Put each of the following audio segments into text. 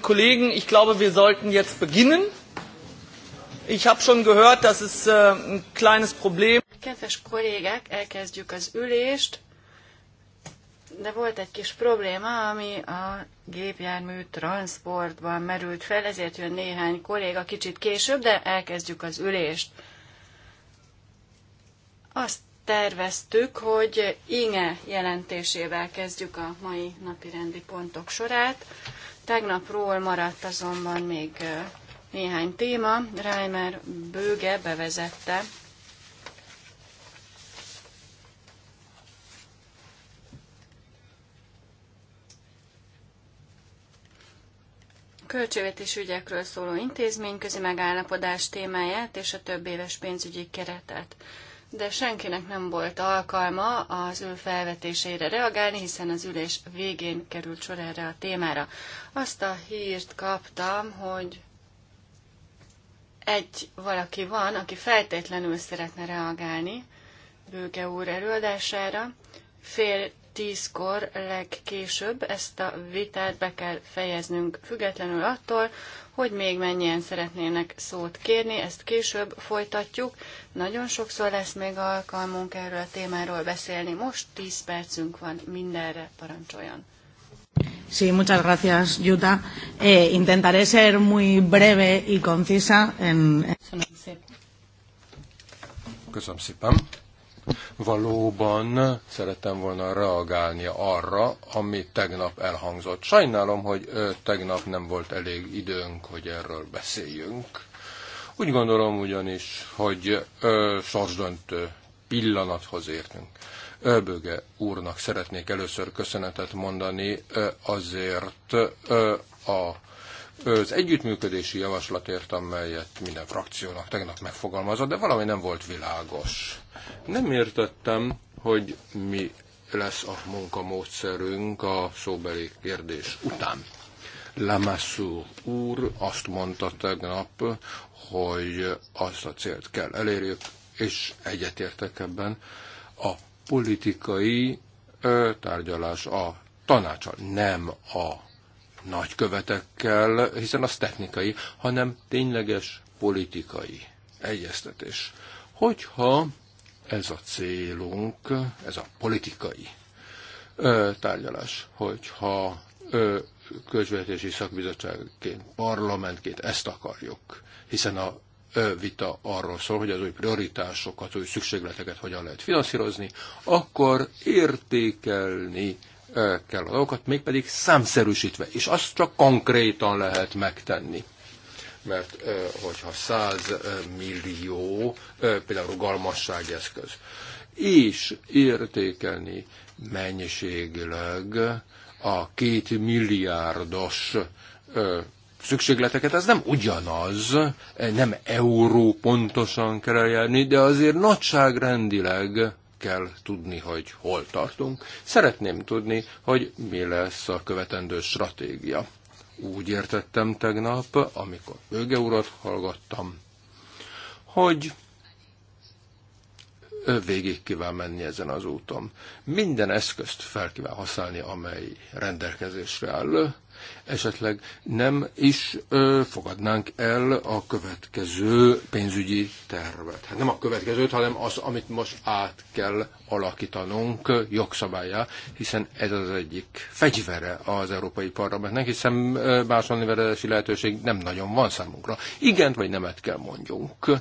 Kollegen, ich glaube, wir sollten jetzt beginnen. Ich habe schon gehört, das ist äh, ein kleines Problem. Kedves kollégák, elkezdjük az ülést, de volt egy kis probléma, ami a gépjármű transportban merült fel, ezért jön néhány kolléga kicsit később, de elkezdjük az ülést. Azt terveztük, hogy Inge jelentésével kezdjük a mai napirendi pontok sorát. Tegnapról maradt azonban még néhány téma. Reimer bőge bevezette költségvetés ügyekről szóló intézményközi megállapodás témáját és a több éves pénzügyi keretet de senkinek nem volt alkalma az ő felvetésére reagálni, hiszen az ülés végén került sor erre a témára. Azt a hírt kaptam, hogy egy valaki van, aki feltétlenül szeretne reagálni Bőke úr előadására, fél tízkor legkésőbb ezt a vitát be kell fejeznünk, függetlenül attól, hogy még mennyien szeretnének szót kérni, ezt később folytatjuk. Nagyon sokszor lesz még alkalmunk erről a témáról beszélni. Most 10 percünk van mindenre, parancsoljon. Sí, muchas gracias, Yuta. Eh, intentaré ser muy breve y concisa en... Köszönöm szépen. Köszönöm szépen. Valóban szerettem volna reagálni arra, ami tegnap elhangzott. Sajnálom, hogy tegnap nem volt elég időnk, hogy erről beszéljünk. Úgy gondolom ugyanis, hogy ö, sorsdöntő pillanathoz értünk. Öböge úrnak szeretnék először köszönetet mondani ö, azért ö, a az együttműködési javaslatért, amelyet minden frakciónak tegnap megfogalmazott, de valami nem volt világos. Nem értettem, hogy mi lesz a munkamódszerünk a szóbeli kérdés után. Lamassu úr azt mondta tegnap, hogy azt a célt kell elérjük, és egyetértek ebben, a politikai tárgyalás a tanácsa, nem a nagykövetekkel, hiszen az technikai, hanem tényleges politikai egyeztetés. Hogyha ez a célunk, ez a politikai ö, tárgyalás, hogyha ö, közvetési szakbizottságként, parlamentként ezt akarjuk, hiszen a vita arról szól, hogy az új prioritásokat, új szükségleteket hogyan lehet finanszírozni, akkor értékelni kell a dolgokat, mégpedig számszerűsítve, és azt csak konkrétan lehet megtenni. Mert hogyha 100 millió, például rugalmassági eszköz, és értékelni mennyiségileg a két milliárdos szükségleteket, ez nem ugyanaz, nem euró pontosan kell eljárni, de azért nagyságrendileg kell tudni, hogy hol tartunk. Szeretném tudni, hogy mi lesz a követendő stratégia. Úgy értettem tegnap, amikor Böge urat hallgattam, hogy végig kíván menni ezen az úton. Minden eszközt fel kíván használni, amely rendelkezésre áll, esetleg nem is ö, fogadnánk el a következő pénzügyi tervet. Hát nem a következőt, hanem az, amit most át kell alakítanunk jogszabályá, hiszen ez az egyik fegyvere az Európai Parlamentnek, hiszen másolni onnivelelési lehetőség nem nagyon van számunkra. Igent vagy nemet kell mondjunk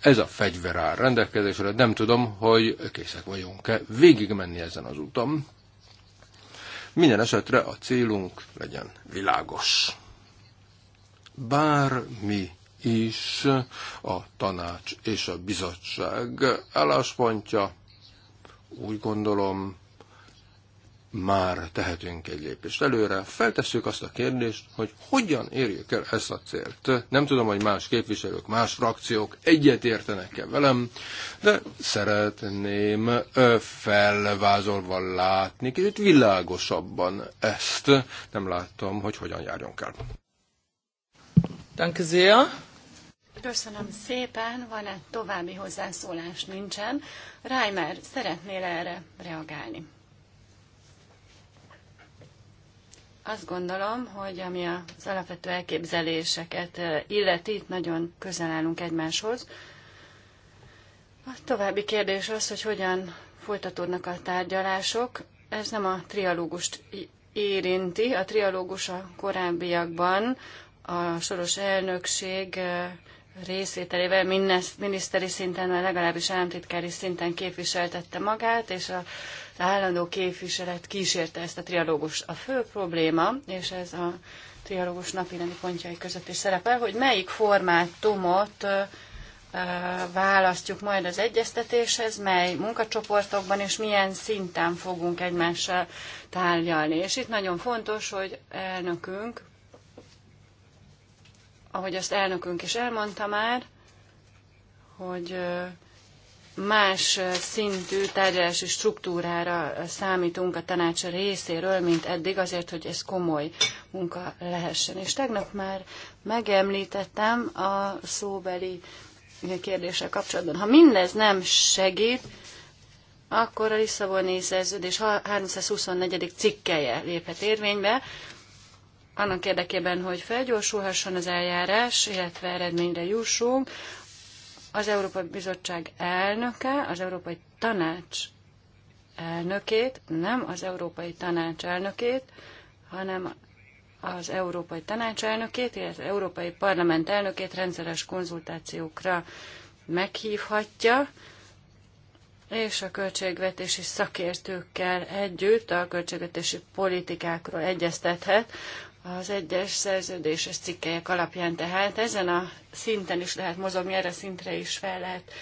ez a fegyver áll rendelkezésre, nem tudom, hogy készek vagyunk-e végigmenni ezen az úton. Minden esetre a célunk legyen világos. Bármi is a tanács és a bizottság álláspontja, úgy gondolom, már tehetünk egy lépést előre, feltesszük azt a kérdést, hogy hogyan érjük el ezt a célt. Nem tudom, hogy más képviselők, más frakciók egyet értenek-e velem, de szeretném felvázolva látni kicsit világosabban ezt. Nem láttam, hogy hogyan járjon kell. Köszönöm szépen. Van-e további hozzászólás? Nincsen. Reimer, szeretnél erre reagálni? Azt gondolom, hogy ami az alapvető elképzeléseket eh, illeti, itt nagyon közel állunk egymáshoz. A további kérdés az, hogy hogyan folytatódnak a tárgyalások. Ez nem a trialógust érinti. A trialógus a korábbiakban a soros elnökség eh, részvételével miniszteri szinten, vagy legalábbis államtitkári szinten képviseltette magát, és a állandó képviselet kísérte ezt a trialógust. A fő probléma, és ez a trialógus rendi pontjai között is szerepel, hogy melyik formátumot választjuk majd az egyeztetéshez, mely munkacsoportokban és milyen szinten fogunk egymással tárgyalni. És itt nagyon fontos, hogy elnökünk, ahogy azt elnökünk is elmondta már, hogy más szintű tárgyalási struktúrára számítunk a tanács részéről, mint eddig, azért, hogy ez komoly munka lehessen. És tegnap már megemlítettem a szóbeli kérdéssel kapcsolatban. Ha mindez nem segít, akkor a Lisszaboni szerződés 324. cikkeje léphet érvénybe, annak érdekében, hogy felgyorsulhasson az eljárás, illetve eredményre jussunk, az Európai Bizottság elnöke, az Európai Tanács elnökét, nem az Európai Tanács elnökét, hanem az Európai Tanács elnökét, illetve az Európai Parlament elnökét rendszeres konzultációkra meghívhatja, és a költségvetési szakértőkkel együtt a költségvetési politikákról egyeztethet, az egyes szerződéses cikkelyek alapján. Tehát ezen a szinten is lehet mozogni, erre szintre is fel lehet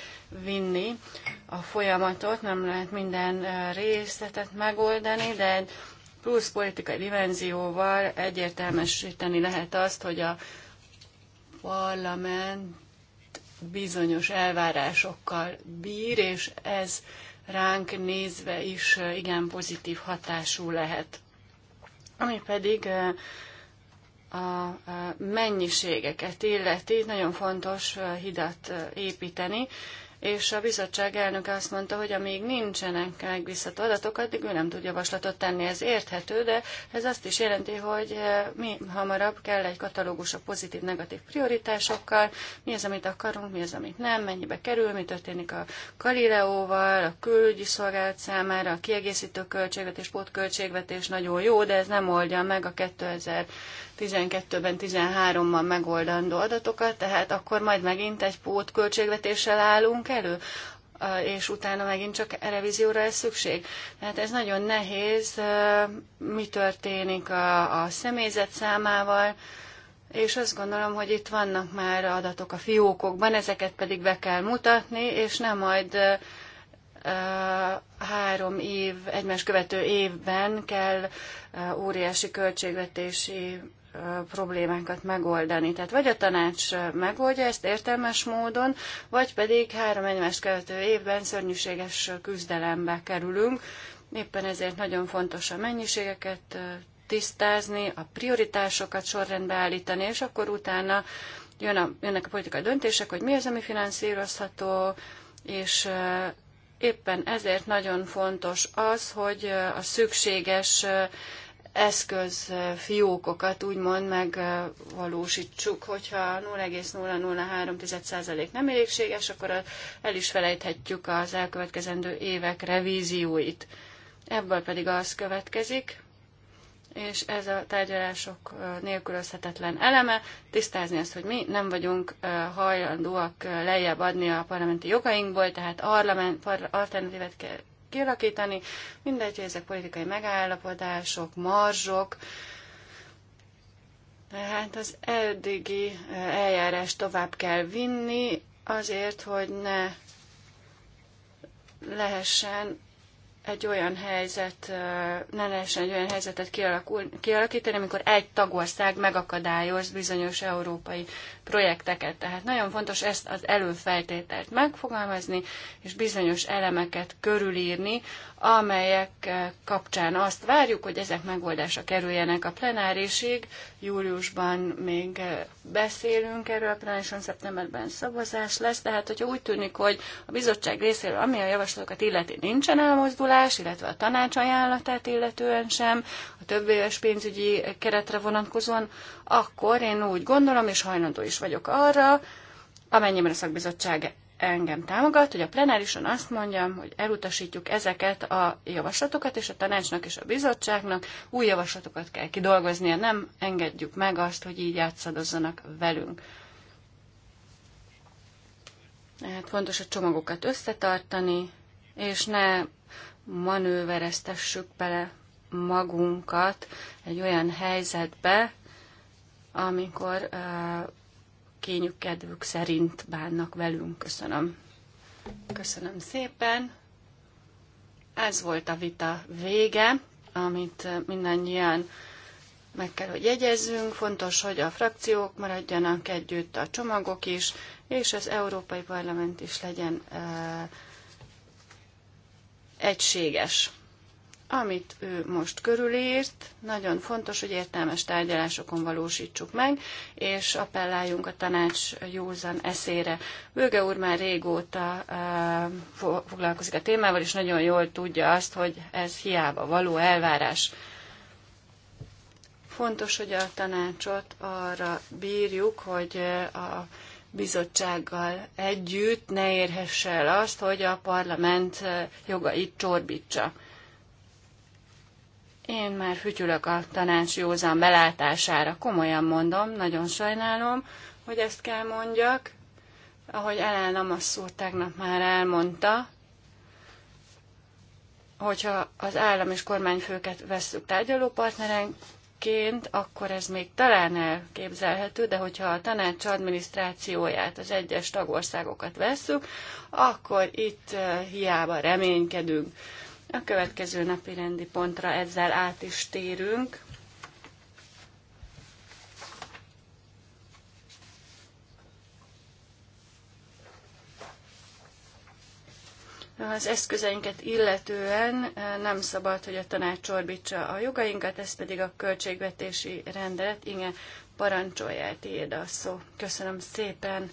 vinni a folyamatot, nem lehet minden részletet megoldani, de plusz politikai dimenzióval egyértelműsíteni lehet azt, hogy a parlament bizonyos elvárásokkal bír, és ez ránk nézve is igen pozitív hatású lehet. Ami pedig a mennyiségeket illeti, nagyon fontos hidat építeni, és a bizottság elnöke azt mondta, hogy amíg nincsenek megbízható adatok, addig ő nem tud javaslatot tenni. Ez érthető, de ez azt is jelenti, hogy eh, mi hamarabb kell egy katalógus a pozitív-negatív prioritásokkal, mi az, amit akarunk, mi az, amit nem, mennyibe kerül, mi történik a Galileóval, a külügyi szolgált számára, a kiegészítő költségvetés, pótköltségvetés nagyon jó, de ez nem oldja meg a 2000 12-ben, 13-ban megoldandó adatokat, tehát akkor majd megint egy pót költségvetéssel állunk elő, és utána megint csak revízióra lesz szükség. Tehát ez nagyon nehéz, mi történik a, a személyzet számával, és azt gondolom, hogy itt vannak már adatok a fiókokban, ezeket pedig be kell mutatni, és nem majd három év, egymás követő évben kell óriási költségvetési problémákat megoldani. Tehát vagy a tanács megoldja ezt értelmes módon, vagy pedig három egymást követő évben szörnyűséges küzdelembe kerülünk. Éppen ezért nagyon fontos a mennyiségeket tisztázni, a prioritásokat sorrendbe állítani, és akkor utána jön a, jönnek a politikai döntések, hogy mi az, ami finanszírozható, és éppen ezért nagyon fontos az, hogy a szükséges eszköz fiókokat úgymond megvalósítsuk. Hogyha 0,003% nem elégséges, akkor el is felejthetjük az elkövetkezendő évek revízióit. Ebből pedig az következik, és ez a tárgyalások nélkülözhetetlen eleme, tisztázni azt, hogy mi nem vagyunk hajlandóak lejjebb adni a parlamenti jogainkból, tehát alternatívet kell kialakítani. Mindegy, hogy ezek politikai megállapodások, marzsok, Hát az eddigi eh, eljárás tovább kell vinni azért, hogy ne lehessen egy olyan helyzet, ne lehessen egy olyan helyzetet kialakul, kialakítani, amikor egy tagország megakadályoz bizonyos európai projekteket. Tehát nagyon fontos ezt az előfeltételt megfogalmazni, és bizonyos elemeket körülírni, amelyek kapcsán azt várjuk, hogy ezek megoldásra kerüljenek a plenárisig. Júliusban még beszélünk erről, a plenárison szeptemberben szavazás lesz, tehát hogyha úgy tűnik, hogy a bizottság részéről, ami a javaslatokat illeti, nincsen elmozdulás, javaslás, illetve a tanács ajánlatát illetően sem, a több éves pénzügyi keretre vonatkozóan, akkor én úgy gondolom, és hajlandó is vagyok arra, amennyiben a szakbizottság engem támogat, hogy a plenárison azt mondjam, hogy elutasítjuk ezeket a javaslatokat, és a tanácsnak és a bizottságnak új javaslatokat kell kidolgoznia, nem engedjük meg azt, hogy így játszadozzanak velünk. Hát fontos a csomagokat összetartani, és ne manővereztessük bele magunkat egy olyan helyzetbe, amikor uh, kényük kedvük szerint bánnak velünk. Köszönöm. Köszönöm szépen. Ez volt a vita vége, amit mindannyian meg kell, hogy jegyezzünk. Fontos, hogy a frakciók maradjanak együtt, a csomagok is, és az Európai Parlament is legyen uh, egységes. Amit ő most körülírt, nagyon fontos, hogy értelmes tárgyalásokon valósítsuk meg, és appelláljunk a tanács józan eszére. Bőge úr már régóta uh, foglalkozik a témával, és nagyon jól tudja azt, hogy ez hiába való elvárás. Fontos, hogy a tanácsot arra bírjuk, hogy e, a bizottsággal együtt ne érhesse el azt, hogy a parlament jogait csorbítsa. Én már fütyülök a tanács józan belátására, komolyan mondom, nagyon sajnálom, hogy ezt kell mondjak. Ahogy Elena Masszúr tegnap már elmondta, hogyha az állam és kormányfőket vesszük tárgyalópartnerenk, ként, akkor ez még talán elképzelhető, de hogyha a tanács adminisztrációját, az egyes tagországokat vesszük, akkor itt hiába reménykedünk. A következő napi rendi pontra ezzel át is térünk. az eszközeinket illetően eh, nem szabad, hogy a tanács csorbítsa a jogainkat, ez pedig a költségvetési rendelet, igen, parancsolja, tiéd a szó. Köszönöm szépen.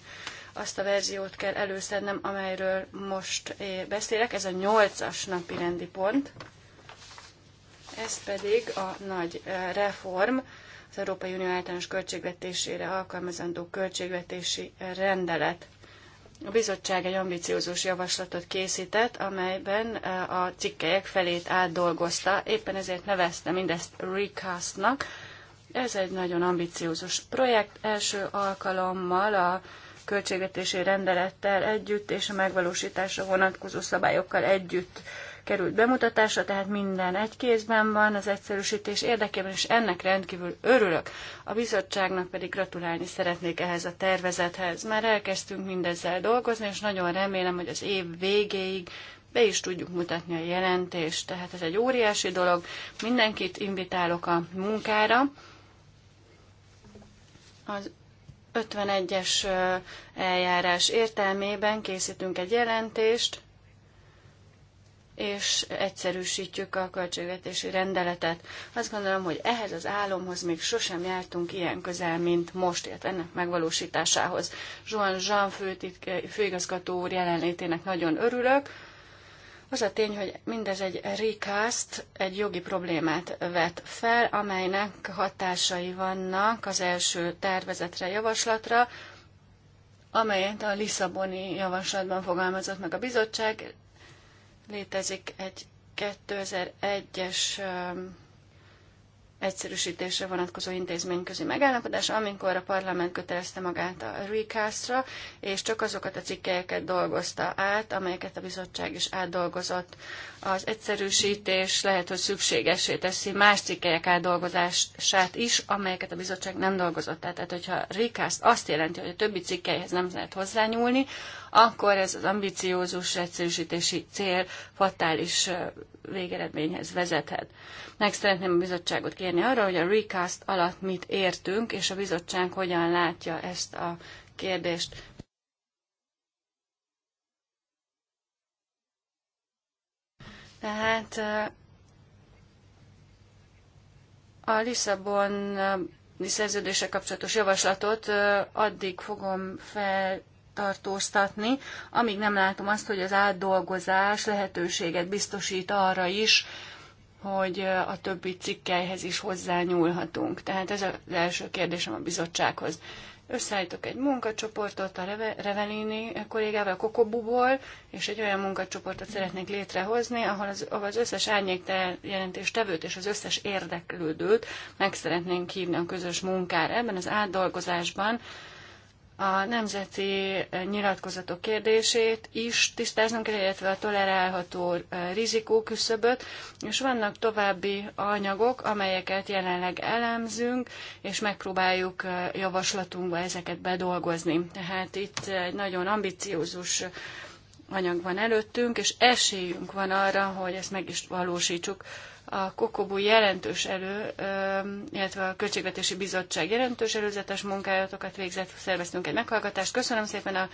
Azt a verziót kell előszednem, amelyről most eh, beszélek, ez a nyolcas napi rendi pont. Ez pedig a nagy eh, reform, az Európai Unió általános költségvetésére alkalmazandó költségvetési rendelet. A bizottság egy ambiciózus javaslatot készített, amelyben eh, a cikkelyek felét átdolgozta, éppen ezért nevezte mindezt recastnak. Ez egy nagyon ambiciózus projekt. Első alkalommal a költségvetési rendelettel együtt és a megvalósításra vonatkozó szabályokkal együtt került bemutatásra, tehát minden egy kézben van az egyszerűsítés érdekében, és ennek rendkívül örülök. A bizottságnak pedig gratulálni szeretnék ehhez a tervezethez. Már elkezdtünk mindezzel dolgozni, és nagyon remélem, hogy az év végéig be is tudjuk mutatni a jelentést. Tehát ez egy óriási dolog. Mindenkit invitálok a munkára. Az 51-es eljárás értelmében készítünk egy jelentést, és egyszerűsítjük a költségvetési rendeletet. Azt gondolom, hogy ehhez az álomhoz még sosem jártunk ilyen közel, mint most, illetve ennek megvalósításához. Zsuan Zsán főigazgató úr jelenlétének nagyon örülök. Az a tény, hogy mindez egy recast, egy jogi problémát vet fel, amelynek hatásai vannak az első tervezetre, javaslatra, amelyet a Lisszaboni javaslatban fogalmazott meg a bizottság, Létezik egy 2001-es egyszerűsítésre vonatkozó intézményközi megállapodás, amikor a parlament kötelezte magát a recastra, és csak azokat a cikkelyeket dolgozta át, amelyeket a bizottság is átdolgozott. Az egyszerűsítés lehet, hogy szükségesé teszi más cikkelyek átdolgozását is, amelyeket a bizottság nem dolgozott át. Tehát, hogyha recast azt jelenti, hogy a többi cikkelyhez nem lehet hozzányúlni, akkor ez az ambiciózus egyszerűsítési cél fatális végeredményhez vezethet. Meg szeretném a bizottságot kérni arra, hogy a recast alatt mit értünk, és a bizottság hogyan látja ezt a kérdést. Tehát a Lisszabon szerződése kapcsolatos javaslatot addig fogom fel tartóztatni, amíg nem látom azt, hogy az átdolgozás lehetőséget biztosít arra is, hogy a többi cikkelyhez is hozzányúlhatunk. Tehát ez az első kérdésem a bizottsághoz. Összeállítok egy munkacsoportot a Revelini kollégával, a Kokobuból, és egy olyan munkacsoportot szeretnék létrehozni, ahol az, ahol az összes tevőt és az összes érdeklődőt meg szeretnénk hívni a közös munkára. Ebben az átdolgozásban a nemzeti eh, nyilatkozatok kérdését is tisztáznunk kell, illetve a tolerálható eh, rizikó küszöböt, és vannak további anyagok, amelyeket jelenleg elemzünk, és megpróbáljuk eh, javaslatunkba ezeket bedolgozni. Tehát itt egy nagyon ambiciózus anyag van előttünk, és esélyünk van arra, hogy ezt meg is valósítsuk a kokobu jelentős elő, illetve a Költségvetési Bizottság jelentős előzetes munkájátokat végzett, szerveztünk egy meghallgatást. Köszönöm szépen a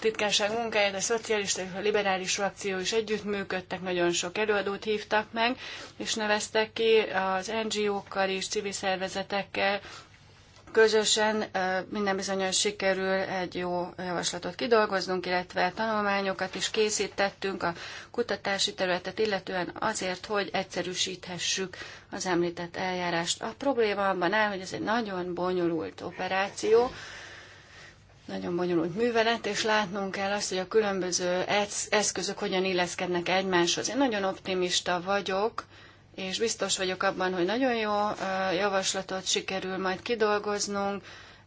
titkárság munkáját, a szocialista és a liberális frakció is együttműködtek, nagyon sok előadót hívtak meg, és neveztek ki az NGO-kkal és civil szervezetekkel, Közösen minden bizonyos sikerül egy jó javaslatot kidolgoznunk, illetve tanulmányokat is készítettünk a kutatási területet, illetően azért, hogy egyszerűsíthessük az említett eljárást. A probléma abban áll, hogy ez egy nagyon bonyolult operáció, nagyon bonyolult művelet, és látnunk kell azt, hogy a különböző eszközök hogyan illeszkednek egymáshoz. Én nagyon optimista vagyok, és biztos vagyok abban, hogy nagyon jó javaslatot sikerül majd kidolgoznunk.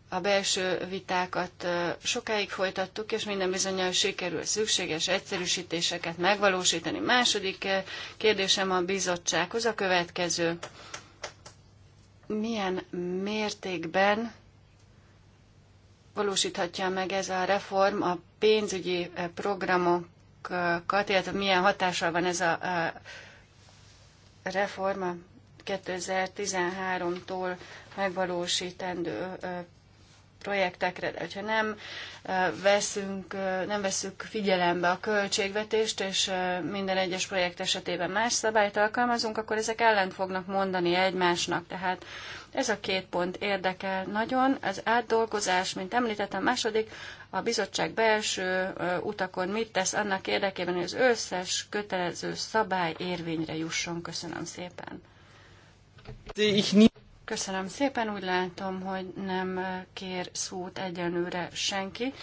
A belső vitákat sokáig folytattuk, és minden bizonyal sikerül szükséges egyszerűsítéseket megvalósítani. Második kérdésem a bizottsághoz a következő. Milyen mértékben valósíthatja meg ez a reform a pénzügyi programokat, illetve milyen hatással van ez a reforma 2013-tól megvalósítendő projektekre, de hogyha nem veszünk, nem veszük figyelembe a költségvetést, és minden egyes projekt esetében más szabályt alkalmazunk, akkor ezek ellen fognak mondani egymásnak. Tehát ez a két pont érdekel nagyon. Az átdolgozás, mint említettem, második a bizottság belső utakon mit tesz annak érdekében, hogy az összes kötelező szabály érvényre jusson. Köszönöm szépen. Köszönöm szépen, úgy látom, hogy nem kér szót egyenlőre senki.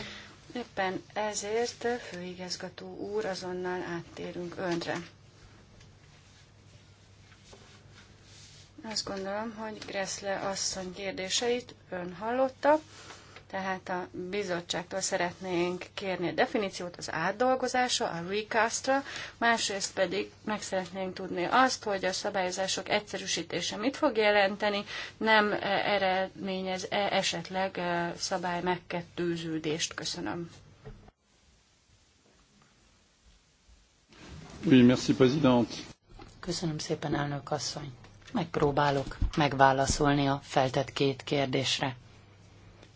Éppen ezért, főigazgató úr, azonnal áttérünk önre. Azt gondolom, hogy Greszle asszony kérdéseit ön hallotta. Tehát a bizottságtól szeretnénk kérni a definíciót az átdolgozásra, a recastra, másrészt pedig meg szeretnénk tudni azt, hogy a szabályozások egyszerűsítése mit fog jelenteni, nem e, eredményez -e esetleg e, szabály megkettőződést. Köszönöm. Oui, merci, présidente. Köszönöm szépen, elnök asszony. Megpróbálok megválaszolni a feltett két kérdésre.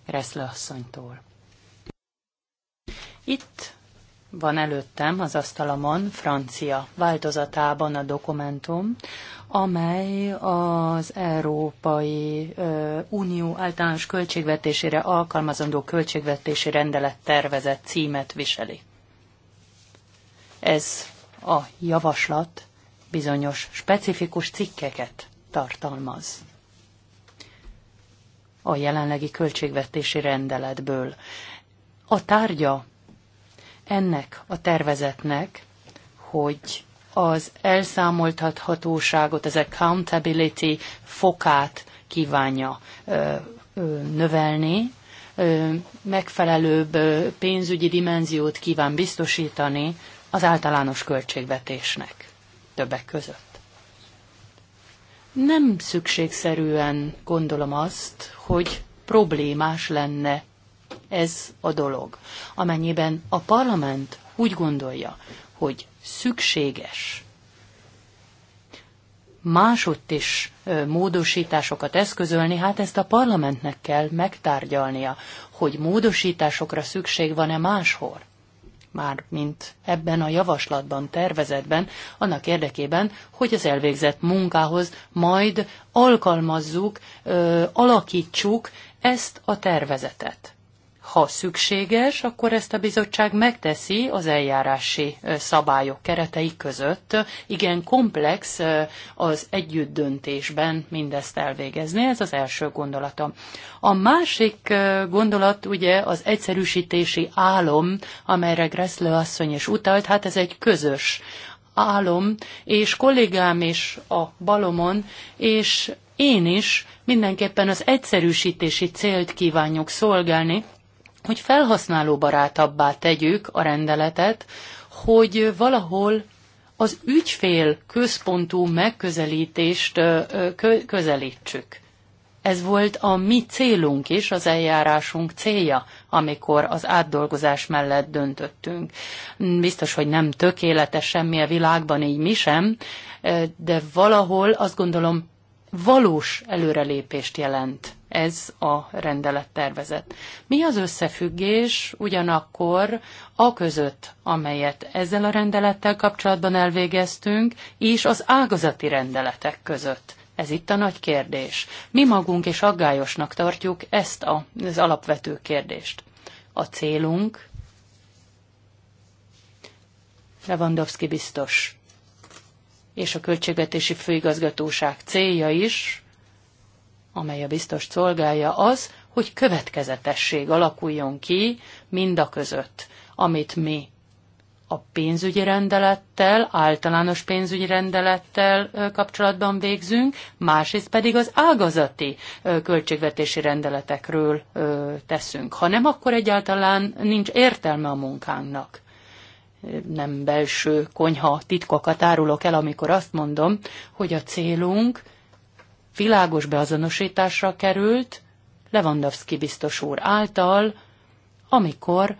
Reszle asszonytól. Itt van előttem az asztalamon francia változatában a dokumentum, amely az Európai Unió általános költségvetésére alkalmazandó költségvetési rendelet tervezett címet viseli. Ez a javaslat bizonyos specifikus cikkeket tartalmaz a jelenlegi költségvetési rendeletből. A tárgya ennek a tervezetnek, hogy az elszámoltathatóságot, az accountability fokát kívánja ö, ö, növelni, ö, megfelelőbb pénzügyi dimenziót kíván biztosítani az általános költségvetésnek többek között. Nem szükségszerűen gondolom azt, hogy problémás lenne ez a dolog. Amennyiben a parlament úgy gondolja, hogy szükséges másott is módosításokat eszközölni, hát ezt a parlamentnek kell megtárgyalnia, hogy módosításokra szükség van-e máshol már mint ebben a javaslatban, tervezetben, annak érdekében, hogy az elvégzett munkához majd alkalmazzuk, ö, alakítsuk ezt a tervezetet. Ha szükséges, akkor ezt a bizottság megteszi az eljárási szabályok keretei között. Igen, komplex az együtt döntésben mindezt elvégezni, ez az első gondolata. A másik gondolat ugye az egyszerűsítési álom, amelyre Gressler asszony is utalt, hát ez egy közös álom, és kollégám is a balomon, és én is mindenképpen az egyszerűsítési célt kívánjuk szolgálni, hogy felhasználóbarátabbá tegyük a rendeletet, hogy valahol az ügyfél központú megközelítést közelítsük. Ez volt a mi célunk is, az eljárásunk célja, amikor az átdolgozás mellett döntöttünk. Biztos, hogy nem tökéletes semmi a világban, így mi sem, de valahol azt gondolom valós előrelépést jelent ez a rendelettervezet. Mi az összefüggés ugyanakkor a között, amelyet ezzel a rendelettel kapcsolatban elvégeztünk, és az ágazati rendeletek között? Ez itt a nagy kérdés. Mi magunk is aggályosnak tartjuk ezt a, az alapvető kérdést. A célunk, Lewandowski biztos és a Költségvetési Főigazgatóság célja is, amely a biztos szolgálja az, hogy következetesség alakuljon ki mind a között, amit mi a pénzügyi rendelettel, általános pénzügyi rendelettel kapcsolatban végzünk, másrészt pedig az ágazati költségvetési rendeletekről teszünk. Ha nem, akkor egyáltalán nincs értelme a munkánknak nem belső konyha titkokat árulok el, amikor azt mondom, hogy a célunk világos beazonosításra került Lewandowski biztos úr által, amikor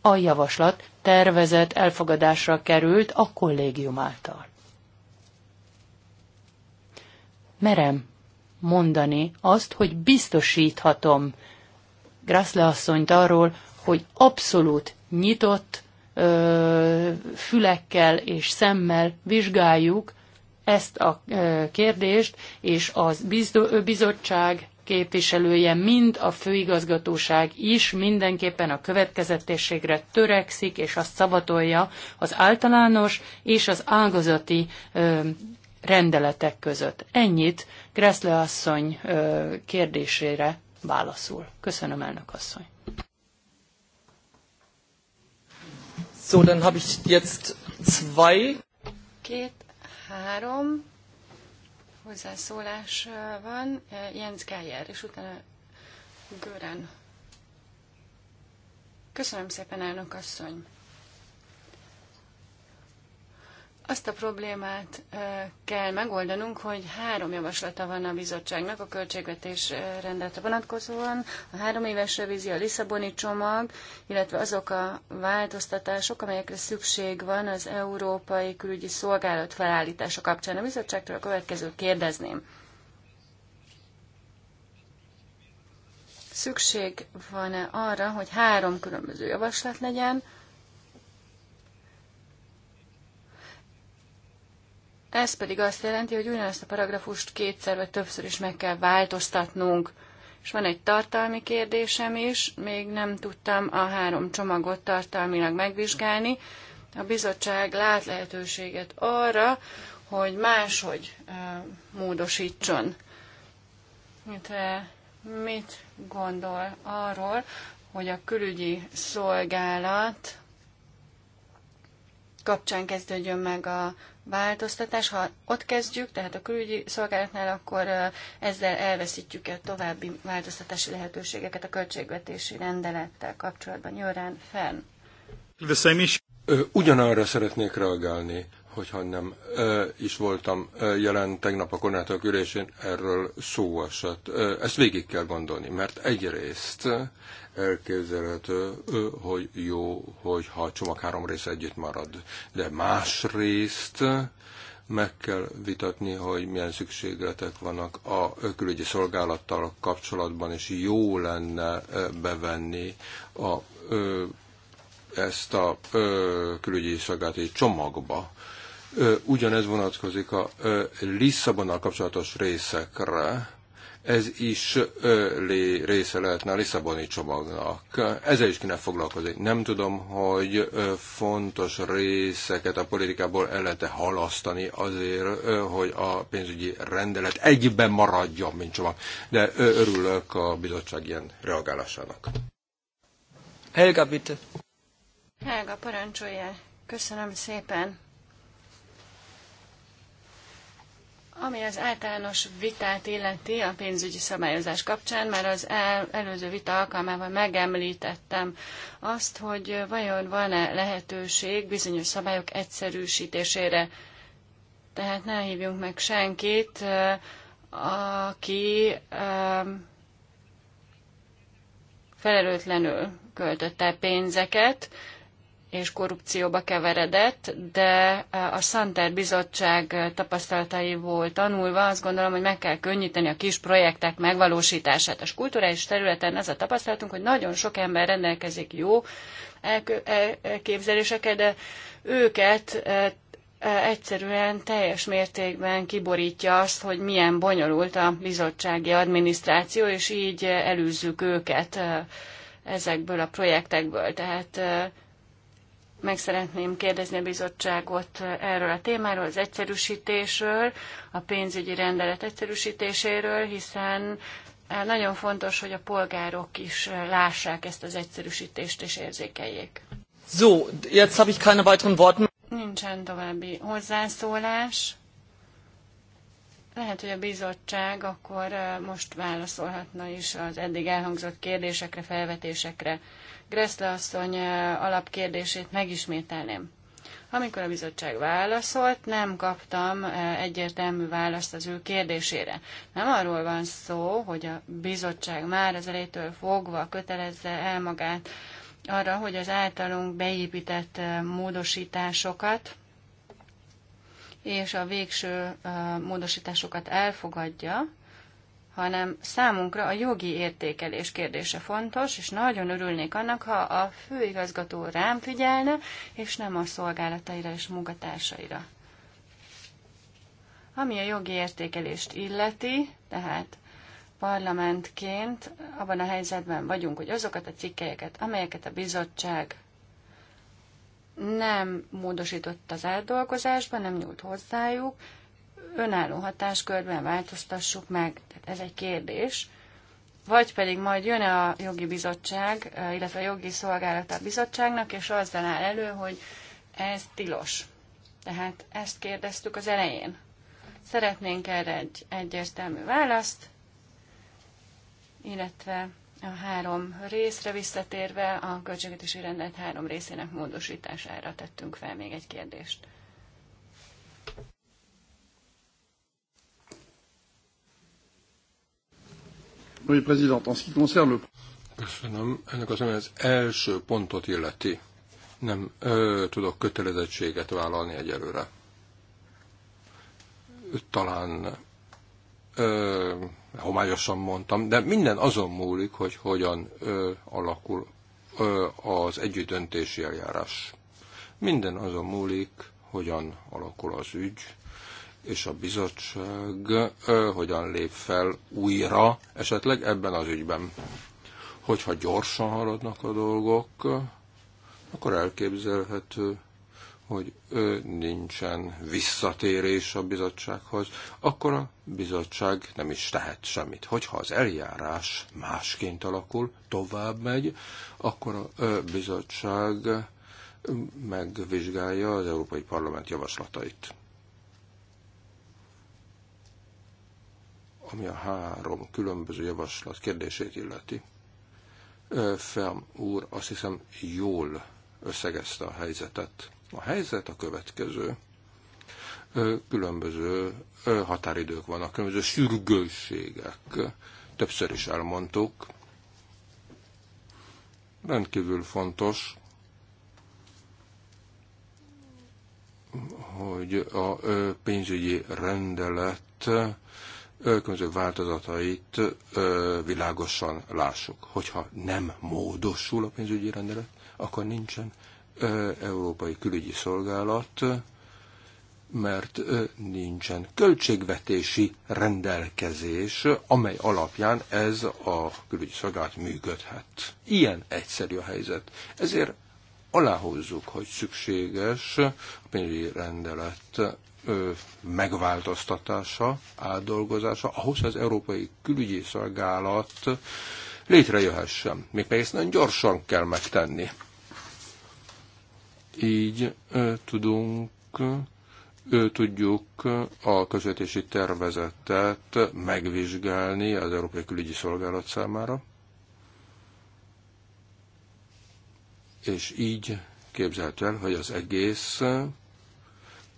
a javaslat tervezett elfogadásra került a kollégium által. Merem mondani azt, hogy biztosíthatom Graszle asszonyt arról, hogy abszolút nyitott fülekkel és szemmel vizsgáljuk ezt a kérdést, és az bizottság képviselője, mind a főigazgatóság is mindenképpen a következetességre törekszik, és azt szabatolja az általános és az ágazati rendeletek között. Ennyit Greszle asszony kérdésére válaszul. Köszönöm, elnök asszony. So, dann habe ich jetzt zwei. Két, három hozzászólás van. Jens Gájer, és utána Gören. Köszönöm szépen, elnök asszony. Azt a problémát kell megoldanunk, hogy három javaslata van a bizottságnak a költségvetés rendetre vonatkozóan. A három éves revízi, a Lisszaboni csomag, illetve azok a változtatások, amelyekre szükség van az Európai Külügyi Szolgálat felállítása kapcsán. A bizottságtól a következőt kérdezném. Szükség van-e arra, hogy három különböző javaslat legyen, Ez pedig azt jelenti, hogy ugyanazt a paragrafust kétszer vagy többször is meg kell változtatnunk. És van egy tartalmi kérdésem is, még nem tudtam a három csomagot tartalmilag megvizsgálni. A bizottság lát lehetőséget arra, hogy máshogy uh, módosítson. Te mit gondol arról, hogy a külügyi szolgálat kapcsán kezdődjön meg a változtatás. Ha ott kezdjük, tehát a külügyi szolgálatnál, akkor ezzel elveszítjük a további változtatási lehetőségeket a költségvetési rendelettel kapcsolatban. Jörán, fenn. Ugyanarra szeretnék reagálni hogyha nem is voltam jelen tegnap a koronátok ülésén, erről szó esett. Ezt végig kell gondolni, mert egyrészt elképzelhető, hogy jó, hogyha a csomag három része együtt marad, de másrészt meg kell vitatni, hogy milyen szükségletek vannak a külügyi szolgálattal kapcsolatban, és jó lenne bevenni a ezt a ö, külügyi szolgálati csomagba, Ugyanez vonatkozik a Lisszabonnal kapcsolatos részekre. Ez is része lehetne a Lisszaboni csomagnak. Ezzel is kéne foglalkozni. Nem tudom, hogy fontos részeket a politikából el lehet -e halasztani azért, hogy a pénzügyi rendelet egyben maradjon, mint csomag. De örülök a bizottság ilyen reagálásának. Helga, bitte. Helga, parancsolja. Köszönöm szépen. Ami az általános vitát illeti a pénzügyi szabályozás kapcsán, már az el, előző vita alkalmával megemlítettem azt, hogy vajon van-e lehetőség bizonyos szabályok egyszerűsítésére. Tehát ne hívjunk meg senkit, aki felelőtlenül költötte pénzeket, és korrupcióba keveredett, de e, a Santer Bizottság tapasztalataiból tanulva azt gondolom, hogy meg kell könnyíteni a kis projektek megvalósítását. A kulturális területen ez a tapasztalatunk, hogy nagyon sok ember rendelkezik jó e, elképzelésekkel, de őket e, egyszerűen teljes mértékben kiborítja azt, hogy milyen bonyolult a bizottsági adminisztráció, és így elűzzük őket ezekből a projektekből. Tehát meg szeretném kérdezni a bizottságot erről a témáról, az egyszerűsítésről, a pénzügyi rendelet egyszerűsítéséről, hiszen e, nagyon fontos, hogy a polgárok is e, lássák ezt az egyszerűsítést és érzékeljék. So, jetzt habe ich keine weiteren Worten. Nincsen további hozzászólás. Lehet, hogy a bizottság akkor e, most válaszolhatna is az eddig elhangzott kérdésekre, felvetésekre. Greszle asszony alapkérdését megismételném. Amikor a bizottság válaszolt, nem kaptam egyértelmű választ az ő kérdésére. Nem arról van szó, hogy a bizottság már az elétől fogva kötelezze el magát arra, hogy az általunk beépített módosításokat és a végső módosításokat elfogadja, hanem számunkra a jogi értékelés kérdése fontos, és nagyon örülnék annak, ha a főigazgató rám figyelne, és nem a szolgálataira és munkatársaira. Ami a jogi értékelést illeti, tehát parlamentként abban a helyzetben vagyunk, hogy azokat a cikkelyeket, amelyeket a bizottság nem módosított az átdolgozásban, nem nyúlt hozzájuk, önálló hatáskörben változtassuk meg. Tehát ez egy kérdés. Vagy pedig majd jön a jogi bizottság, illetve a jogi szolgálata bizottságnak, és azzal áll elő, hogy ez tilos. Tehát ezt kérdeztük az elején. Szeretnénk erre egy egyértelmű választ, illetve a három részre visszatérve a költségvetési rendelet három részének módosítására tettünk fel még egy kérdést. Köszönöm. Ennek az, az első pontot illeti. Nem ö, tudok kötelezettséget vállalni egyelőre. Talán ö, homályosan mondtam, de minden azon múlik, hogy hogyan ö, alakul ö, az együttdöntési eljárás. Minden azon múlik, hogyan alakul az ügy, és a bizottság hogyan lép fel újra esetleg ebben az ügyben. Hogyha gyorsan haladnak a dolgok, akkor elképzelhető, hogy ő nincsen visszatérés a bizottsághoz, akkor a bizottság nem is tehet semmit. Hogyha az eljárás másként alakul, tovább megy, akkor a bizottság megvizsgálja az Európai Parlament javaslatait. ami a három különböző javaslat kérdését illeti. Fem úr azt hiszem jól összegezte a helyzetet. A helyzet a következő. Különböző határidők vannak, különböző sürgősségek. Többször is elmondtuk. Rendkívül fontos, hogy a pénzügyi rendelet különböző változatait világosan lássuk. Hogyha nem módosul a pénzügyi rendelet, akkor nincsen Európai Külügyi Szolgálat, mert nincsen költségvetési rendelkezés, amely alapján ez a külügyi szolgálat működhet. Ilyen egyszerű a helyzet. Ezért aláhozzuk, hogy szükséges a pénzügyi rendelet megváltoztatása, átdolgozása, ahhoz az Európai Külügyi Szolgálat létrejöhessen. Mégpedig ezt nagyon gyorsan kell megtenni. Így tudunk tudjuk a közvetési tervezetet megvizsgálni az Európai Külügyi Szolgálat számára, és így képzelt el, hogy az egész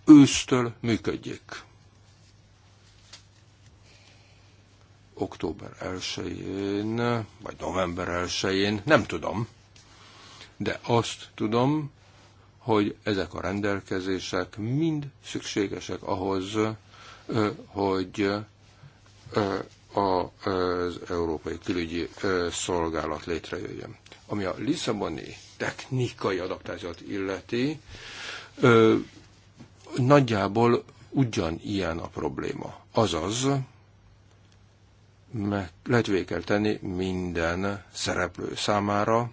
ősztől működjék. Október 1-én, vagy november 1-én, nem tudom, de azt tudom, hogy ezek a rendelkezések mind szükségesek ahhoz, hogy az Európai Külügyi Szolgálat létrejöjjön. Ami a Lisszaboni technikai adaptációt illeti, nagyjából ugyanilyen a probléma. Azaz, meg lehet kell tenni minden szereplő számára,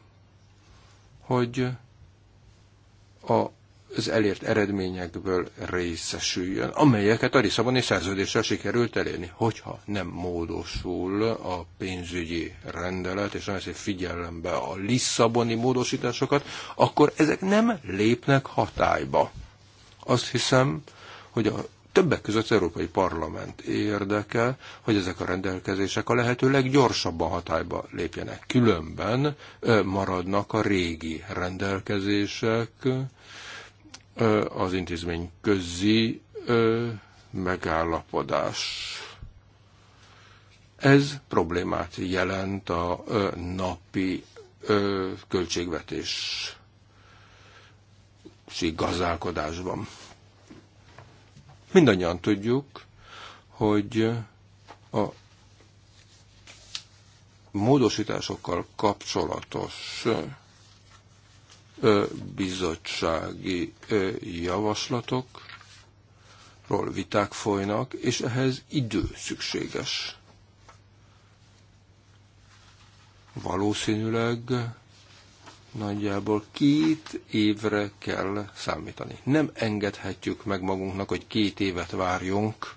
hogy a, az elért eredményekből részesüljön, amelyeket a Lisszaboni szerződéssel sikerült elérni, hogyha nem módosul a pénzügyi rendelet, és nem veszi figyelembe a Lisszaboni módosításokat, akkor ezek nem lépnek hatályba. Azt hiszem, hogy a többek között az Európai Parlament érdeke, hogy ezek a rendelkezések a lehető leggyorsabban hatályba lépjenek. Különben maradnak a régi rendelkezések az intézmény közi megállapodás. Ez problémát jelent a napi költségvetés gazdálkodásban. Mindannyian tudjuk, hogy a módosításokkal kapcsolatos bizottsági javaslatokról viták folynak, és ehhez idő szükséges. Valószínűleg nagyjából két évre kell számítani. Nem engedhetjük meg magunknak, hogy két évet várjunk,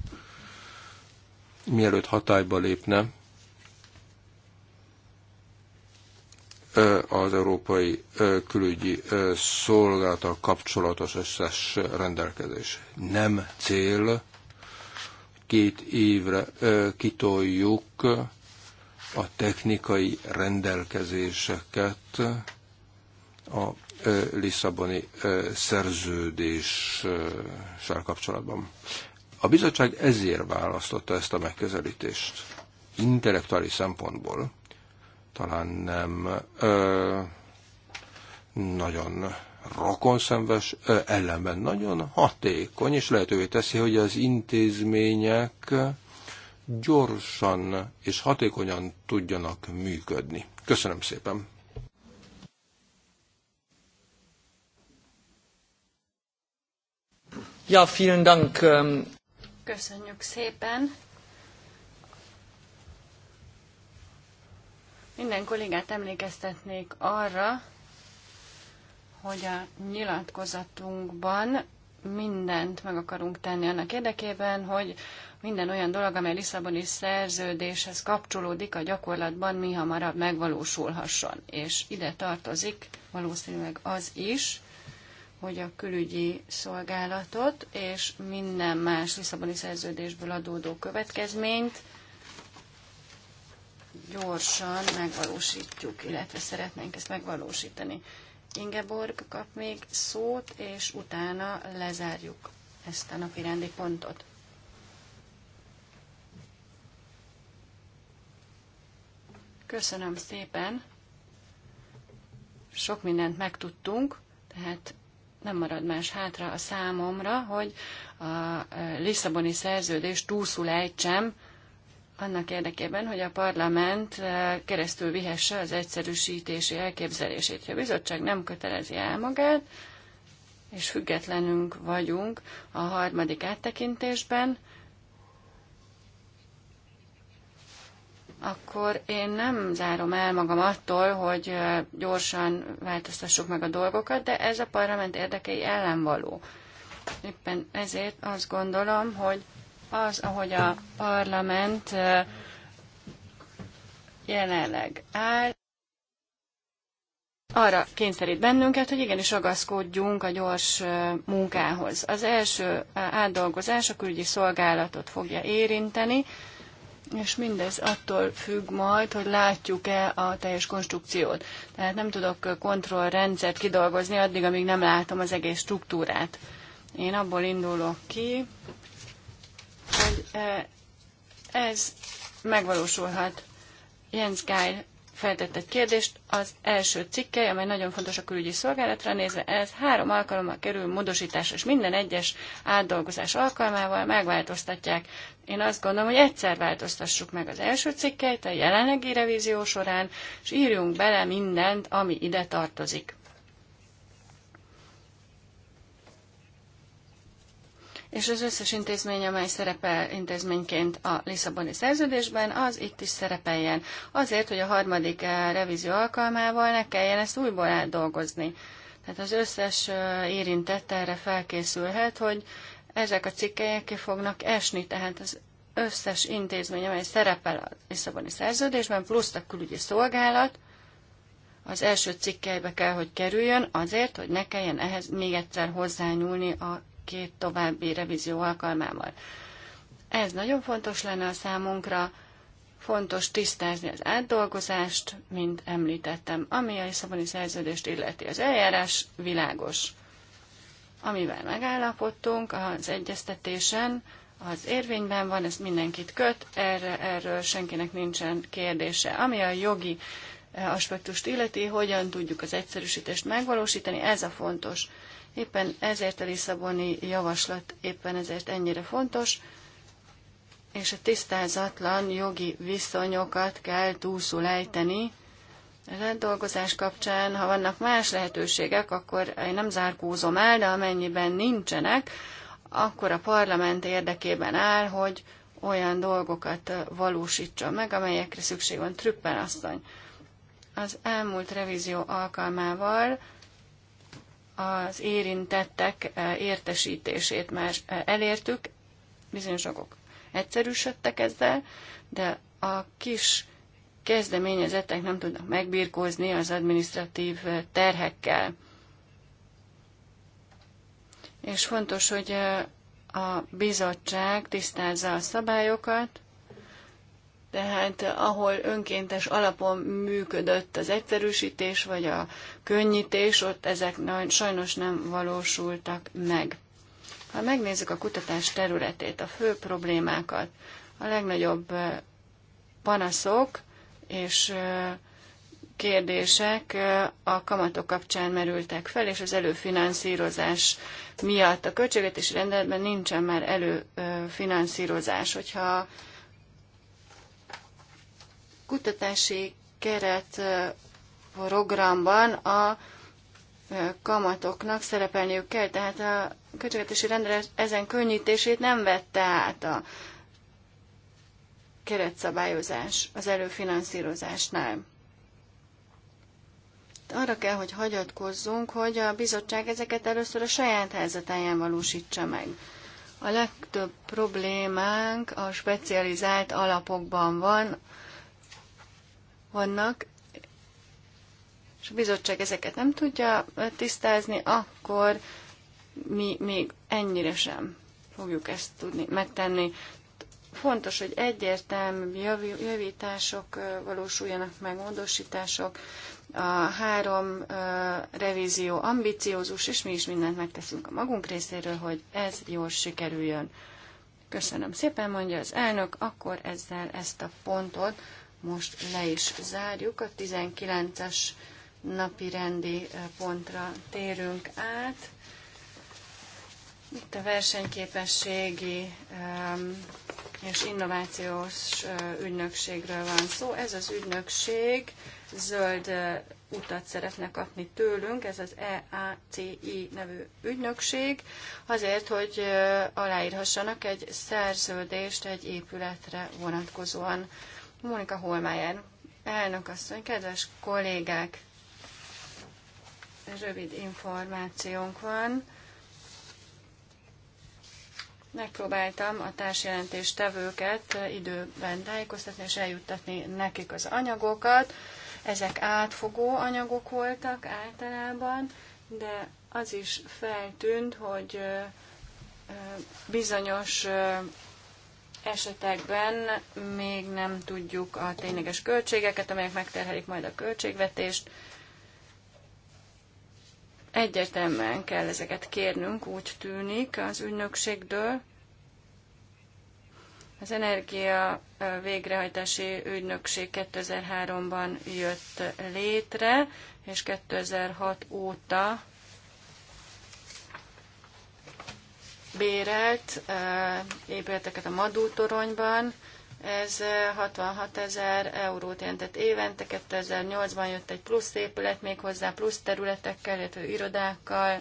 mielőtt hatályba lépne az Európai Külügyi Szolgálata kapcsolatos összes rendelkezés. Nem cél, két évre kitoljuk a technikai rendelkezéseket, a Lisszaboni szerződéssel kapcsolatban. A bizottság ezért választotta ezt a megközelítést. Intellektuális szempontból talán nem ö, nagyon rokonszenves, ö, ellenben nagyon hatékony, és lehetővé teszi, hogy az intézmények gyorsan és hatékonyan tudjanak működni. Köszönöm szépen! Ja, vielen Dank. Ähm, Köszönjük szépen. Minden kollégát emlékeztetnék arra, hogy a nyilatkozatunkban mindent meg akarunk tenni annak érdekében, hogy minden olyan dolog, amely Lisszaboni szerződéshez kapcsolódik, a gyakorlatban mi hamarabb megvalósulhasson. És ide tartozik valószínűleg az is, hogy a külügyi szolgálatot és minden más Lisszaboni szerződésből adódó következményt gyorsan megvalósítjuk, illetve szeretnénk ezt megvalósítani. Ingeborg kap még szót, és utána lezárjuk ezt a napi rendi pontot. Köszönöm szépen! Sok mindent megtudtunk, tehát nem marad más hátra a számomra, hogy a Lisszaboni szerződés túlszul ejtsem, annak érdekében, hogy a parlament e, keresztül vihesse az egyszerűsítési elképzelését. Ha a bizottság nem kötelezi el magát, és függetlenünk vagyunk a harmadik áttekintésben, akkor én nem zárom el magam attól, hogy gyorsan változtassuk meg a dolgokat, de ez a parlament érdekei ellen való. Éppen ezért azt gondolom, hogy az, ahogy a parlament jelenleg áll, arra kényszerít bennünket, hogy igenis ragaszkodjunk a gyors munkához. Az első átdolgozás a külügyi szolgálatot fogja érinteni, és mindez attól függ majd, hogy látjuk-e a teljes konstrukciót. Tehát nem tudok kontrollrendszert kidolgozni addig, amíg nem látom az egész struktúrát. Én abból indulok ki, hogy eh, ez megvalósulhat. Jens Geil feltett egy kérdést, az első cikke, amely nagyon fontos a külügyi szolgálatra nézve, ez három alkalommal kerül módosítás, és minden egyes átdolgozás alkalmával megváltoztatják. Én azt gondolom, hogy egyszer változtassuk meg az első cikkelyt a jelenlegi revízió során, és írjunk bele mindent, ami ide tartozik. és az összes intézmény, amely szerepel intézményként a Lisszaboni szerződésben, az itt is szerepeljen. Azért, hogy a harmadik eh, revízió alkalmával ne kelljen ezt újból átdolgozni. Tehát az összes eh, érintett erre felkészülhet, hogy ezek a cikkelyek ki fognak esni, tehát az összes intézmény, amely szerepel a Lisszaboni szerződésben, plusz a külügyi szolgálat, az első cikkelybe kell, hogy kerüljön, azért, hogy ne kelljen ehhez még egyszer hozzányúlni a két további revízió alkalmával. Ez nagyon fontos lenne a számunkra, fontos tisztázni az átdolgozást, mint említettem, ami a Lisszaboni szerződést illeti. Az eljárás világos. Amivel megállapodtunk az egyeztetésen, az érvényben van, ez mindenkit köt, erre, erről senkinek nincsen kérdése. Ami a jogi eh, aspektust illeti, hogyan tudjuk az egyszerűsítést megvalósítani, ez a fontos. Éppen ezért a Lisszaboni javaslat éppen ezért ennyire fontos, és a tisztázatlan jogi viszonyokat kell túlszul ejteni. a dolgozás kapcsán, ha vannak más lehetőségek, akkor én nem zárkózom el, de amennyiben nincsenek, akkor a parlament érdekében áll, hogy olyan dolgokat valósítsa meg, amelyekre szükség van. Trüppen asszony. Az elmúlt revízió alkalmával az érintettek eh, értesítését már eh, elértük, bizonyos okok egyszerűsödtek ezzel, de a kis kezdeményezettek nem tudnak megbírkozni az administratív eh, terhekkel. És fontos, hogy a bizottság tisztázza a szabályokat, tehát ahol önkéntes alapon működött az egyszerűsítés vagy a könnyítés, ott ezek sajnos nem valósultak meg. Ha megnézzük a kutatás területét, a fő problémákat, a legnagyobb panaszok és kérdések a kamatok kapcsán merültek fel, és az előfinanszírozás miatt a költségvetési rendeletben nincsen már előfinanszírozás. Hogyha kutatási keret programban a kamatoknak szerepelniük kell, tehát a költségvetési rendelet ezen könnyítését nem vette át a keretszabályozás az előfinanszírozásnál. Arra kell, hogy hagyatkozzunk, hogy a bizottság ezeket először a saját helyzetáján valósítsa meg. A legtöbb problémánk a specializált alapokban van, vannak, és a bizottság ezeket nem tudja tisztázni, akkor mi még ennyire sem fogjuk ezt tudni megtenni. Fontos, hogy egyértelmű javítások valósuljanak meg, módosítások, a három revízió ambiciózus, és mi is mindent megteszünk a magunk részéről, hogy ez jól sikerüljön. Köszönöm szépen, mondja az elnök, akkor ezzel ezt a pontot most le is zárjuk. A 19-es napi rendi eh, pontra térünk át. Itt a versenyképességi ehm, és innovációs eh, ügynökségről van szó. Ez az ügynökség zöld eh, utat szeretne kapni tőlünk, ez az EACI nevű ügynökség, azért, hogy aláírhassanak egy szerződést egy épületre vonatkozóan. Mónika Holmájer, elnök asszony, kedves kollégák, rövid információnk van. Megpróbáltam a társjelentés tevőket időben tájékoztatni és eljuttatni nekik az anyagokat. Ezek átfogó anyagok voltak általában, de az is feltűnt, hogy bizonyos esetekben még nem tudjuk a tényleges költségeket, amelyek megterhelik majd a költségvetést. Egyértelműen kell ezeket kérnünk, úgy tűnik az ügynökségdől. Az energia végrehajtási ügynökség 2003-ban jött létre, és 2006 óta bérelt épületeket a Madú toronyban. Ez 66 ezer eurót jelentett évente, 2008-ban jött egy plusz épület még hozzá, plusz területekkel, illetve irodákkal,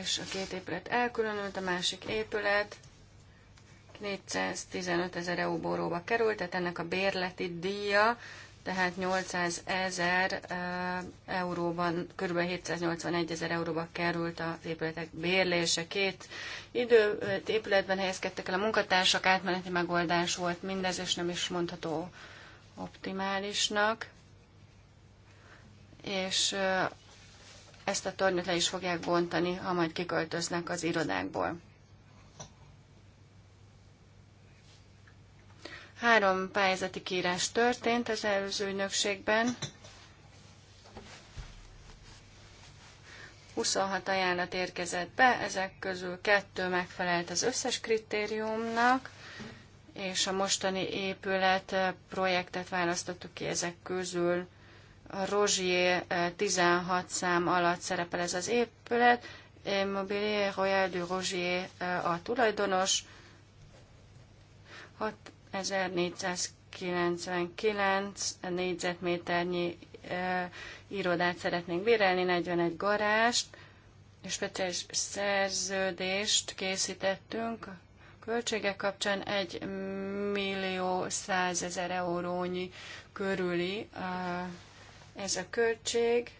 és a két épület elkülönült, a másik épület 415 ezer euróba került, tehát ennek a bérleti díja tehát 800 ezer euróban, kb. 781 ezer euróba került az épületek bérlése. Két idő épületben helyezkedtek el a munkatársak, átmeneti megoldás volt mindez, és nem is mondható optimálisnak. És ezt a tornyot le is fogják bontani, ha majd kiköltöznek az irodákból. Három pályázati kírás történt az előző ügynökségben. 26 ajánlat érkezett be, ezek közül kettő megfelelt az összes kritériumnak, és a mostani épület eh, projektet választottuk ki ezek közül. A Rozsier 16 eh, szám alatt szerepel ez az épület, Immobilier Royal du Rogier eh, a tulajdonos, 6 1499 négyzetméternyi irodát szeretnénk bérelni, 41 garást, és speciális szerződést készítettünk költségek kapcsán 1 millió 100 ezer eurónyi körüli ez a költség.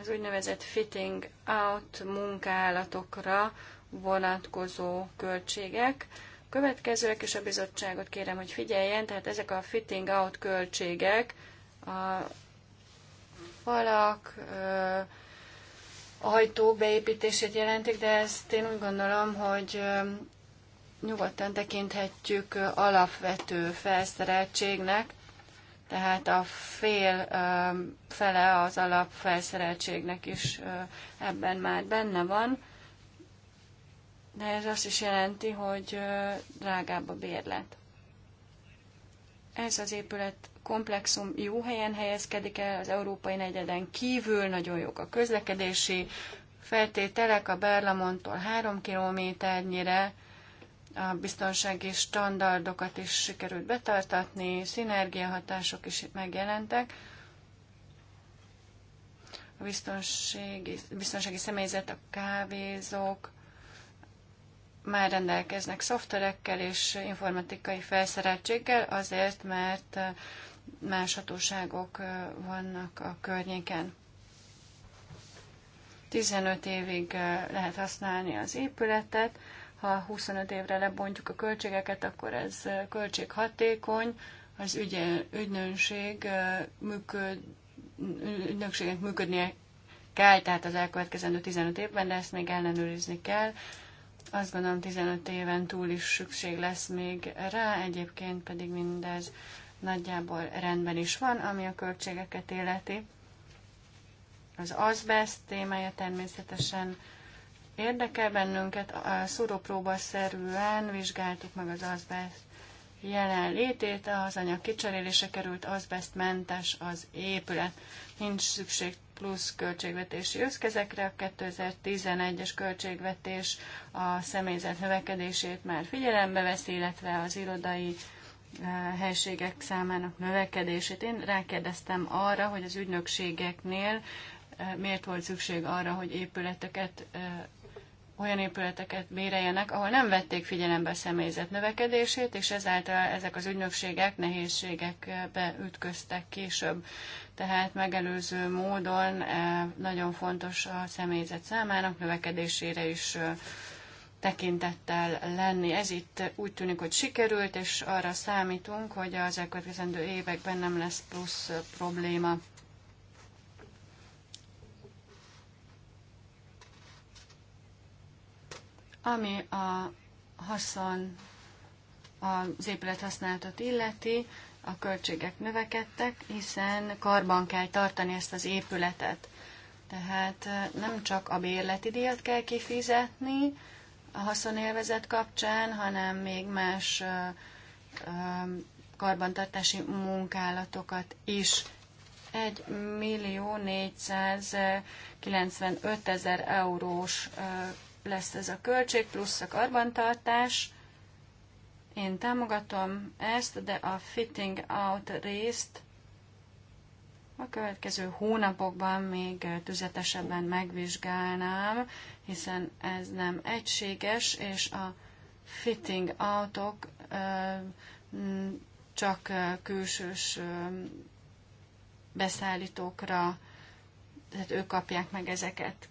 Az úgynevezett fitting out munkálatokra vonatkozó költségek. Következőek, és a bizottságot kérem, hogy figyeljen, tehát ezek a fitting out költségek, a falak, ajtó beépítését jelentik, de ezt én úgy gondolom, hogy nyugodtan tekinthetjük alapvető felszereltségnek, tehát a fél fele az alapfelszereltségnek is ebben már benne van de ez azt is jelenti, hogy drágább a bérlet. Ez az épület komplexum jó helyen helyezkedik el, az európai negyeden kívül nagyon jók a közlekedési feltételek, a Berlamontól három kilométernyire, a biztonsági standardokat is sikerült betartatni, szinergiahatások is megjelentek. A biztonsági, biztonsági személyzet, a kávézók, már rendelkeznek szoftverekkel és informatikai felszereltséggel, azért, mert eh, más hatóságok eh, vannak a környéken. 15 évig eh, lehet használni az épületet, ha 25 évre lebontjuk a költségeket, akkor ez költséghatékony, az ügyel, ügynökség működ, ügynökségnek működnie kell, tehát az elkövetkezendő 15 évben, de ezt még ellenőrizni kell, azt gondolom 15 éven túl is szükség lesz még rá, egyébként pedig mindez nagyjából rendben is van, ami a költségeket életi. Az azbest témája természetesen érdekel bennünket, a szúrópróba szerűen vizsgáltuk meg az azbest jelenlétét, az anyag kicserélése került azbestmentes az épület. Nincs szükség plusz költségvetési összkezekre. A 2011-es költségvetés a személyzet növekedését már figyelembe veszi, illetve az irodai eh, helységek számának növekedését. Én rákérdeztem arra, hogy az ügynökségeknél eh, miért volt szükség arra, hogy épületeket eh, olyan épületeket béreljenek, ahol nem vették figyelembe a személyzet növekedését, és ezáltal ezek az ügynökségek nehézségekbe ütköztek később. Tehát megelőző módon eh, nagyon fontos a személyzet számának növekedésére is eh, tekintettel lenni. Ez itt úgy tűnik, hogy sikerült, és arra számítunk, hogy az elkövetkezendő években nem lesz plusz eh, probléma. Ami a haszon, az épület használatot illeti, a költségek növekedtek, hiszen karban kell tartani ezt az épületet. Tehát nem csak a bérleti díjat kell kifizetni a haszonélvezet kapcsán, hanem még más karbantartási munkálatokat is. 1 millió 495 ezer eurós lesz ez a költség, plusz a karbantartás. Én támogatom ezt, de a fitting out részt a következő hónapokban még tüzetesebben megvizsgálnám, hiszen ez nem egységes, és a fitting autok csak külsős beszállítókra, tehát ők kapják meg ezeket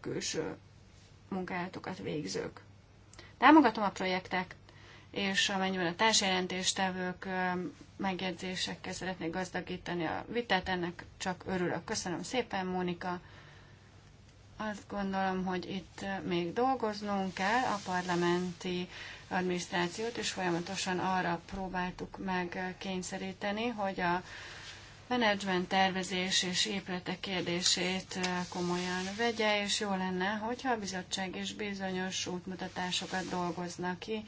külső munkálatokat végzők. Támogatom a projektek, és amennyiben a társjelentéstevők megjegyzésekkel szeretnék gazdagítani a vitát, ennek csak örülök. Köszönöm szépen, Mónika. Azt gondolom, hogy itt még dolgoznunk kell a parlamenti adminisztrációt, és folyamatosan arra próbáltuk meg kényszeríteni, hogy a menedzsment tervezés és épületek kérdését komolyan vegye, és jó lenne, hogyha a bizottság is bizonyos útmutatásokat dolgozna ki,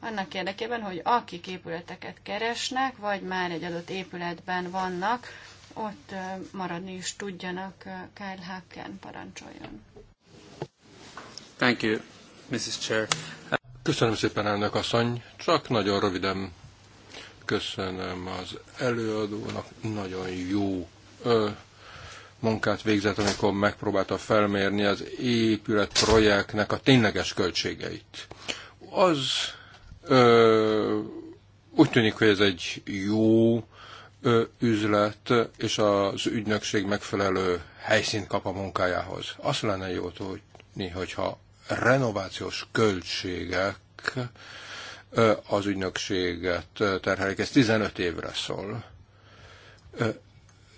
annak érdekében, hogy akik épületeket keresnek, vagy már egy adott épületben vannak, ott maradni is tudjanak. Kyle Haken parancsoljon. Thank you, Mrs. Chair. Köszönöm szépen, elnök asszony. Csak nagyon röviden Köszönöm az előadónak, nagyon jó ö, munkát végzett, amikor megpróbálta felmérni az épület projektnek a tényleges költségeit. Az ö, úgy tűnik, hogy ez egy jó ö, üzlet, és az ügynökség megfelelő helyszínt kap a munkájához. Azt lenne jó tudni, hogyha renovációs költségek az ügynökséget terhelik. Ez 15 évre szól.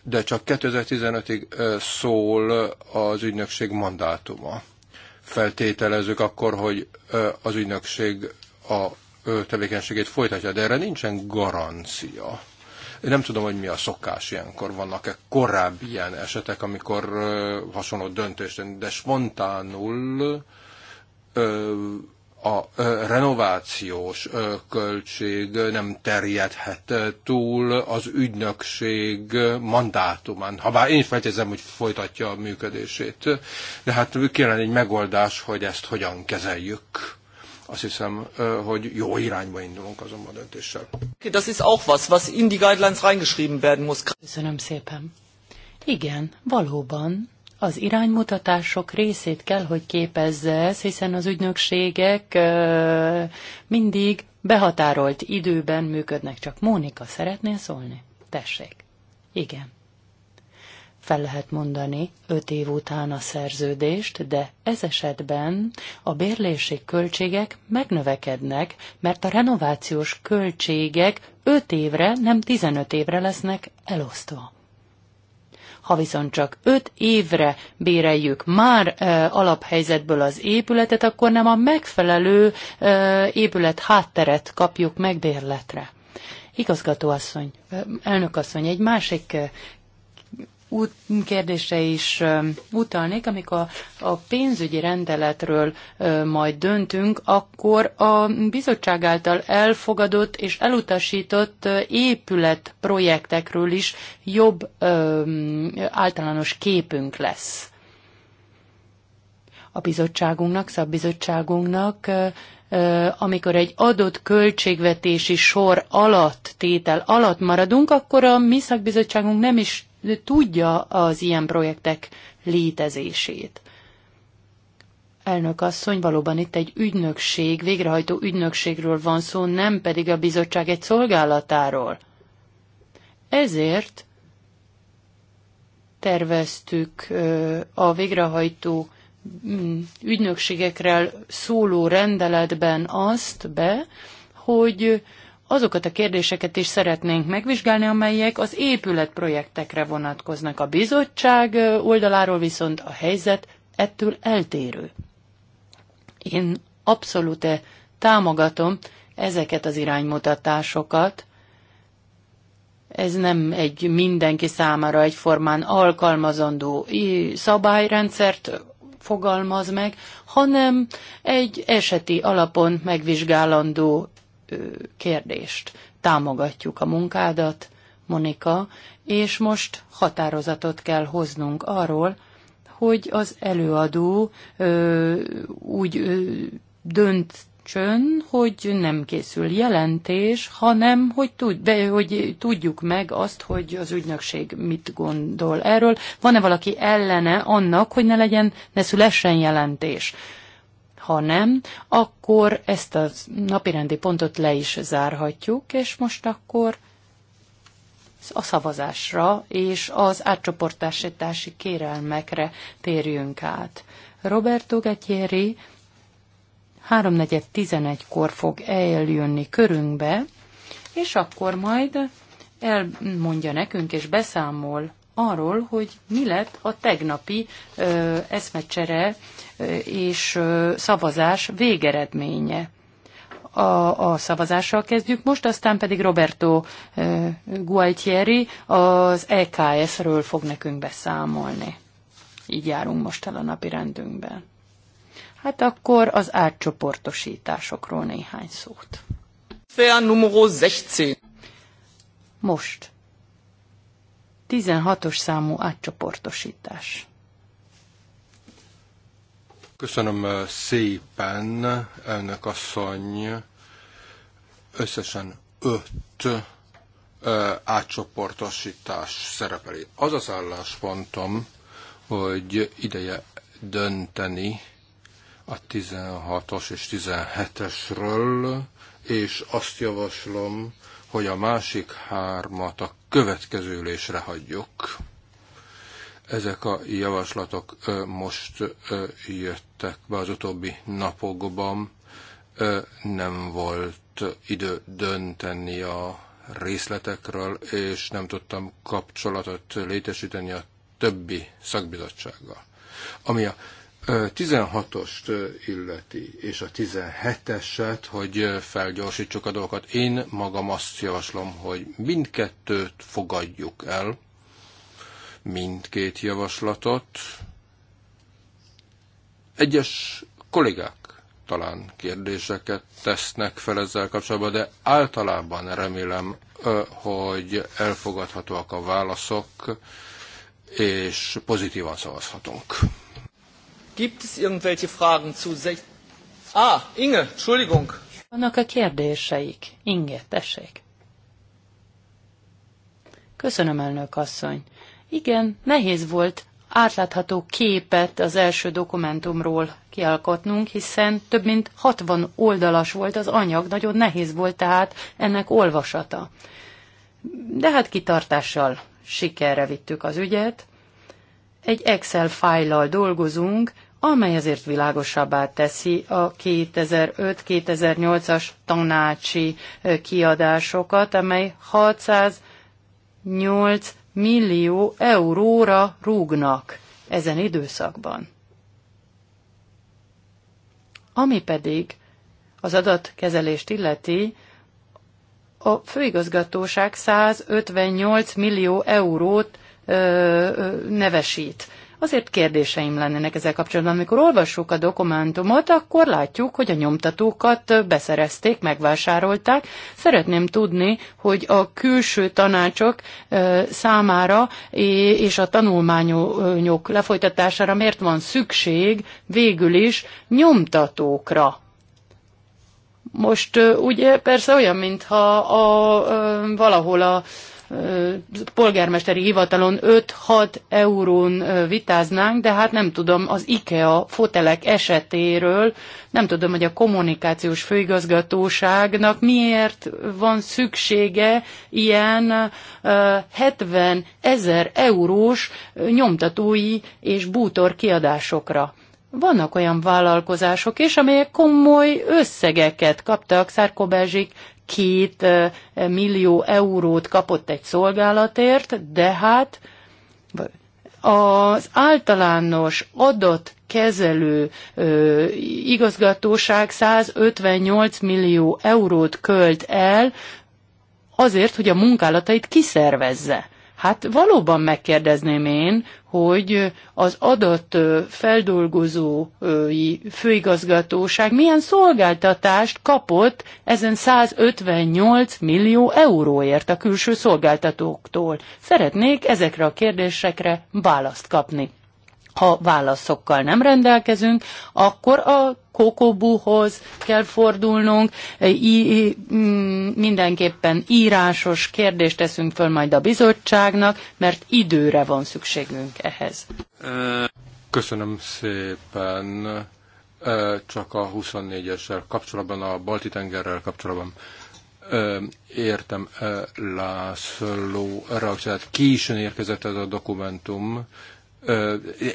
De csak 2015-ig szól az ügynökség mandátuma. Feltételezzük akkor, hogy az ügynökség a tevékenységét folytatja, de erre nincsen garancia. Én nem tudom, hogy mi a szokás ilyenkor. Vannak-e korábbi ilyen esetek, amikor hasonló döntést, de spontánul a renovációs költség nem terjedhet túl az ügynökség mandátumán. Habár én feltételezem, hogy folytatja a működését. De hát kellene egy megoldás, hogy ezt hogyan kezeljük. Azt hiszem, hogy jó irányba indulunk azon a döntéssel. Das ist auch was, was in die guidelines reingeschrieben werden muss. Köszönöm szépen. Igen, valóban az iránymutatások részét kell, hogy képezze ez, hiszen az ügynökségek mindig behatárolt időben működnek. Csak Mónika, szeretnél szólni? Tessék. Igen. Fel lehet mondani öt év után a szerződést, de ez esetben a bérlési költségek megnövekednek, mert a renovációs költségek öt évre, nem tizenöt évre lesznek elosztva. Ha viszont csak öt évre béreljük már e, alaphelyzetből az épületet, akkor nem a megfelelő e, épület hátteret kapjuk meg bérletre. Igazgatóasszony, elnökasszony, egy másik út, kérdésre is utalnék, amikor a pénzügyi rendeletről majd döntünk, akkor a bizottság által elfogadott és elutasított épületprojektekről is jobb általános képünk lesz. A bizottságunknak, szabbizottságunknak, amikor egy adott költségvetési sor alatt, tétel alatt maradunk, akkor a mi szakbizottságunk nem is tudja az ilyen projektek létezését. Elnök asszony, valóban itt egy ügynökség, végrehajtó ügynökségről van szó, nem pedig a bizottság egy szolgálatáról. Ezért terveztük a végrehajtó mm, ügynökségekrel szóló rendeletben azt be, hogy azokat a kérdéseket is szeretnénk megvizsgálni, amelyek az épületprojektekre vonatkoznak. A bizottság oldaláról viszont a helyzet ettől eltérő. Én abszolút -e támogatom ezeket az iránymutatásokat. Ez nem egy mindenki számára egyformán alkalmazandó szabályrendszert fogalmaz meg, hanem egy eseti alapon megvizsgálandó kérdést. Támogatjuk a munkádat, Monika, és most határozatot kell hoznunk arról, hogy az előadó ö, úgy ö, dönt csön, hogy nem készül jelentés, hanem hogy, tud, de, hogy tudjuk meg azt, hogy az ügynökség mit gondol erről. Van-e valaki ellene annak, hogy ne legyen, ne szülessen jelentés? Ha nem, akkor ezt a napirendi pontot le is zárhatjuk, és most akkor a szavazásra és az átcsoportásítási kérelmekre térjünk át. Roberto Gettieri 3.4.11-kor fog eljönni körünkbe, és akkor majd elmondja nekünk és beszámol arról, hogy mi lett a tegnapi ö, eszmecsere és szavazás végeredménye. A, a szavazással kezdjük most, aztán pedig Roberto Gualtieri az EKS-ről fog nekünk beszámolni. Így járunk most el a napi rendünkben. Hát akkor az átcsoportosításokról néhány szót. Fair numero 16. Most. 16-os számú átcsoportosítás. Köszönöm szépen, elnök asszony. Összesen öt átcsoportosítás szerepeli. Az az álláspontom, hogy ideje dönteni a 16-os és 17-esről, és azt javaslom, hogy a másik hármat a következő ülésre hagyjuk. Ezek a javaslatok most jöttek be az utóbbi napokban. Nem volt idő dönteni a részletekről, és nem tudtam kapcsolatot létesíteni a többi szakbizottsággal. Ami a 16-ost illeti, és a 17-eset, hogy felgyorsítsuk a dolgokat. Én magam azt javaslom, hogy mindkettőt fogadjuk el, mindkét javaslatot. Egyes kollégák talán kérdéseket tesznek fel ezzel kapcsolatban, de általában remélem, hogy elfogadhatóak a válaszok, és pozitívan szavazhatunk. Gibt es irgendwelche Fragen zu Ah, Inge, Entschuldigung. Vannak a kérdéseik. Inge, tessék. Köszönöm, elnök asszony. Igen, nehéz volt átlátható képet az első dokumentumról kialkotnunk, hiszen több mint 60 oldalas volt az anyag, nagyon nehéz volt tehát ennek olvasata. De hát kitartással sikerre vittük az ügyet. Egy Excel fájlal dolgozunk, amely azért világosabbá teszi a 2005-2008-as tanácsi kiadásokat, amely 608 millió euróra rúgnak ezen időszakban. Ami pedig az adatkezelést illeti, a főigazgatóság 158 millió eurót ö, ö, nevesít Azért kérdéseim lennének ezzel kapcsolatban. Amikor olvassuk a dokumentumot, akkor látjuk, hogy a nyomtatókat beszerezték, megvásárolták. Szeretném tudni, hogy a külső tanácsok számára és a tanulmányok lefolytatására miért van szükség végül is nyomtatókra. Most ugye persze olyan, mintha a, a, valahol a polgármesteri hivatalon 5-6 eurón vitáznánk, de hát nem tudom az IKEA fotelek esetéről, nem tudom, hogy a kommunikációs főigazgatóságnak miért van szüksége ilyen 70 ezer eurós nyomtatói és bútor kiadásokra. Vannak olyan vállalkozások is, amelyek komoly összegeket kaptak Szárkó két millió eurót kapott egy szolgálatért, de hát az általános adott kezelő ö, igazgatóság 158 millió eurót költ el azért, hogy a munkálatait kiszervezze. Hát valóban megkérdezném én, hogy az adott feldolgozói főigazgatóság milyen szolgáltatást kapott ezen 158 millió euróért a külső szolgáltatóktól. Szeretnék ezekre a kérdésekre választ kapni ha válaszokkal nem rendelkezünk, akkor a kokobúhoz kell fordulnunk, e, í- mindenképpen írásos kérdést teszünk föl majd a bizottságnak, mert időre van szükségünk ehhez. Köszönöm szépen. E, csak a 24-essel kapcsolatban, a Balti-tengerrel kapcsolatban e, értem László reakciát. Későn érkezett ez a dokumentum,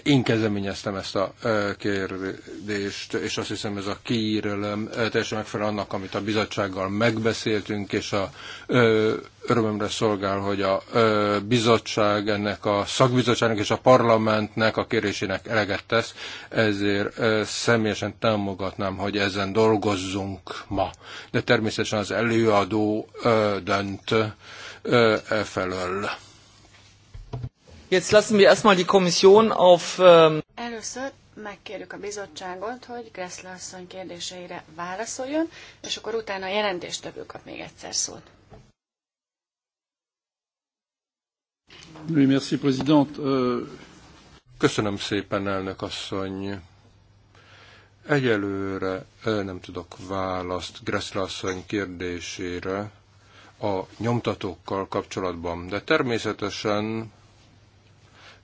én kezdeményeztem ezt a kérdést, és azt hiszem ez a kiírölöm teljesen megfelel annak, amit a bizottsággal megbeszéltünk, és a örömömre szolgál, hogy a bizottság ennek a szakbizottságnak és a parlamentnek a kérésének eleget tesz, ezért személyesen támogatnám, hogy ezen dolgozzunk ma. De természetesen az előadó dönt e felől. Jetzt lassen wir erstmal die Kommission auf... Ähm Először megkérjük a bizottságot, hogy Gressle asszony kérdéseire válaszoljon, és akkor utána a jelentéstevő kap még egyszer szót. Oui, merci, euh, Köszönöm szépen, elnök asszony. Egyelőre nem tudok választ Gressle asszony kérdésére a nyomtatókkal kapcsolatban, de természetesen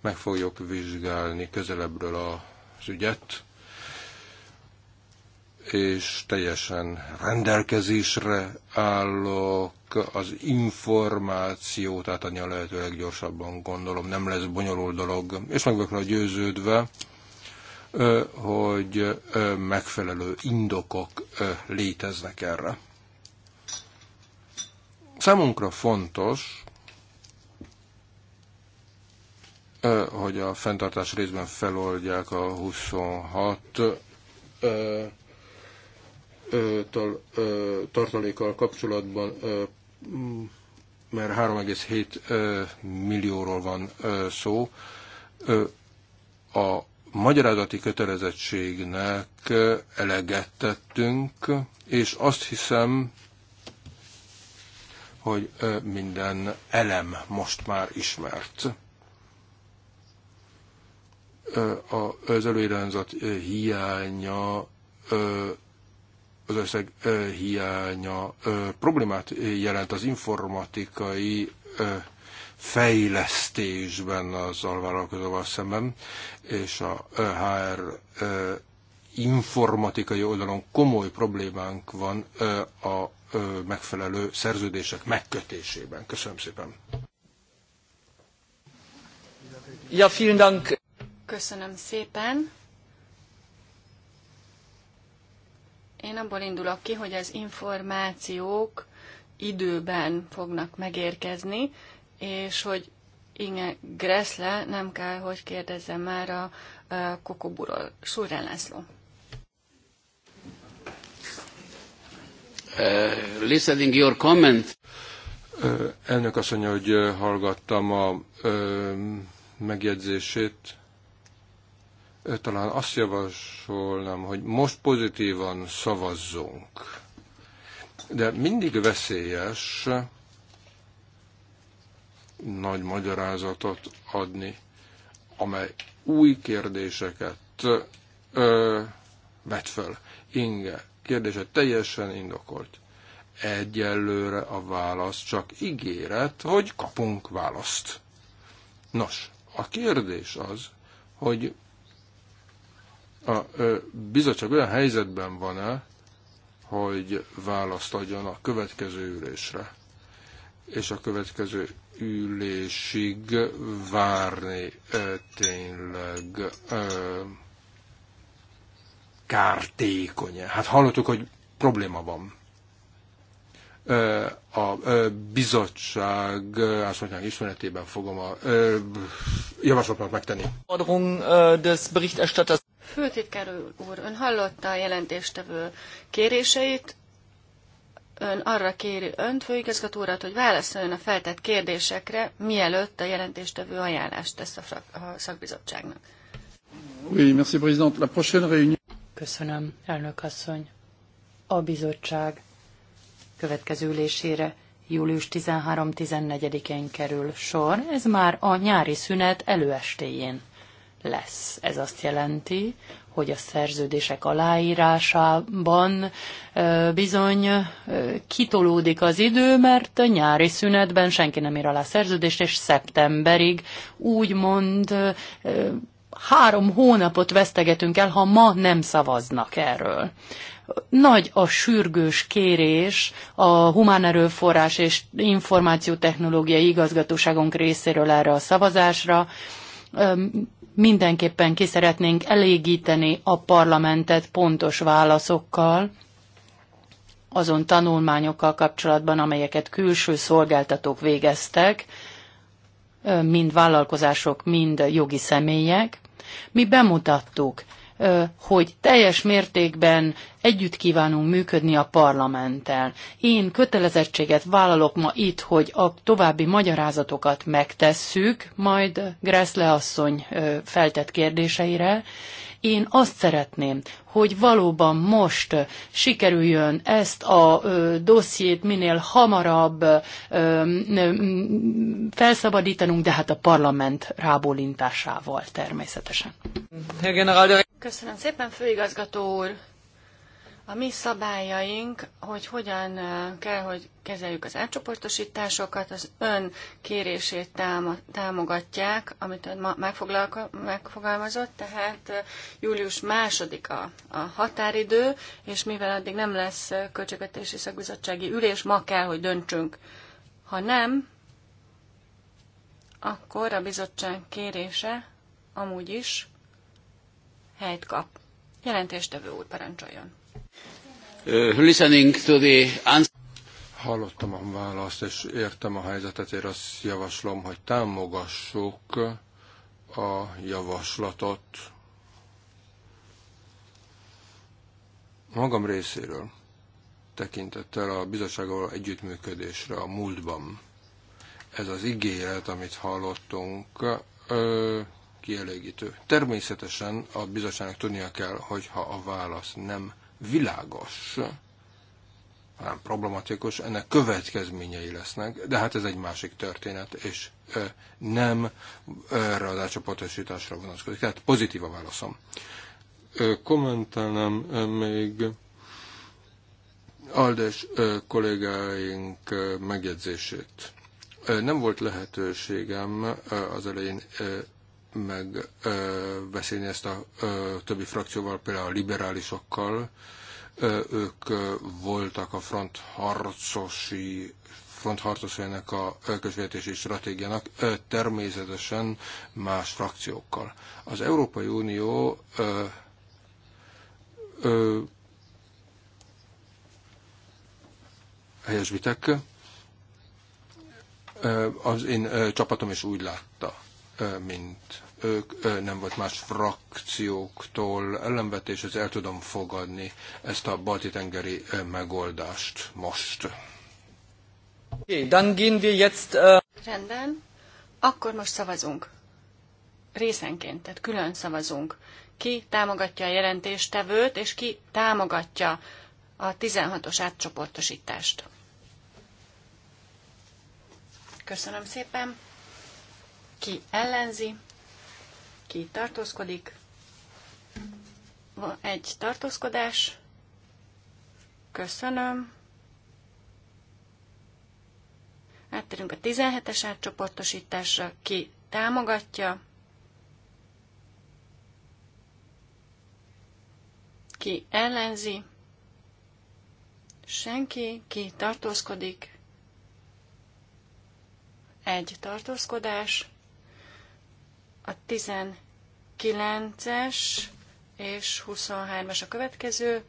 meg fogjuk vizsgálni közelebbről az ügyet, és teljesen rendelkezésre állok az információ, tehát annyi a lehető leggyorsabban gondolom, nem lesz bonyolult dolog, és meg vagyok győződve, hogy megfelelő indokok léteznek erre. Számunkra fontos, hogy a fenntartás részben feloldják a 26 tartalékkal kapcsolatban, mert 3,7 millióról van szó. A magyarázati kötelezettségnek eleget tettünk, és azt hiszem, hogy minden elem most már ismert az előirányzat hiánya, az összeg hiánya problémát jelent az informatikai fejlesztésben az alvállalkozóval szemben, és a HR informatikai oldalon komoly problémánk van a megfelelő szerződések megkötésében. Köszönöm szépen. Ja, vielen Dank. Köszönöm szépen. Én abból indulok ki, hogy az információk időben fognak megérkezni, és hogy Inge Gressle nem kell, hogy kérdezze már a Kokoburól. Súrján László. Uh, listening your comment. Uh, elnök mondja, hogy uh, hallgattam a uh, megjegyzését talán azt javasolnám, hogy most pozitívan szavazzunk. De mindig veszélyes nagy magyarázatot adni, amely új kérdéseket ö, vet föl. Inge kérdése teljesen indokolt. Egyelőre a válasz csak ígéret, hogy kapunk választ. Nos, a kérdés az, hogy a bizottság olyan helyzetben van-e, hogy választ adjon a következő ülésre, és a következő ülésig várni tényleg kártékony. Hát hallottuk, hogy probléma van. A bizottság mondják, ismeretében fogom a javaslatot megtenni. Forderung des Berichterstatters. Főtitkár úr, ön hallotta a jelentéstevő kéréseit, ön arra kéri önt, főigazgató urat, hogy válaszoljon a feltett kérdésekre, mielőtt a jelentéstevő ajánlást tesz a, a szakbizottságnak. Oui, merci, La Köszönöm, elnök asszony. A bizottság következő ülésére július 13-14-én kerül sor, ez már a nyári szünet előestéjén lesz. Ez azt jelenti, hogy a szerződések aláírásában bizony kitolódik az idő, mert a nyári szünetben senki nem ír alá szerződést, és szeptemberig úgymond három hónapot vesztegetünk el, ha ma nem szavaznak erről nagy a sürgős kérés a humán erőforrás és információtechnológiai igazgatóságunk részéről erre a szavazásra mindenképpen ki szeretnénk elégíteni a parlamentet pontos válaszokkal, azon tanulmányokkal kapcsolatban, amelyeket külső szolgáltatók végeztek, mind vállalkozások, mind jogi személyek. Mi bemutattuk hogy teljes mértékben együtt kívánunk működni a parlamenttel. Én kötelezettséget vállalok ma itt, hogy a további magyarázatokat megtesszük, majd Gressle asszony feltett kérdéseire, én azt szeretném, hogy valóban most sikerüljön ezt a ö, dossziét minél hamarabb ö, ö, felszabadítanunk, de hát a parlament rábólintásával természetesen. Köszönöm szépen, főigazgató úr! A mi szabályaink, hogy hogyan kell, hogy kezeljük az átcsoportosításokat, az ön kérését támogatják, amit ön megfogalmazott, tehát július másodika a határidő, és mivel addig nem lesz költségvetési szakbizottsági ülés, ma kell, hogy döntsünk. Ha nem, akkor a bizottság kérése amúgy is helyt kap. Jelentéstevő úr parancsoljon. Uh, listening to the answer. Hallottam a választ, és értem a helyzetet, én azt javaslom, hogy támogassuk a javaslatot magam részéről tekintettel a bizottsággal együttműködésre a múltban. Ez az ígéret, amit hallottunk, ö, kielégítő. Természetesen a bizottságnak tudnia kell, hogy ha a válasz nem világos, hanem problematikus, ennek következményei lesznek, de hát ez egy másik történet, és ö, nem erre az átcsoportosításra vonatkozik. Tehát pozitív a válaszom. Ö, kommentálnám ö, még Aldes ö, kollégáink ö, megjegyzését. Ö, nem volt lehetőségem ö, az elején ö, megbeszélni ezt a többi frakcióval, például a liberálisokkal. Ők voltak a front harcosi frontharcosainak a közvetési stratégiának, természetesen más frakciókkal. Az Európai Unió ö, ö, helyesbitek, az én csapatom is úgy látta, mint ők, nem volt más frakcióktól ellenvetés, ez el tudom fogadni ezt a balti-tengeri megoldást most. Rendben, akkor most szavazunk. Részenként, tehát külön szavazunk. Ki támogatja a jelentéstevőt, és ki támogatja a 16-os átcsoportosítást. Köszönöm szépen! ki ellenzi, ki tartózkodik. Van egy tartózkodás. Köszönöm. Átterünk a 17-es átcsoportosításra. Ki támogatja? Ki ellenzi? Senki, ki tartózkodik? Egy tartózkodás. A 19-es és 23-as a következő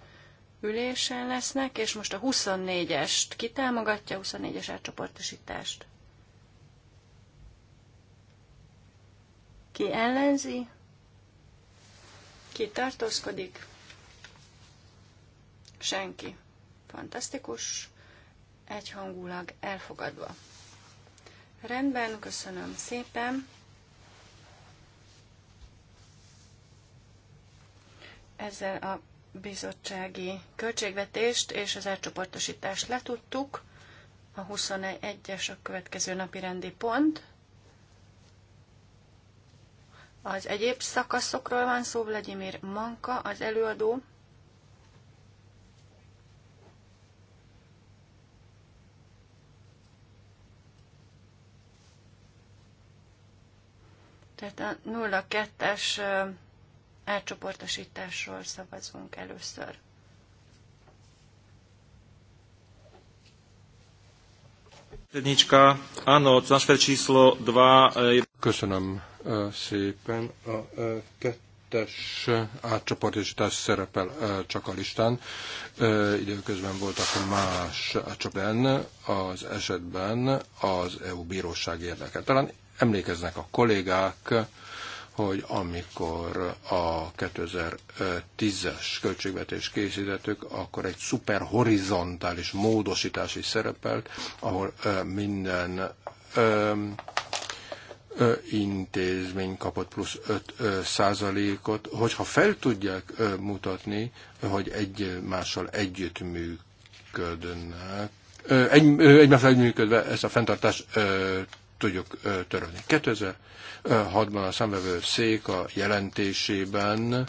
ülésen lesznek, és most a 24-est kitámogatja, 24-es átcsoportosítást. Ki ellenzi? Ki tartózkodik? Senki. Fantasztikus. Egyhangulag elfogadva. Rendben, köszönöm szépen. ezzel a bizottsági költségvetést és az átcsoportosítást letudtuk. A 21-es a következő napi rendi pont. Az egyéb szakaszokról van szó, Vladimir Manka, az előadó. Tehát a 02-es átcsoportosításról szavazunk először. E, Köszönöm e, szépen. A e, kettes átcsoportosítás szerepel csak a listán. Időközben voltak más átcsoportban. Az esetben az EU bíróság érdeke. Talán emlékeznek a kollégák, hogy amikor a 2010-es költségvetés készítettük, akkor egy szuper horizontális módosítás is szerepelt, ahol minden intézmény kapott plusz 5 százalékot, hogyha fel tudják mutatni, hogy egymással együttműködnek, egy, egymással együttműködve ezt a fenntartást tudjuk törölni. 2006-ban a számvevő szék a jelentésében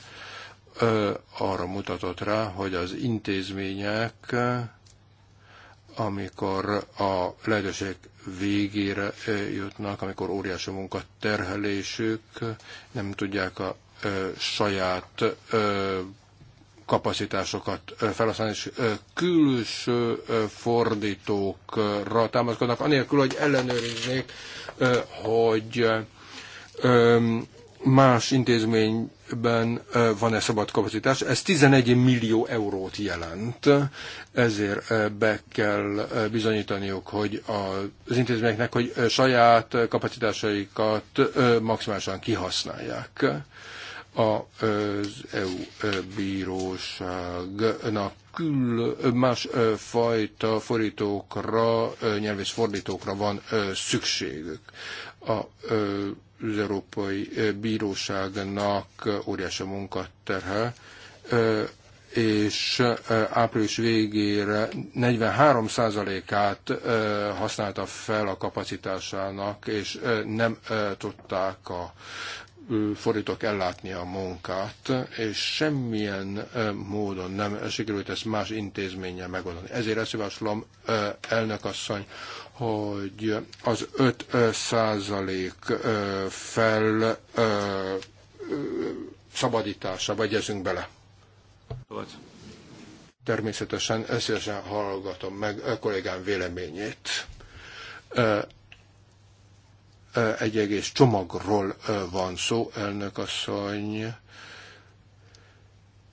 arra mutatott rá, hogy az intézmények, amikor a lehetőség végére jutnak, amikor óriási munkaterhelésük, nem tudják a saját kapacitásokat felhasználni, és külső fordítókra támaszkodnak, anélkül, hogy ellenőriznék, hogy más intézményben van-e szabad kapacitás. Ez 11 millió eurót jelent, ezért be kell bizonyítaniuk, hogy az intézményeknek, hogy saját kapacitásaikat maximálisan kihasználják az EU e, bíróságnak kül más e, fajta fordítókra, e, nyelvész fordítókra van szükségük. A az Európai Bíróságnak óriási munkaterhe, és április végére 43%-át használta fel a kapacitásának, és nem tudták a fordítok ellátni a munkát, és semmilyen módon nem sikerült ezt más intézménnyel megoldani. Ezért ezt javaslom, elnökasszony, hogy az 5 százalék fel szabadítása, vagy ezünk bele. Természetesen összesen hallgatom meg a kollégám véleményét egy egész csomagról van szó, elnök asszony,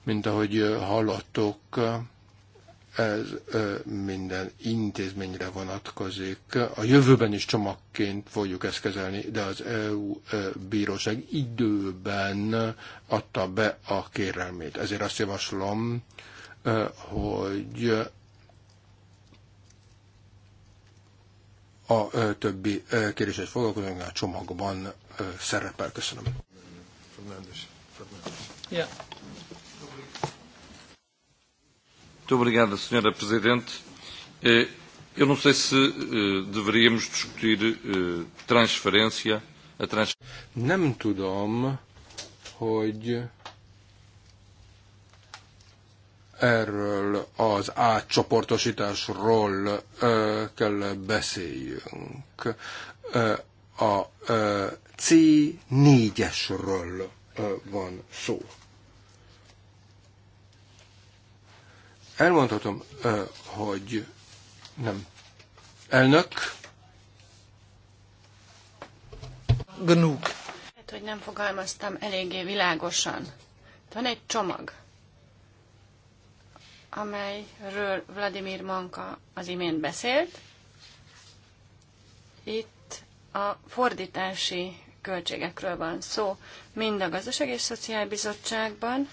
mint ahogy hallottuk, ez minden intézményre vonatkozik. A jövőben is csomagként fogjuk ezt kezelni, de az EU bíróság időben adta be a kérelmét. Ezért azt javaslom, hogy a többi kérdéshez foglalkozunk, a csomagban szerepel. Köszönöm. Muito obrigado, Sra. Presidente. Eh, eu não sei se eh, deveríamos discutir eh, transferência. A trans... Nem tudom, hogy erről az átcsoportosításról kell beszéljünk. A C4-esről van szó. Elmondhatom, hogy nem. Elnök. genug Hát, hogy nem fogalmaztam eléggé világosan. Van egy csomag amelyről Vladimir Manka az imént beszélt. Itt a fordítási költségekről van szó, mind a Gazdaság és Szociálbizottságban,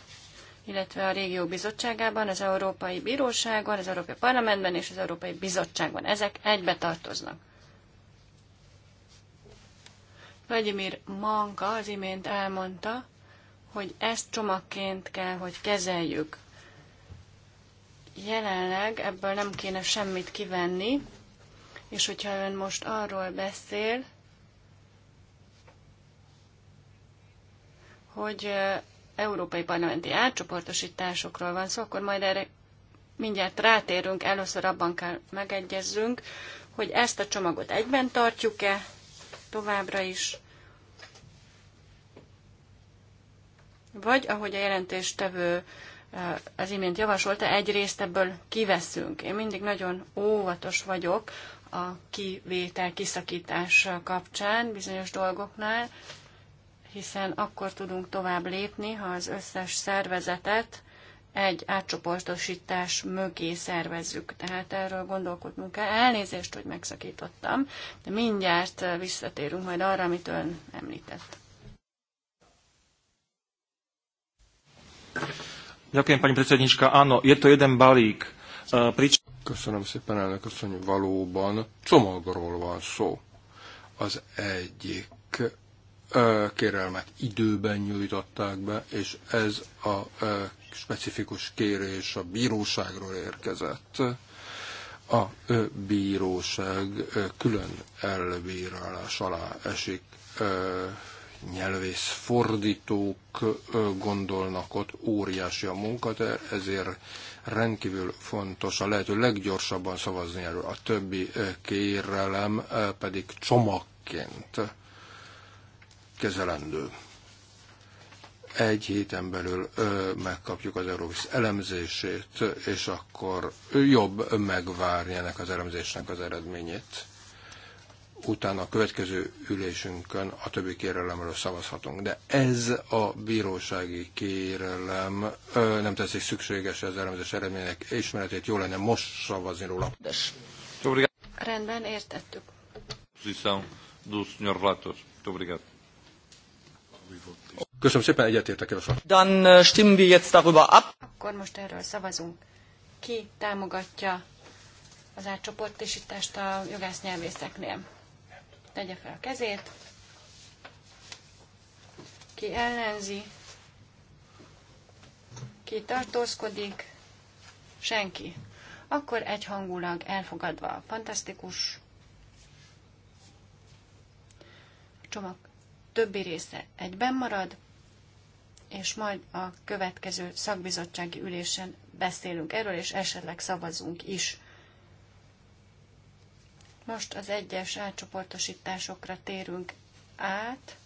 illetve a Régió Bizottságában, az Európai Bíróságon, az Európai Parlamentben és az Európai Bizottságban. Ezek egybe tartoznak. Vladimir Manka az imént elmondta, hogy ezt csomagként kell, hogy kezeljük jelenleg ebből nem kéne semmit kivenni, és hogyha ön most arról beszél, hogy európai parlamenti átcsoportosításokról van szó, akkor majd erre mindjárt rátérünk, először abban kell megegyezzünk, hogy ezt a csomagot egyben tartjuk-e továbbra is, vagy ahogy a jelentéstevő Eh, az imént javasolta, egy ebből kiveszünk. Én mindig nagyon óvatos vagyok a kivétel, kiszakítás kapcsán bizonyos dolgoknál, hiszen akkor tudunk tovább lépni, ha az összes szervezetet egy átcsoportosítás mögé szervezzük. Tehát erről gondolkodnunk kell. Elnézést, hogy megszakítottam, de mindjárt eh, visszatérünk majd arra, amit ön említett. Ďakujem, pani predsednička. Áno, je to jeden balík. E, prič... Köszönöm szépen, elnök asszony, valóban csomagról van szó. Az egyik e, kérelmet időben nyújtották be, és ez a e, specifikus kérés a bíróságról érkezett. A bíróság külön elbírálás alá esik nyelvész fordítók gondolnak ott, óriási a munka, de ezért rendkívül fontos a lehető leggyorsabban szavazni erről. A többi kérelem pedig csomagként kezelendő. Egy héten belül megkapjuk az Eurovis elemzését, és akkor jobb megvárni ennek az elemzésnek az eredményét utána a következő ülésünkön a többi kérelemről szavazhatunk. De ez a bírósági kérelem ö, nem teszik szükséges az elemzés eredmények ismeretét, jó lenne most szavazni róla. Rendben, értettük. Köszönöm szépen, egyetértek el Dann stimmen wir jetzt darüber ab. Akkor most erről szavazunk. Ki támogatja az átcsoportosítást a jogásznyelvészeknél? tegye fel a kezét. Ki ellenzi, ki tartózkodik, senki. Akkor egyhangulag elfogadva. Fantasztikus. csomag többi része egyben marad, és majd a következő szakbizottsági ülésen beszélünk erről, és esetleg szavazunk is. Most az egyes átcsoportosításokra térünk át,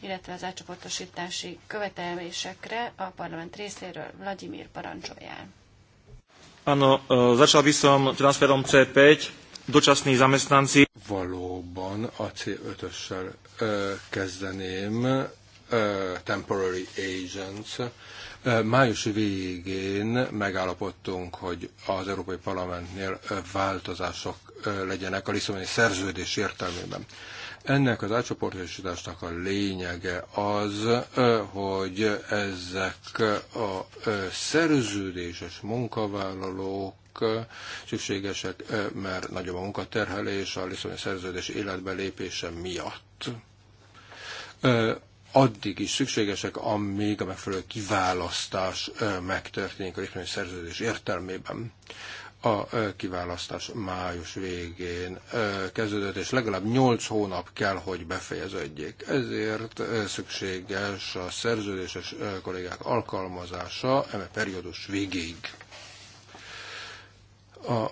illetve az átcsoportosítási követelmésekre a parlament részéről Vladimir parancsoljál. Ano, e, začal by som transferom C5, dočasní zamestnanci. Valóban a C5-össel e, kezdeném, e, temporary agents. május végén megállapodtunk, hogy az Európai Parlamentnél változások legyenek a Lisszaboni szerződés értelmében. Ennek az átcsoportosításnak a lényege az, hogy ezek a szerződéses munkavállalók szükségesek, mert nagyobb a munkaterhelés a Lisszaboni szerződés életbe lépése miatt. Addig is szükségesek, amíg a megfelelő kiválasztás megtörténik a Lisszaboni szerződés értelmében. A kiválasztás május végén kezdődött, és legalább 8 hónap kell, hogy befejeződjék. Ezért szükséges a szerződéses kollégák alkalmazása eme periódus végéig. A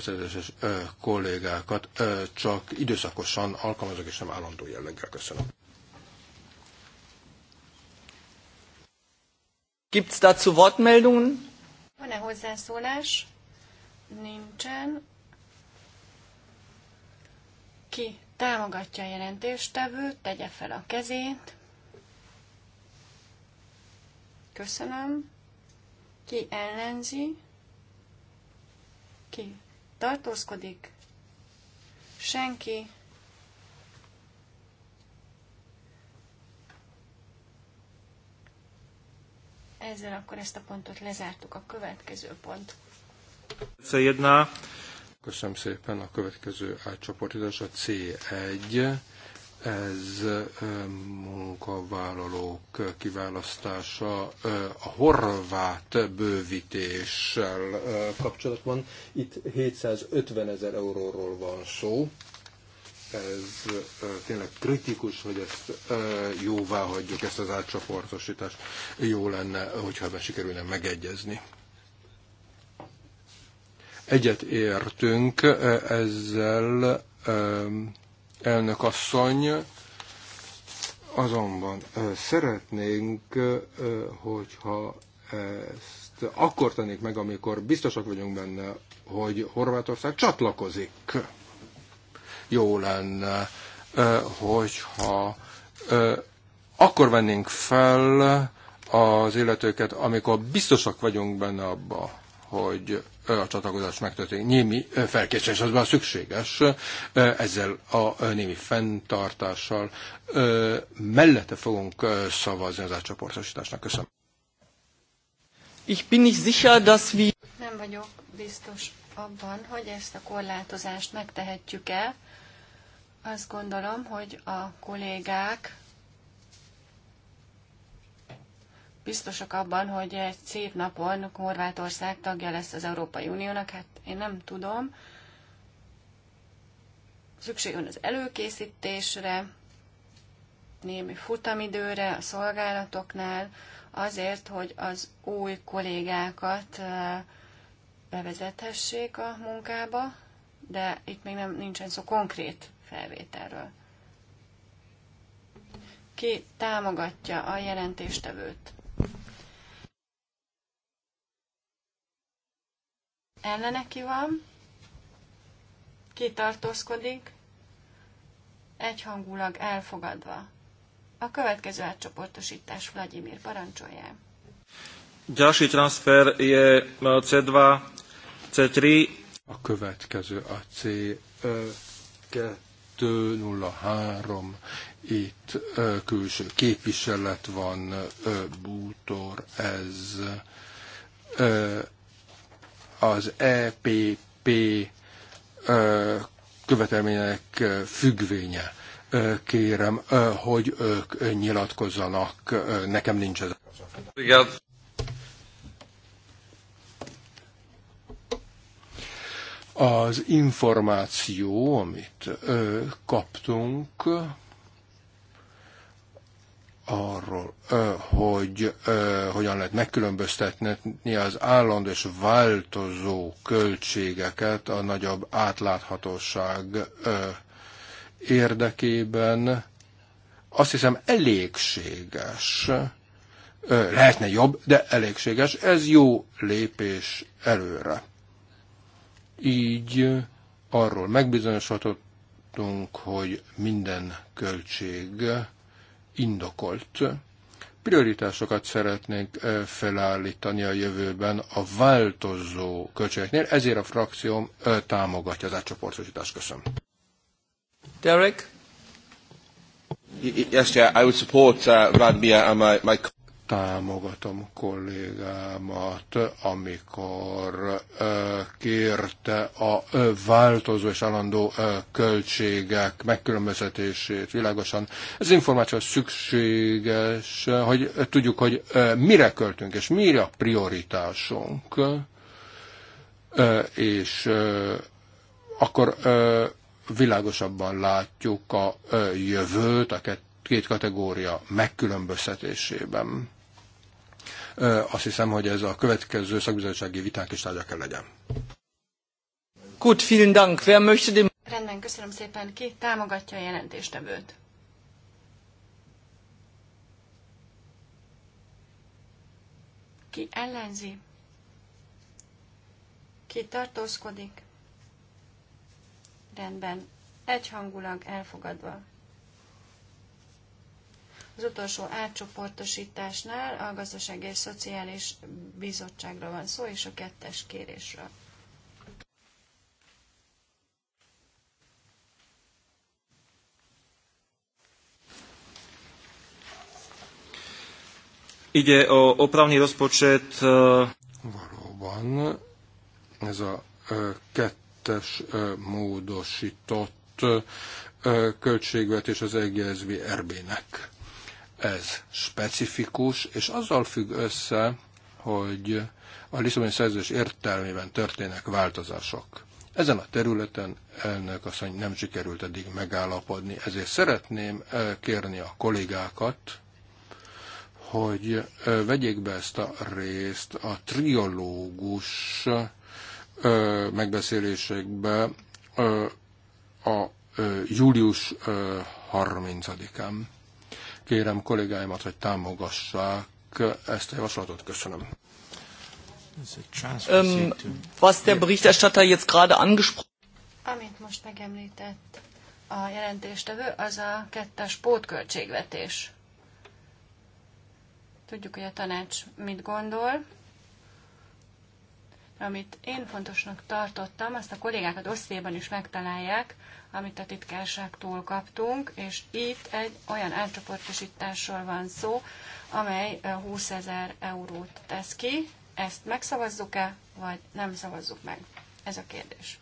szerződéses kollégákat csak időszakosan alkalmazok, és nem állandó jelleggel. Köszönöm. Gibt's dazu Wortmeldungen? Van-e hozzászólás? nincsen. Ki támogatja a jelentéstevőt, tegye fel a kezét. Köszönöm. Ki ellenzi? Ki tartózkodik? Senki. Ezzel akkor ezt a pontot lezártuk. A következő pont C1. Köszönöm szépen a következő átcsoportítás, a C1. Ez munkavállalók kiválasztása a horvát bővítéssel kapcsolatban. Itt 750 ezer euróról van szó ez tényleg kritikus, hogy ezt jóvá hagyjuk, ezt az átcsoportosítást. Jó lenne, hogyha be sikerülne megegyezni. Egyet értünk e, ezzel e, elnök asszony, azonban e, szeretnénk, hogyha ezt akkor tennék meg, amikor biztosak vagyunk benne, hogy Horvátország csatlakozik. Jó lenne, hogyha akkor vennénk fel az életőket, amikor biztosak vagyunk benne abba, hogy a csatlakozás megtörténik. Némi felkészülés már szükséges, ezzel a némi fenntartással mellette fogunk szavazni az átcsoportosításnak. Köszönöm. Ich bin nicht sicher, dass wir... Nem vagyok biztos abban, hogy ezt a korlátozást megtehetjük-e. Azt gondolom, hogy a kollégák biztosak abban, hogy egy szép napon Horvátország tagja lesz az Európai Uniónak? Hát én nem tudom. Szükség van az előkészítésre, némi futamidőre a szolgálatoknál, azért, hogy az új kollégákat bevezethessék a munkába, de itt még nem nincsen szó konkrét felvételről. Ki támogatja a jelentéstevőt? ellene ki van, kitartózkodik, egyhangulag elfogadva. A következő átcsoportosítás Vladimir parancsolja. Ďalší transfer je C2, e, C3. A következő a C203. E, Itt e, külső képviselet van, bútor, ez az EPP követelmények függvénye. Kérem, hogy ők nyilatkozzanak. Nekem nincs ez. Igen. Az információ, amit kaptunk, arról, hogy hogyan lehet megkülönböztetni az állandó és változó költségeket a nagyobb átláthatóság érdekében. Azt hiszem elégséges. Lehetne jobb, de elégséges. Ez jó lépés előre. Így arról megbizonyosodtunk, hogy minden költség indokolt. Prioritásokat szeretnénk felállítani a jövőben a változó költségeknél, ezért a frakcióm támogatja az átcsoportosítást. Köszönöm. Derek? Yes, yeah, I would support uh, Vladimir and my, my támogatom kollégámat, amikor kérte a változó és állandó költségek megkülönböztetését világosan. Ez információ szükséges, hogy tudjuk, hogy mire költünk és mire a prioritásunk, és akkor világosabban látjuk a jövőt, a két kategória megkülönböztetésében azt hiszem, hogy ez a következő szakbizottsági viták is tárgya kell legyen. Gut, vielen Dank. Wer möchte dem... Rendben, köszönöm szépen. Ki támogatja a jelentéstevőt? Ki ellenzi? Ki tartózkodik? Rendben, egyhangulag elfogadva. Az utolsó átcsoportosításnál a Gazdasági és Szociális bizottságra van szó, és a kettes kérésről. Ide o opravni rozpočet... E, Valóban ez a e, kettes e, módosított költségvetés az EGSZB RB-nek. Ez specifikus, és azzal függ össze, hogy a Lisszaboni szerződés értelmében történnek változások. Ezen a területen ennek asszony nem sikerült eddig megállapodni, ezért szeretném eh, kérni a kollégákat, hogy eh, vegyék be ezt a részt a triológus eh, megbeszélésekbe a július 30-án. Kérem kollégáimat, hogy támogassák ezt a javaslatot. Köszönöm. Um, was der Berichterstatter jetzt gerade angesprochen Amit most megemlített a jelentéstevő, az a kettes pótköltségvetés. Tudjuk, hogy a tanács mit gondol. Amit én fontosnak tartottam, azt a kollégák a dosszéban is megtalálják, amit a titkárságtól kaptunk, és itt egy olyan átcsoportosításról van szó, amely 20 ezer eurót tesz ki. Ezt megszavazzuk-e, vagy nem szavazzuk meg? Ez a kérdés.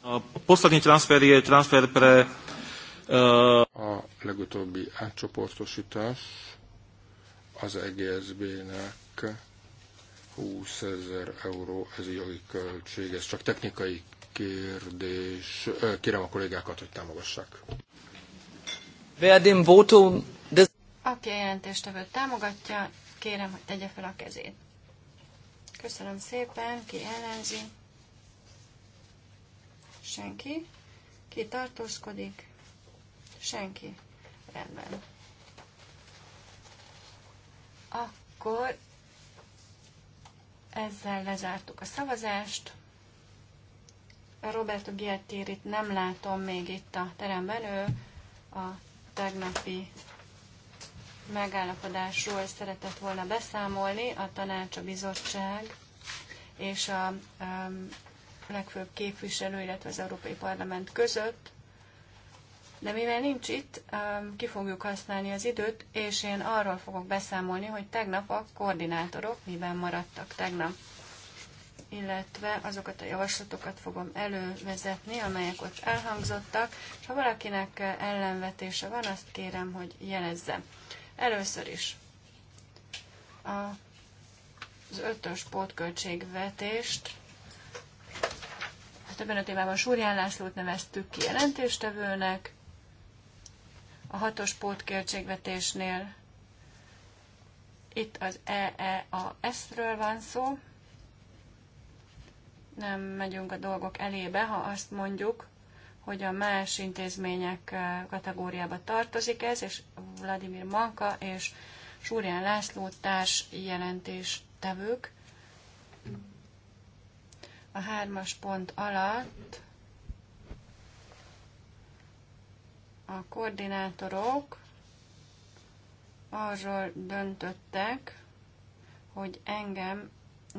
A poslední transferi, je transfer pre... Uh... A legutóbbi átcsoportosítás az EGSB-nek 20 ezer euró, ez a jogi költség, ez csak technikai kérdés. Kérem a kollégákat, hogy támogassák. Wer dem Aki a jelentéstevőt támogatja, kérem, hogy tegye fel a kezét. Köszönöm szépen, ki ellenzi. Senki. Ki tartózkodik? Senki. Rendben. Akkor ezzel lezártuk a szavazást. Roberto Giattirit nem látom még itt a teremben, ő a tegnapi megállapodásról szeretett volna beszámolni a tanács, a bizottság és a um, legfőbb képviselő, illetve az Európai Parlament között de mivel nincs itt, um, ki fogjuk használni az időt, és én arról fogok beszámolni, hogy tegnap a koordinátorok miben maradtak tegnap illetve azokat a javaslatokat fogom elővezetni, amelyek ott elhangzottak, és ha valakinek ellenvetése van, azt kérem, hogy jelezze. Először is a, az ötös pótköltségvetést a hát többen a témában Súrján Lászlót neveztük ki jelentéstevőnek, a hatos pótköltségvetésnél. Itt az EEAS-ről van szó. Nem megyünk a dolgok elébe, ha azt mondjuk, hogy a más intézmények eh, kategóriába tartozik ez, és Vladimir Manka és Súrján László társ jelentés A hármas pont alatt a koordinátorok arról döntöttek, hogy engem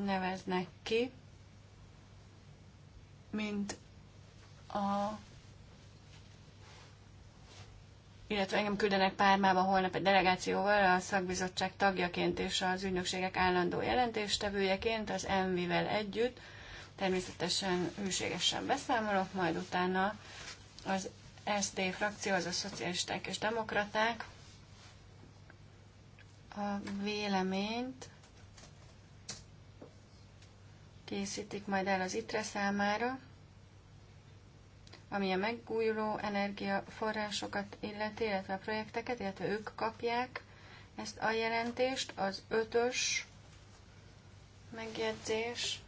neveznek ki, mint a illetve engem küldenek Pármába holnap egy delegációval, a szakbizottság tagjaként és az ügynökségek állandó jelentéstevőjeként, az MV-vel együtt. Természetesen hűségesen beszámolok, majd utána az SD frakció, az a szocialisták és demokraták a véleményt készítik majd el az ITRE számára, ami a megújuló energiaforrásokat illeti, illetve a projekteket, illetve ők kapják ezt a jelentést, az ötös megjegyzés.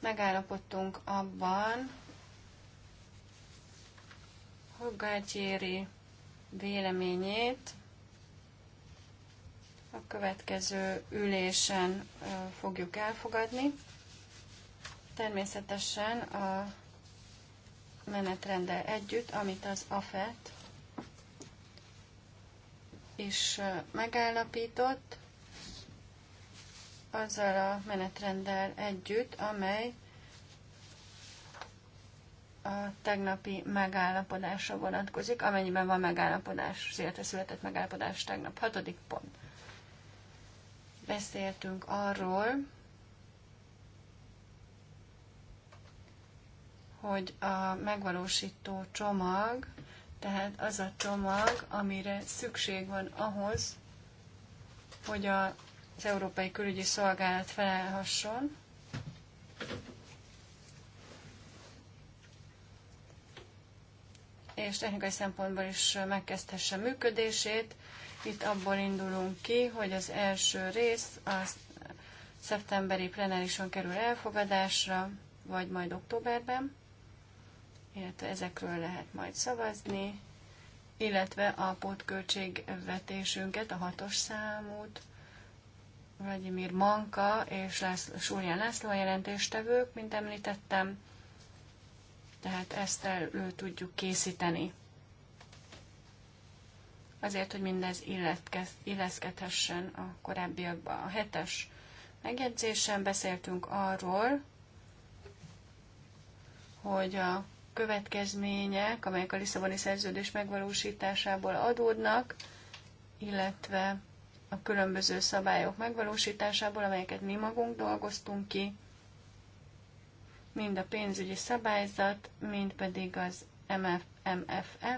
Megállapodtunk abban, Galtieri véleményét a következő ülésen fogjuk elfogadni. Természetesen a menetrende együtt, amit az AFET is megállapított, azzal a menetrenddel együtt, amely a tegnapi megállapodásra vonatkozik, amennyiben van megállapodás, szélte született megállapodás tegnap. Hatodik pont. Beszéltünk arról, hogy a megvalósító csomag, tehát az a csomag, amire szükség van ahhoz, hogy a, az Európai Külügyi Szolgálat felelhasson, és technikai szempontból is megkezdhesse működését. Itt abból indulunk ki, hogy az első rész a szeptemberi plenárison kerül elfogadásra, vagy majd októberben, illetve ezekről lehet majd szavazni, illetve a pótköltségvetésünket, a hatos számút, Vladimir Manka és László, Súrján László a jelentéstevők, mint említettem, tehát ezt elő tudjuk készíteni. Azért, hogy mindez illeszkedhessen a korábbiakban. A hetes megjegyzésen beszéltünk arról, hogy a következmények, amelyek a Lisszaboni szerződés megvalósításából adódnak, illetve a különböző szabályok megvalósításából, amelyeket mi magunk dolgoztunk ki, mind a pénzügyi szabályzat, mind pedig az MFF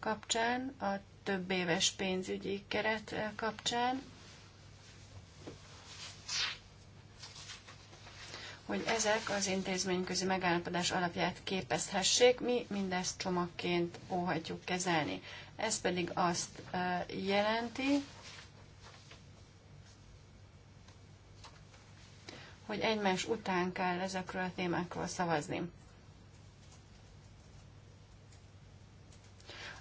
kapcsán, a több éves pénzügyi keret eh, kapcsán, hogy ezek az intézményközi megállapodás alapját képezhessék, mi mindezt csomagként óhatjuk kezelni. Ez pedig azt eh, jelenti, hogy egymás után kell ezekről a témákról szavazni.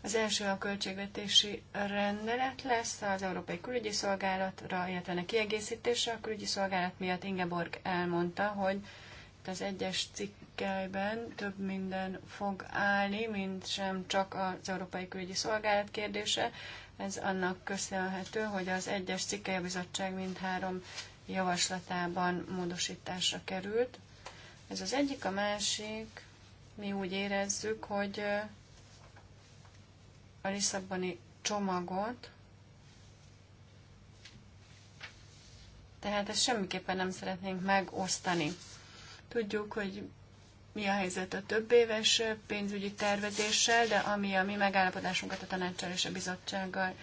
Az első a költségvetési rendelet lesz az Európai Külügyi Szolgálatra, illetve a kiegészítése. A külügyi szolgálat miatt Ingeborg elmondta, hogy itt az egyes cikkelyben több minden fog állni, mint sem csak az Európai Külügyi Szolgálat kérdése. Ez annak köszönhető, hogy az egyes cikkely bizottság mindhárom javaslatában módosításra került. Ez az egyik, a másik, mi úgy érezzük, hogy a Lisszaboni csomagot, tehát ezt semmiképpen nem szeretnénk megosztani. Tudjuk, hogy mi a helyzet a több éves pénzügyi tervezéssel, de ami a mi megállapodásunkat a tanácsal és a bizottsággal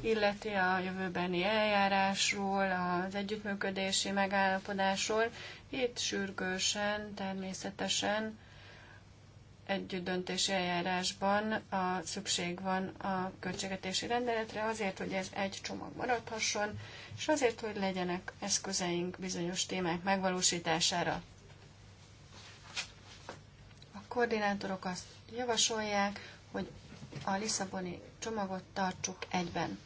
illeti a jövőbeni eljárásról, az együttműködési megállapodásról. Itt sürgősen, természetesen együtt döntési eljárásban a szükség van a költségetési rendeletre azért, hogy ez egy csomag maradhasson, és azért, hogy legyenek eszközeink bizonyos témák megvalósítására. A koordinátorok azt javasolják, hogy a Lisszaboni csomagot tartsuk egyben.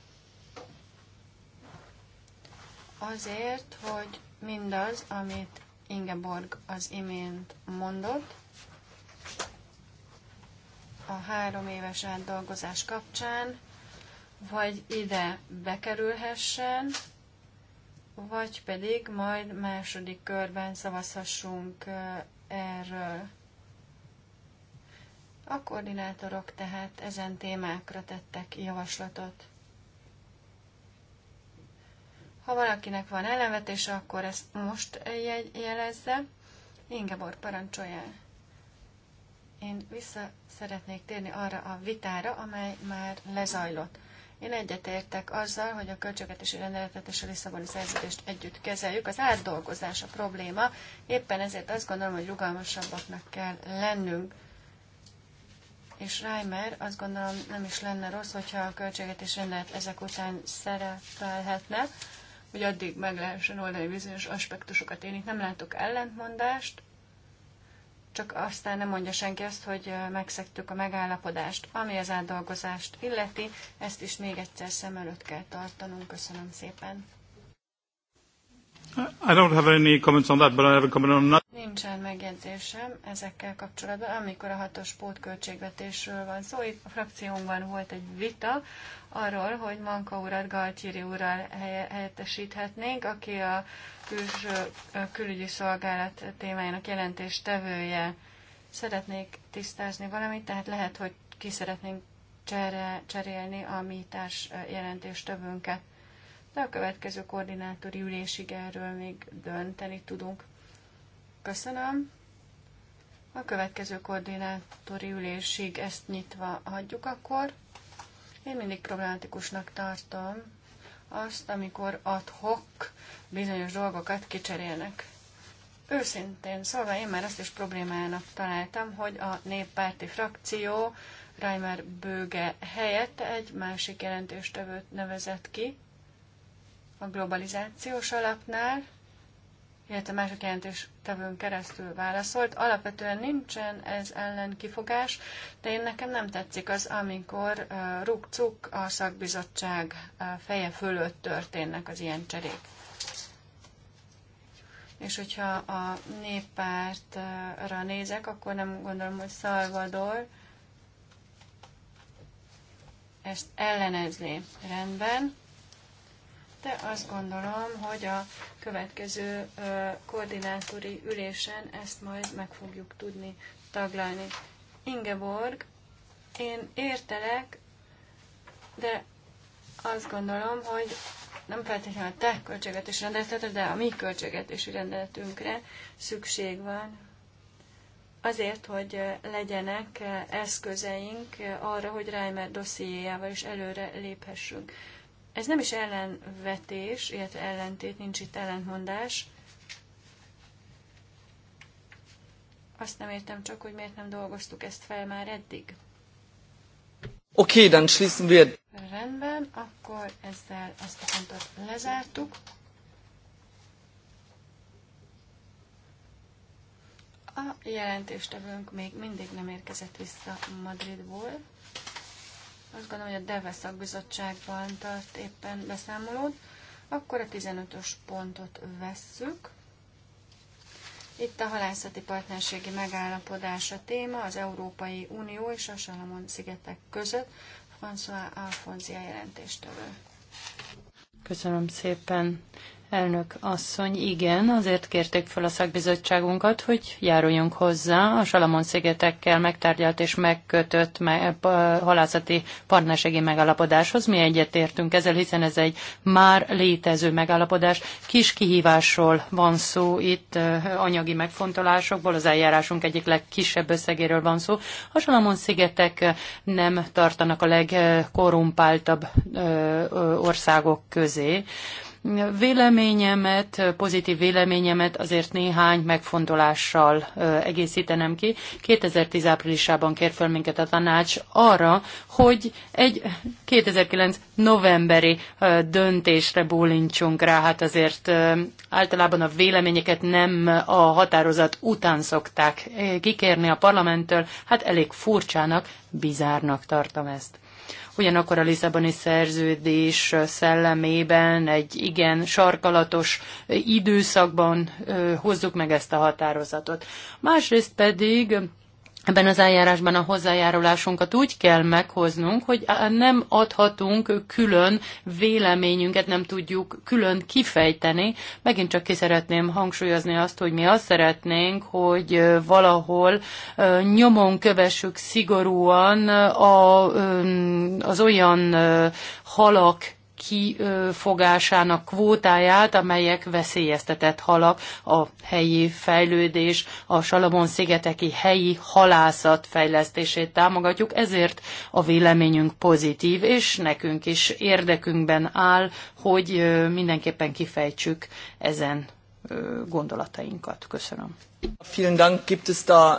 Azért, hogy mindaz, amit Ingeborg az imént mondott, a három éves átdolgozás kapcsán, vagy ide bekerülhessen, vagy pedig majd második körben szavazhassunk erről. A koordinátorok tehát ezen témákra tettek javaslatot. Ha valakinek van ellenvetése, akkor ezt most jelezze. Ingeborg, parancsolja. Én vissza szeretnék térni arra a vitára, amely már lezajlott. Én egyetértek azzal, hogy a költségvetési rendeletet és a Lisszaboni szerződést együtt kezeljük. Az átdolgozás a probléma, éppen ezért azt gondolom, hogy rugalmasabbaknak kell lennünk. És Reimer, azt gondolom nem is lenne rossz, hogyha a és rendelet ezek után szerepelhetne, hogy addig meg lehessen oldani bizonyos aspektusokat. Én itt nem látok ellentmondást, csak aztán nem mondja senki azt, hogy megszektük a megállapodást. Ami az átdolgozást illeti, ezt is még egyszer szem előtt kell tartanunk. Köszönöm szépen. I don't have any comments on that, but I have a comment on that. Nincsen megjegyzésem ezekkel kapcsolatban. Amikor a hatos pótköltségvetésről van szó, itt a frakciónkban volt egy vita arról, hogy Manka urat Galtieri urral helyettesíthetnénk, aki a külső külügyi szolgálat témájának tevője. Szeretnék tisztázni valamit, tehát lehet, hogy ki szeretnénk cserélni a mi társ jelentés jelentéstevőnket de a következő koordinátori ülésig erről még dönteni tudunk. Köszönöm. A következő koordinátori ülésig ezt nyitva hagyjuk akkor. Én mindig problematikusnak tartom azt, amikor adhok bizonyos dolgokat kicserélnek. Őszintén szólva én már azt is problémának találtam, hogy a néppárti frakció Reimer böge helyett egy másik jelentéstevőt nevezett ki, a globalizációs alapnál, illetve mások jelentéstevőn keresztül válaszolt. Alapvetően nincsen ez ellen kifogás, de én nekem nem tetszik az, amikor uh, rúgcuk a szakbizottság uh, feje fölött történnek az ilyen cserék. És hogyha a néppártra nézek, akkor nem gondolom, hogy Szalvador ezt ellenezni. Rendben mellette. Azt gondolom, hogy a következő koordinátori ülésen ezt majd meg fogjuk tudni taglalni. Ingeborg, én értelek, de azt gondolom, hogy nem feltétlenül a te költségetési rendeletre, de a mi költségetési rendeletünkre szükség van azért, hogy legyenek eszközeink arra, hogy Reimer dossziéjával is előre léphessünk. Ez nem is ellenvetés, illetve ellentét, nincs itt ellentmondás. Azt nem értem csak, hogy miért nem dolgoztuk ezt fel már eddig. Oké, okay, schließen wir. Rendben, akkor ezzel ezt a pontot lezártuk. A jelentéstevőnk még mindig nem érkezett vissza Madridból. Azt gondolom, hogy a DEVE szakbizottságban tart éppen beszámolót. Akkor a 15-ös pontot vesszük. Itt a halászati partnerségi megállapodás a téma, az Európai Unió és a Salamon-szigetek között. François Alfonzia jelentéstől. Köszönöm szépen. Elnök asszony, igen, azért kérték fel a szakbizottságunkat, hogy járuljunk hozzá a Salamon-szigetekkel megtárgyalt és megkötött me- halászati partnerségi megalapodáshoz Mi egyetértünk ezzel, hiszen ez egy már létező megalapodás Kis kihívásról van szó itt, anyagi megfontolásokból, az eljárásunk egyik legkisebb összegéről van szó. A Salamon-szigetek nem tartanak a legkorumpáltabb országok közé véleményemet, pozitív véleményemet azért néhány megfontolással egészítenem ki. 2010 áprilisában kér fel minket a tanács arra, hogy egy 2009 novemberi döntésre bólintsunk rá. Hát azért általában a véleményeket nem a határozat után szokták kikérni a parlamenttől. Hát elég furcsának, bizárnak tartom ezt. Ugyanakkor a Lisszaboni szerződés szellemében egy igen sarkalatos időszakban hozzuk meg ezt a határozatot. Másrészt pedig Ebben az eljárásban a hozzájárulásunkat úgy kell meghoznunk, hogy nem adhatunk külön véleményünket, nem tudjuk külön kifejteni. Megint csak ki szeretném hangsúlyozni azt, hogy mi azt szeretnénk, hogy valahol nyomon kövessük szigorúan az olyan halak kifogásának kvótáját, amelyek veszélyeztetett halak, a helyi fejlődés, a Salamon-szigeteki helyi halászat fejlesztését támogatjuk, ezért a véleményünk pozitív, és nekünk is érdekünkben áll, hogy mindenképpen kifejtsük ezen gondolatainkat. Köszönöm. Vielen Dank, gibt es da...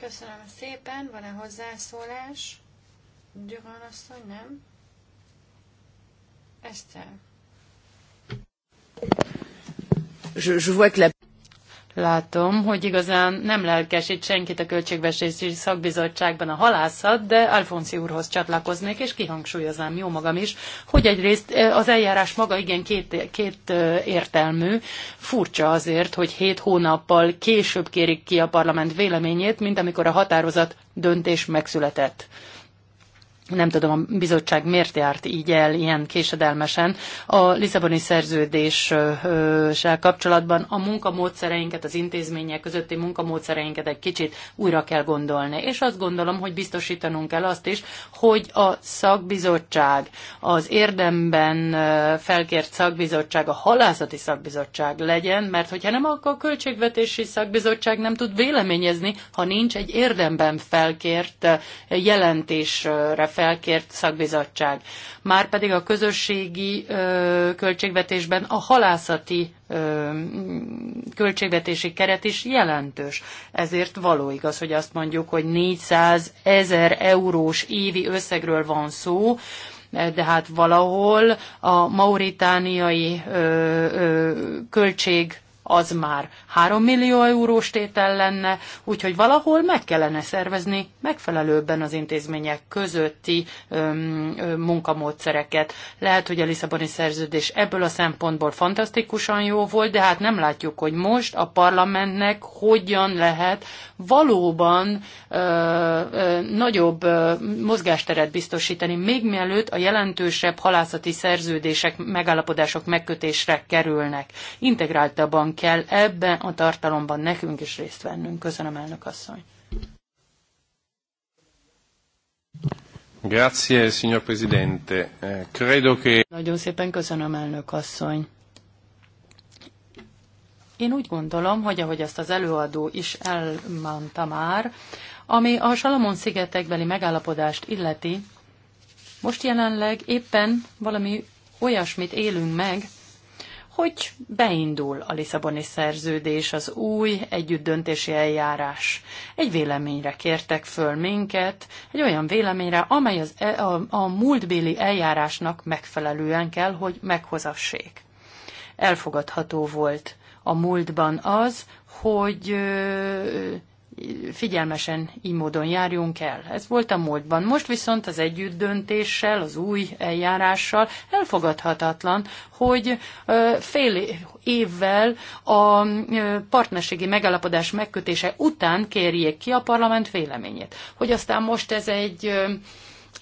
Köszönöm szépen, van-e hozzászólás? azt asszony, nem? Je, je vois que la... Látom, hogy igazán nem lelkesít senkit a költségvesési Szakbizottságban a halászat, de Alfonszi úrhoz csatlakoznék, és kihangsúlyoznám jó magam is, hogy egyrészt eh, az eljárás maga igen két, két eh, értelmű. Furcsa azért, hogy hét hónappal később kérik ki a parlament véleményét, mint amikor a határozat döntés megszületett nem tudom, a bizottság miért járt így el ilyen késedelmesen. A Lisszaboni szerződéssel kapcsolatban a munkamódszereinket, az intézmények közötti munkamódszereinket egy kicsit újra kell gondolni. És azt gondolom, hogy biztosítanunk kell azt is, hogy a szakbizottság, az érdemben felkért szakbizottság, a halászati szakbizottság legyen, mert hogyha nem, akkor a költségvetési szakbizottság nem tud véleményezni, ha nincs egy érdemben felkért jelentésre felkért szakbizottság. Márpedig a közösségi költségvetésben a halászati költségvetési keret is jelentős. Ezért való igaz, hogy azt mondjuk, hogy 400 ezer eurós évi összegről van szó, de hát valahol a mauritániai ö, ö, költség az már 3 millió eurós tétel lenne, úgyhogy valahol meg kellene szervezni megfelelőbben az intézmények közötti öm, öm, munkamódszereket. Lehet, hogy a Lisszaboni szerződés ebből a szempontból fantasztikusan jó volt, de hát nem látjuk, hogy most a parlamentnek hogyan lehet valóban ö, ö, nagyobb ö, mozgásteret biztosítani, még mielőtt a jelentősebb halászati szerződések, megállapodások megkötésre kerülnek. Integráltabban kell ebben a tartalomban nekünk is részt vennünk. Köszönöm, elnök asszony. Grazie, signor Presidente. Eh, credo che... Nagyon szépen köszönöm, elnök asszony. Én úgy gondolom, hogy ahogy ezt az előadó is elmondta már, ami a Salamon-szigetekbeli megállapodást illeti, most jelenleg éppen valami olyasmit élünk meg, hogy beindul a Lisszaboni szerződés, az új együttdöntési eljárás. Egy véleményre kértek föl minket, egy olyan véleményre, amely az, e- a, a múltbéli eljárásnak megfelelően kell, hogy meghozassék. Elfogadható volt a múltban az, hogy figyelmesen így módon járjunk el. Ez volt a múltban. Most viszont az együttdöntéssel, az új eljárással elfogadhatatlan, hogy fél évvel a partnerségi megalapodás megkötése után kérjék ki a parlament véleményét. Hogy aztán most ez egy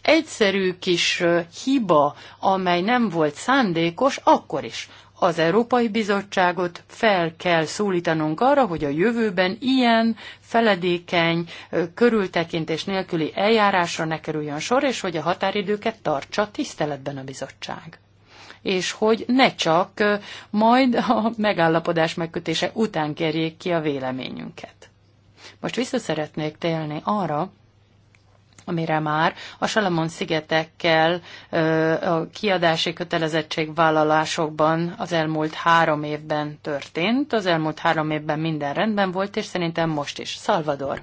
egyszerű kis hiba, amely nem volt szándékos, akkor is az Európai Bizottságot fel kell szólítanunk arra, hogy a jövőben ilyen feledékeny, körültekintés nélküli eljárásra ne kerüljön sor, és hogy a határidőket tartsa tiszteletben a bizottság és hogy ne csak majd a megállapodás megkötése után kerjék ki a véleményünket. Most vissza szeretnék télni arra, amire már a Salamon szigetekkel a kiadási vállalásokban az elmúlt három évben történt. Az elmúlt három évben minden rendben volt, és szerintem most is. Salvador.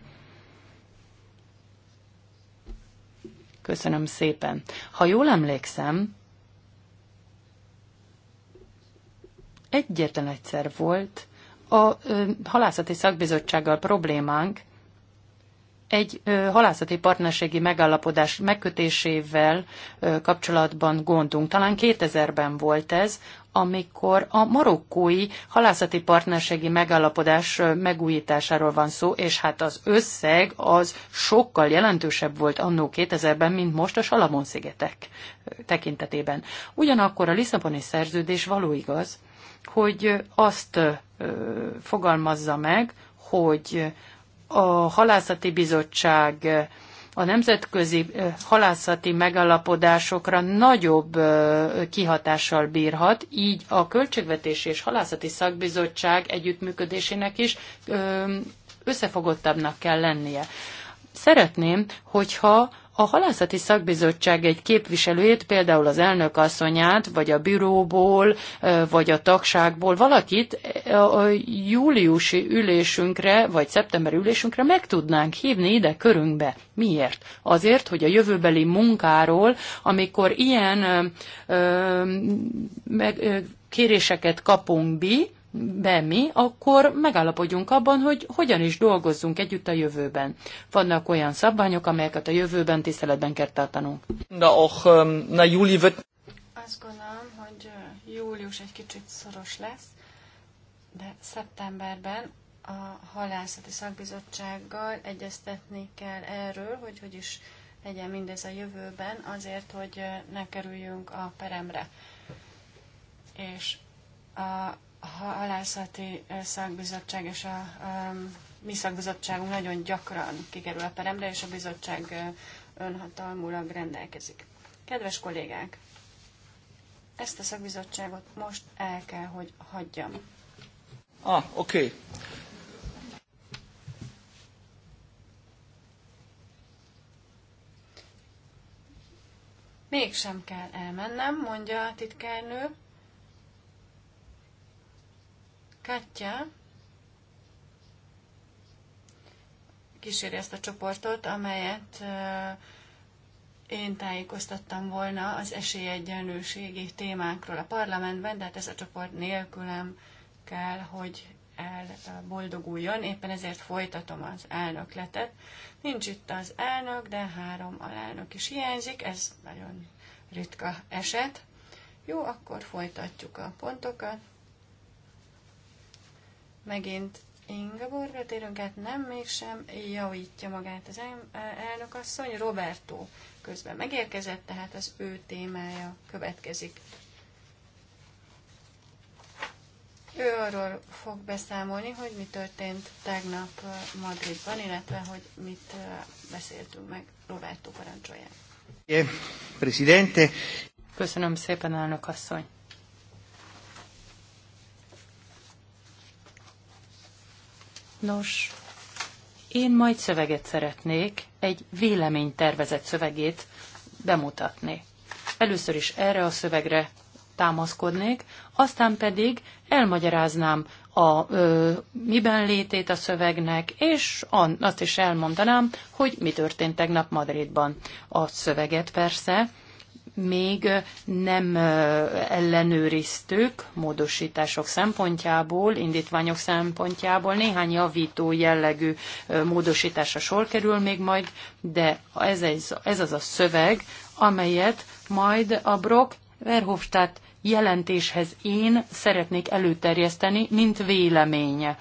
Köszönöm szépen. Ha jól emlékszem, egyetlen egyszer volt a ö, halászati szakbizottsággal problémánk, egy halászati partnerségi megállapodás megkötésével kapcsolatban gondunk. Talán 2000-ben volt ez, amikor a marokkói halászati partnerségi megállapodás megújításáról van szó, és hát az összeg az sokkal jelentősebb volt annó 2000-ben, mint most a Salamon-szigetek tekintetében. Ugyanakkor a Lisszaboni szerződés való igaz, hogy azt fogalmazza meg, hogy a halászati bizottság a nemzetközi eh, halászati megalapodásokra nagyobb eh, kihatással bírhat, így a Költségvetési és Halászati Szakbizottság együttműködésének is eh, összefogottabbnak kell lennie. Szeretném, hogyha a halászati szakbizottság egy képviselőjét, például az elnök asszonyát, vagy a büróból, vagy a tagságból valakit a júliusi ülésünkre, vagy szeptemberi ülésünkre meg tudnánk hívni ide körünkbe. Miért? Azért, hogy a jövőbeli munkáról, amikor ilyen ö, meg, ö, kéréseket kapunk bi, be mi, akkor megállapodjunk abban, hogy hogyan is dolgozzunk együtt a jövőben. Vannak olyan szabványok, amelyeket a jövőben tiszteletben kell tartanunk. Na, auch, na júli wird... Azt gondolom, hogy július egy kicsit szoros lesz, de szeptemberben a halászati szakbizottsággal egyeztetni kell erről, hogy hogy is legyen mindez a jövőben, azért, hogy ne kerüljünk a peremre. És a halászati szakbizottság és a, a mi szakbizottságunk nagyon gyakran kikerül a peremre, és a bizottság önhatalmulag rendelkezik. Kedves kollégák, ezt a szakbizottságot most el kell, hogy hagyjam. Ah, oké. Okay. Mégsem kell elmennem, mondja a titkárnő. Katya kíséri ezt a csoportot, amelyet én tájékoztattam volna az esélyegyenlőségi témákról a parlamentben, de hát ez a csoport nélkülem kell, hogy elboldoguljon. Éppen ezért folytatom az elnökletet. Nincs itt az elnök, de három alelnök is hiányzik, ez nagyon ritka eset. Jó, akkor folytatjuk a pontokat. Megint Ingeborgra térünk át, nem mégsem javítja magát az elnökasszony. Roberto közben megérkezett, tehát az ő témája következik. Ő arról fog beszámolni, hogy mi történt tegnap uh, Madridban, illetve hogy mit uh, beszéltünk meg Roberto parancsolján. Presidente. Köszönöm szépen, elnök asszony. Nos, én majd szöveget szeretnék, egy véleménytervezett szövegét bemutatni. Először is erre a szövegre támaszkodnék, aztán pedig elmagyaráznám a ö, miben létét a szövegnek, és azt is elmondanám, hogy mi történt tegnap Madridban. A szöveget persze még nem ellenőriztük módosítások szempontjából, indítványok szempontjából. Néhány javító jellegű módosításra sor kerül még majd, de ez, ez, ez az a szöveg, amelyet majd a Brock Verhofstadt jelentéshez én szeretnék előterjeszteni, mint véleménye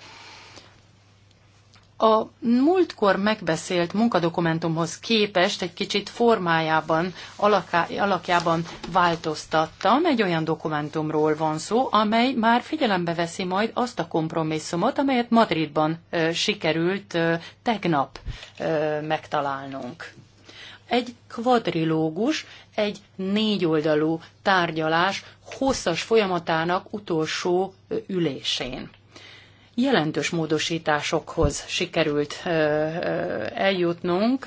a múltkor megbeszélt munkadokumentumhoz képest egy kicsit formájában, alaká, alakjában változtattam. Egy olyan dokumentumról van szó, amely már figyelembe veszi majd azt a kompromisszumot, amelyet Madridban ö, sikerült ö, tegnap ö, megtalálnunk. Egy kvadrilógus, egy négyoldalú tárgyalás hosszas folyamatának utolsó ülésén jelentős módosításokhoz sikerült eljutnunk,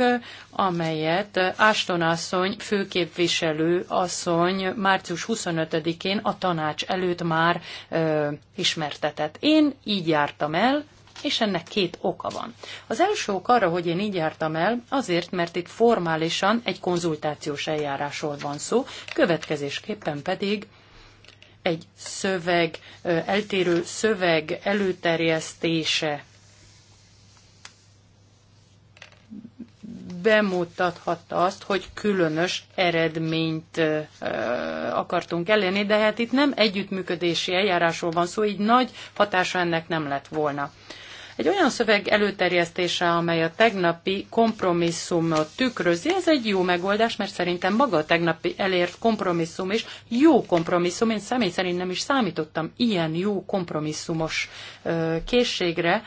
amelyet Ashton asszony, főképviselő asszony március 25-én a tanács előtt már ismertetett. Én így jártam el, és ennek két oka van. Az első ok arra, hogy én így jártam el, azért, mert itt formálisan egy konzultációs eljárásról van szó, következésképpen pedig egy szöveg, eltérő szöveg előterjesztése bemutathatta azt, hogy különös eredményt akartunk elérni, de hát itt nem együttműködési eljárásról van szó, így nagy hatása ennek nem lett volna. Egy olyan szöveg előterjesztése, amely a tegnapi kompromisszumot tükrözi, ez egy jó megoldás, mert szerintem maga a tegnapi elért kompromisszum is jó kompromisszum. Én személy szerint nem is számítottam ilyen jó kompromisszumos készségre,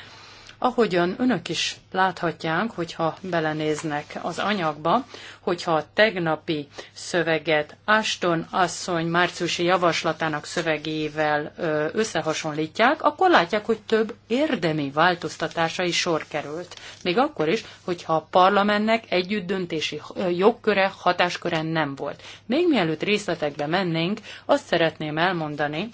Ahogyan önök is láthatják, hogyha belenéznek az anyagba, hogyha a tegnapi szöveget Ashton asszony márciusi javaslatának szövegével összehasonlítják, akkor látják, hogy több érdemi változtatása is sor került. Még akkor is, hogyha a parlamentnek együtt döntési jogköre, hatásköre nem volt. Még mielőtt részletekbe mennénk, azt szeretném elmondani,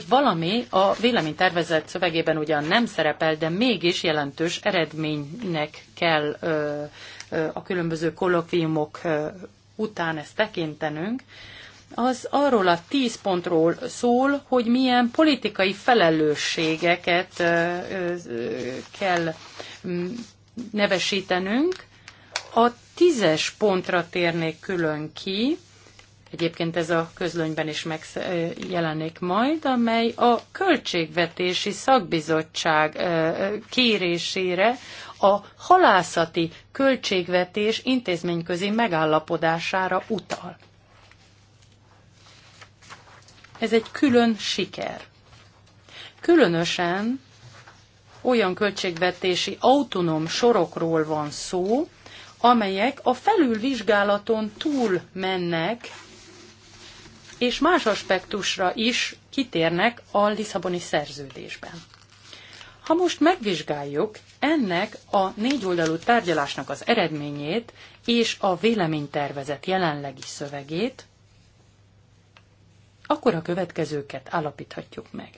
hogy valami a véleménytervezet szövegében ugyan nem szerepel, de mégis jelentős eredménynek kell ö, ö, a különböző kolokviumok ö, után ezt tekintenünk, az arról a tíz pontról szól, hogy milyen politikai felelősségeket kell mm, nevesítenünk. A tízes pontra térnék külön ki, Egyébként ez a közlönyben is megjelenik majd, amely a Költségvetési Szakbizottság kérésére a halászati költségvetés intézményközi megállapodására utal. Ez egy külön siker. Különösen olyan költségvetési autonóm sorokról van szó, amelyek a felülvizsgálaton túl mennek és más aspektusra is kitérnek a Lisszaboni szerződésben. Ha most megvizsgáljuk ennek a négy oldalú tárgyalásnak az eredményét és a véleménytervezet jelenlegi szövegét, akkor a következőket állapíthatjuk meg.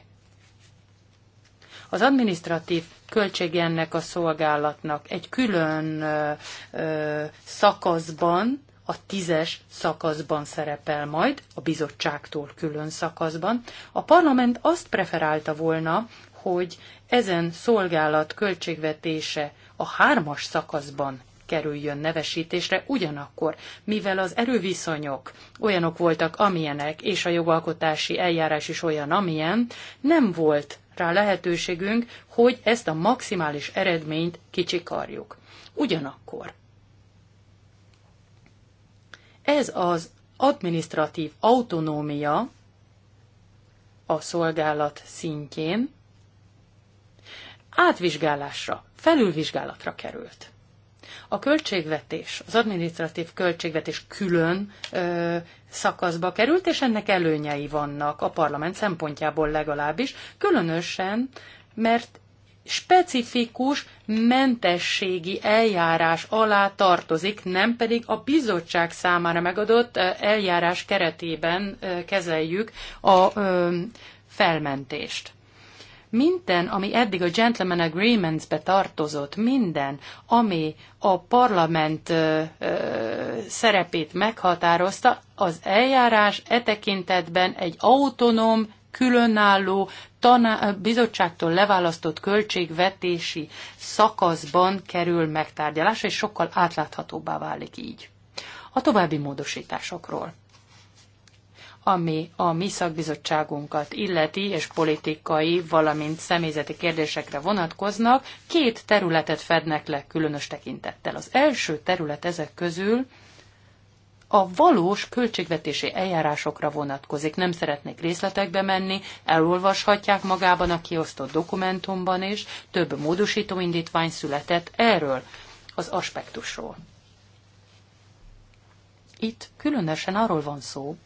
Az adminisztratív költsége ennek a szolgálatnak egy külön ö, ö, szakaszban a tízes szakaszban szerepel majd, a bizottságtól külön szakaszban. A parlament azt preferálta volna, hogy ezen szolgálat költségvetése a hármas szakaszban kerüljön nevesítésre, ugyanakkor, mivel az erőviszonyok olyanok voltak, amilyenek, és a jogalkotási eljárás is olyan, amilyen, nem volt rá lehetőségünk, hogy ezt a maximális eredményt kicsikarjuk. Ugyanakkor ez az administratív autonómia a szolgálat szintjén átvizsgálásra, felülvizsgálatra került. A költségvetés, az administratív költségvetés külön ö, szakaszba került, és ennek előnyei vannak a parlament szempontjából legalábbis, különösen, mert specifikus mentességi eljárás alá tartozik, nem pedig a bizottság számára megadott eljárás keretében kezeljük a felmentést. Minden, ami eddig a Gentleman Agreements-be tartozott, minden, ami a parlament ö, ö, szerepét meghatározta, az eljárás e tekintetben egy autonóm, különálló taná- bizottságtól leválasztott költségvetési szakaszban kerül megtárgyalásra, és sokkal átláthatóbbá válik így. A további módosításokról ami a mi szakbizottságunkat illeti és politikai, valamint személyzeti kérdésekre vonatkoznak, két területet fednek le különös tekintettel. Az első terület ezek közül a valós költségvetési eljárásokra vonatkozik. Nem szeretnék részletekbe menni, elolvashatják magában a kiosztott dokumentumban is, több módosító indítvány született erről az aspektusról. Itt különösen arról van szó,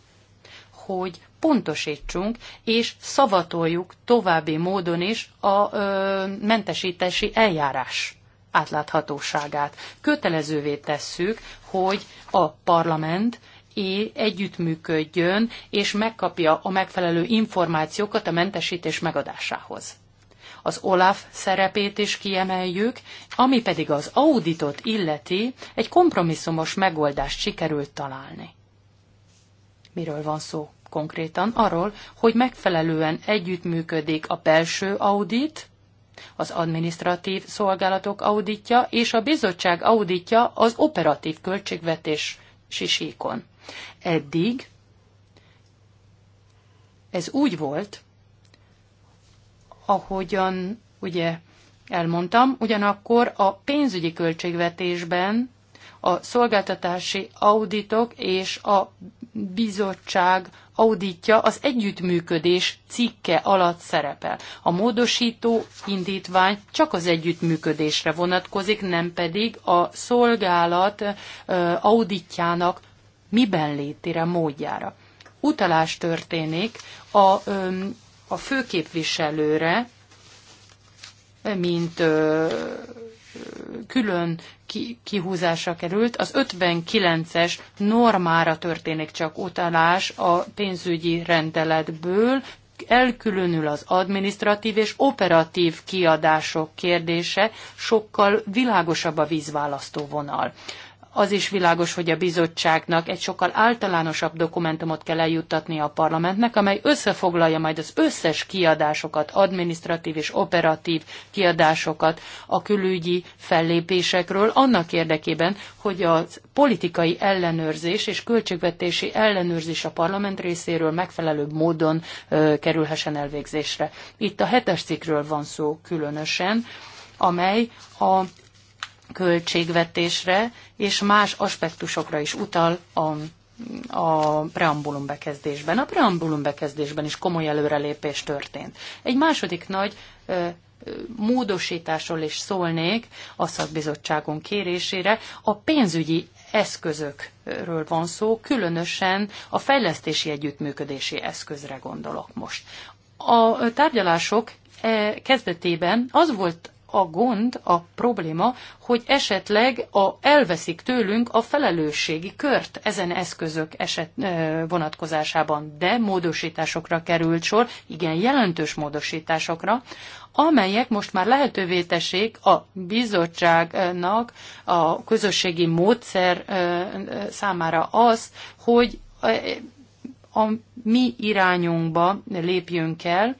hogy pontosítsunk és szavatoljuk további módon is a ö, mentesítési eljárás átláthatóságát. Kötelezővé tesszük, hogy a parlament együttműködjön, és megkapja a megfelelő információkat a mentesítés megadásához. Az OLAF szerepét is kiemeljük, ami pedig az auditot illeti, egy kompromisszumos megoldást sikerült találni. Miről van szó konkrétan? Arról, hogy megfelelően együttműködik a belső audit, az administratív szolgálatok auditja és a bizottság auditja az operatív költségvetés sisíkon. Eddig ez úgy volt, ahogyan ugye elmondtam, ugyanakkor a pénzügyi költségvetésben a szolgáltatási auditok és a bizottság auditja az együttműködés cikke alatt szerepel. A módosító indítvány csak az együttműködésre vonatkozik, nem pedig a szolgálat auditjának miben létire módjára. Utalás történik a, a főképviselőre, mint külön kihúzásra került. Az 59-es normára történik csak utalás a pénzügyi rendeletből, elkülönül az administratív és operatív kiadások kérdése, sokkal világosabb a vízválasztó vonal az is világos, hogy a bizottságnak egy sokkal általánosabb dokumentumot kell eljuttatni a parlamentnek, amely összefoglalja majd az összes kiadásokat, administratív és operatív kiadásokat a külügyi fellépésekről, annak érdekében, hogy a politikai ellenőrzés és költségvetési ellenőrzés a parlament részéről megfelelő módon ö, kerülhessen elvégzésre. Itt a hetes cikkről van szó különösen, amely a költségvetésre és más aspektusokra is utal a a preambulum bekezdésben. A preambulum bekezdésben is komoly előrelépés történt. Egy második nagy ö, módosításról is szólnék a szakbizottságon kérésére. A pénzügyi eszközökről van szó, különösen a fejlesztési együttműködési eszközre gondolok most. A tárgyalások e, kezdetében az volt a gond, a probléma, hogy esetleg a, elveszik tőlünk a felelősségi kört ezen eszközök eset vonatkozásában, de módosításokra került sor, igen jelentős módosításokra, amelyek most már lehetővé tessék a bizottságnak a közösségi módszer számára azt, hogy a mi irányunkba lépjünk el,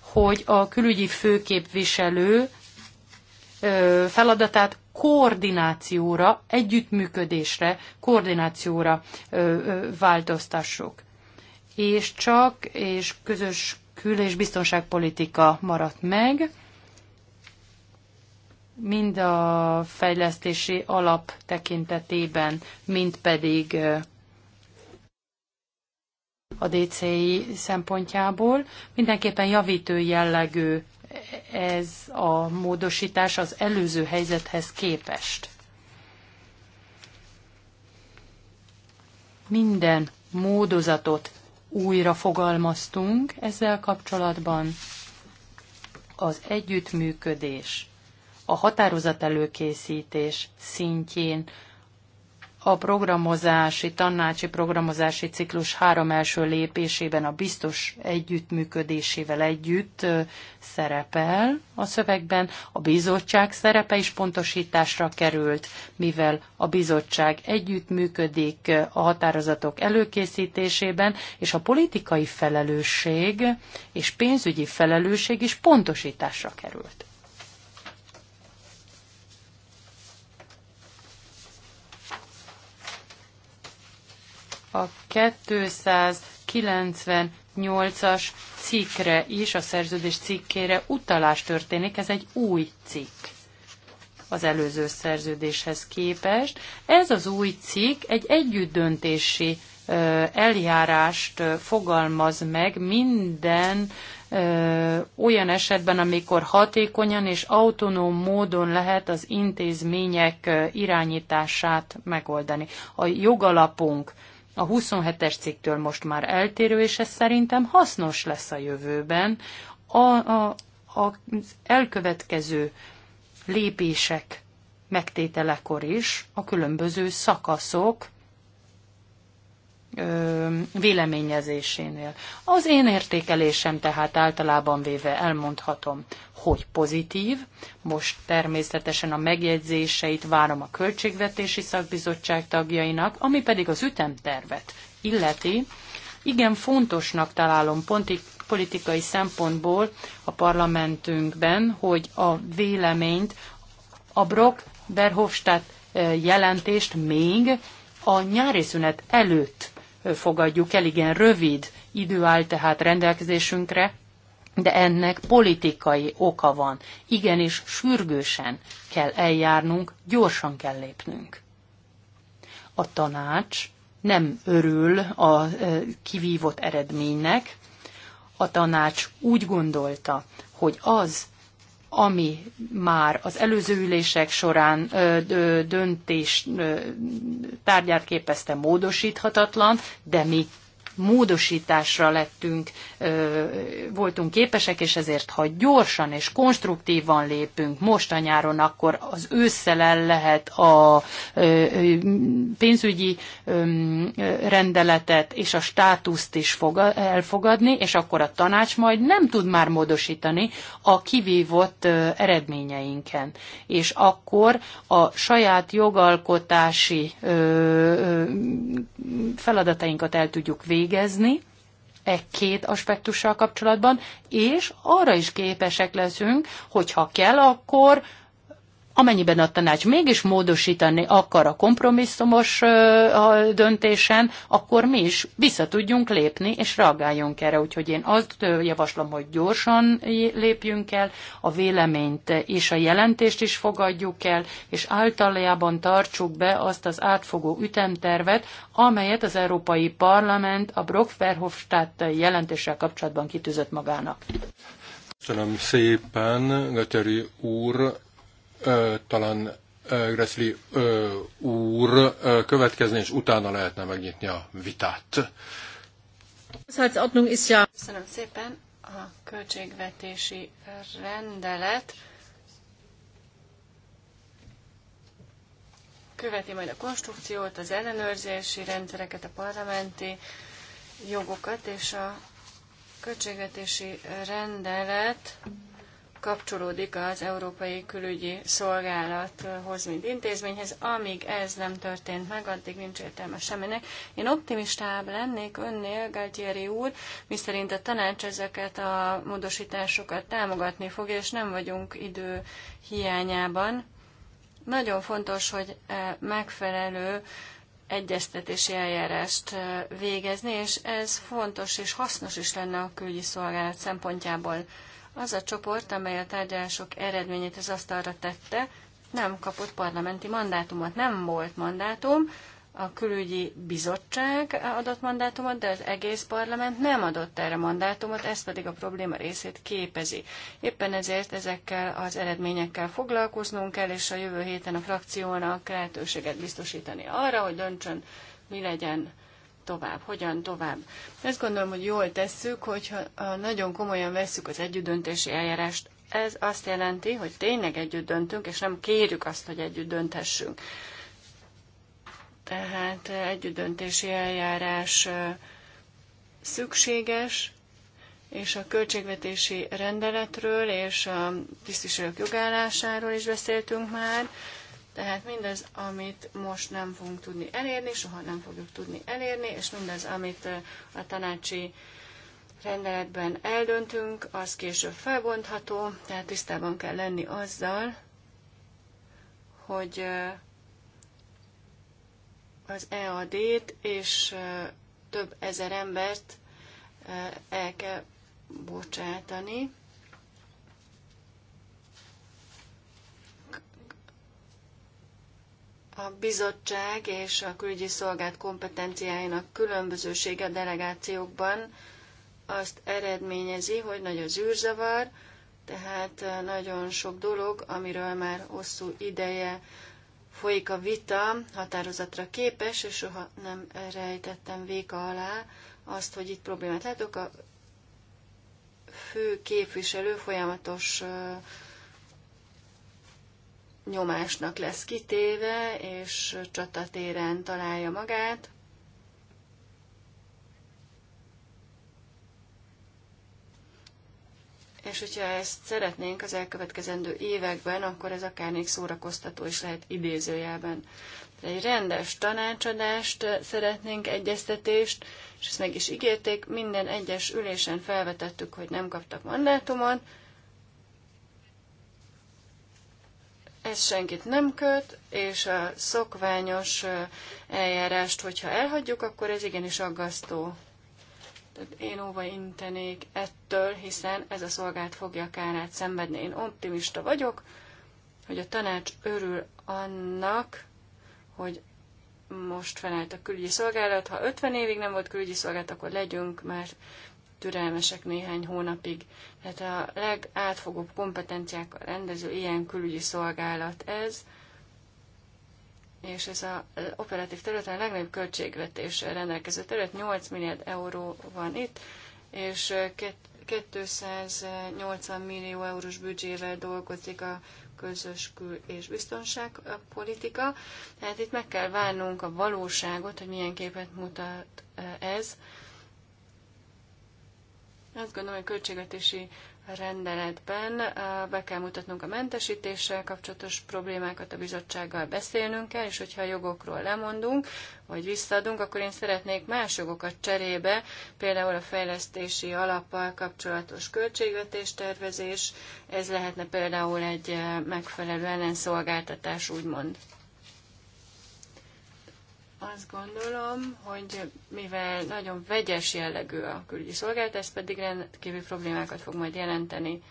hogy a külügyi főképviselő feladatát koordinációra, együttműködésre, koordinációra változtassuk. És csak, és közös kül- és biztonságpolitika maradt meg, mind a fejlesztési alap tekintetében, mind pedig a DCI szempontjából. Mindenképpen javítő jellegű ez a módosítás az előző helyzethez képest. Minden módozatot újra fogalmaztunk ezzel kapcsolatban. Az együttműködés, a határozat előkészítés szintjén a programozási, tanácsi programozási ciklus három első lépésében a biztos együttműködésével együtt szerepel a szövegben. A bizottság szerepe is pontosításra került, mivel a bizottság együttműködik a határozatok előkészítésében, és a politikai felelősség és pénzügyi felelősség is pontosításra került. a 298-as cikkre is, a szerződés cikkére utalás történik, ez egy új cikk az előző szerződéshez képest. Ez az új cikk egy együttdöntési eljárást fogalmaz meg minden olyan esetben, amikor hatékonyan és autonóm módon lehet az intézmények irányítását megoldani. A jogalapunk a 27-es cikktől most már eltérő, és ez szerintem hasznos lesz a jövőben a, a, a, az elkövetkező lépések megtételekor is a különböző szakaszok véleményezésénél. Az én értékelésem tehát általában véve elmondhatom, hogy pozitív. Most természetesen a megjegyzéseit várom a Költségvetési Szakbizottság tagjainak, ami pedig az ütemtervet illeti. Igen fontosnak találom pont politikai szempontból a parlamentünkben, hogy a véleményt, a Brock Berhofstadt jelentést még a nyári szünet előtt fogadjuk el. Igen, rövid idő áll tehát rendelkezésünkre, de ennek politikai oka van. Igenis sürgősen kell eljárnunk, gyorsan kell lépnünk. A tanács nem örül a e, kivívott eredménynek. A tanács úgy gondolta, hogy az, ami már az előző ülések során döntés tárgyát képezte módosíthatatlan, de mi módosításra lettünk, voltunk képesek, és ezért, ha gyorsan és konstruktívan lépünk most a nyáron, akkor az ősszel el lehet a pénzügyi rendeletet és a státuszt is elfogadni, és akkor a tanács majd nem tud már módosítani a kivívott eredményeinken. És akkor a saját jogalkotási feladatainkat el tudjuk végezni, végezni e két aspektussal kapcsolatban, és arra is képesek leszünk, hogyha kell, akkor Amennyiben a tanács mégis módosítani akar a kompromisszumos döntésen, akkor mi is vissza tudjunk lépni, és reagáljunk erre. Úgyhogy én azt javaslom, hogy gyorsan lépjünk el, a véleményt és a jelentést is fogadjuk el, és általában tartsuk be azt az átfogó ütemtervet, amelyet az Európai Parlament a brock jelentéssel kapcsolatban kitűzött magának. Köszönöm szépen, Gateri úr talán Gressley úr következni és utána lehetne megnyitni a vitát. Köszönöm szépen. A költségvetési rendelet követi majd a konstrukciót, az ellenőrzési rendszereket, a parlamenti jogokat, és a költségvetési rendelet kapcsolódik az Európai Külügyi Szolgálathoz, mint intézményhez. Amíg ez nem történt meg, addig nincs értelme semminek. Én optimistább lennék önnél, Galtieri úr, miszerint a tanács ezeket a módosításokat támogatni fogja, és nem vagyunk idő hiányában. Nagyon fontos, hogy e, megfelelő egyeztetési eljárást e, végezni, és ez fontos és hasznos is lenne a külügyi szolgálat szempontjából. Az a csoport, amely a tárgyalások eredményét az asztalra tette, nem kapott parlamenti mandátumot, nem volt mandátum, a külügyi bizottság adott mandátumot, de az egész parlament nem adott erre mandátumot, ez pedig a probléma részét képezi. Éppen ezért ezekkel az eredményekkel foglalkoznunk kell, és a jövő héten a frakciónak lehetőséget biztosítani arra, hogy döntsön, mi legyen tovább, hogyan tovább. Ezt gondolom, hogy jól tesszük, hogyha nagyon komolyan vesszük az együttdöntési eljárást, ez azt jelenti, hogy tényleg együtt döntünk, és nem kérjük azt, hogy együtt dönthessünk. Tehát eh, együttdöntési eljárás eh, szükséges, és a költségvetési rendeletről és a tisztviselők jogállásáról is beszéltünk már. Tehát mindaz, amit most nem fogunk tudni elérni, soha nem fogjuk tudni elérni, és mindaz, amit a tanácsi rendeletben eldöntünk, az később felbontható, tehát tisztában kell lenni azzal, hogy az EAD-t és több ezer embert el kell bocsátani. A bizottság és a külügyi szolgált kompetenciáinak különbözősége a delegációkban azt eredményezi, hogy nagy az űrzavar, tehát eh, nagyon sok dolog, amiről már hosszú ideje folyik a vita, határozatra képes, és soha nem rejtettem véka alá azt, hogy itt problémát látok. A fő képviselő folyamatos eh, nyomásnak lesz kitéve, és csatatéren találja magát. És hogyha ezt szeretnénk az elkövetkezendő években, akkor ez akár még szórakoztató is lehet idézőjelben. Tehát egy rendes tanácsadást szeretnénk, egyeztetést, és ezt meg is ígérték, minden egyes ülésen felvetettük, hogy nem kaptak mandátumot, ez senkit nem köt, és a szokványos eljárást, hogyha elhagyjuk, akkor ez igenis aggasztó. Tehát én óva intenék ettől, hiszen ez a szolgált fogja kárát szenvedni. Én optimista vagyok, hogy a tanács örül annak, hogy most felállt a külügyi szolgálat. Ha 50 évig nem volt külügyi szolgálat, akkor legyünk már türelmesek néhány hónapig. Tehát a legátfogóbb kompetenciákkal rendező ilyen külügyi szolgálat ez, és ez az operatív területen a legnagyobb költségvetéssel rendelkező terület, 8 milliárd euró van itt, és 280 millió eurós büdzsével dolgozik a közös kül- és biztonságpolitika. Tehát itt meg kell várnunk a valóságot, hogy milyen képet mutat ez, azt gondolom, hogy költségvetési rendeletben be kell mutatnunk a mentesítéssel kapcsolatos problémákat, a bizottsággal beszélnünk kell, és hogyha a jogokról lemondunk, vagy visszaadunk, akkor én szeretnék más jogokat cserébe, például a fejlesztési alappal kapcsolatos költségvetés tervezés, ez lehetne például egy megfelelő ellenszolgáltatás, úgymond. Azt gondolom, hogy mivel nagyon vegyes jellegű a külügyi szolgálat, ez pedig rendkívül problémákat fog majd jelenteni.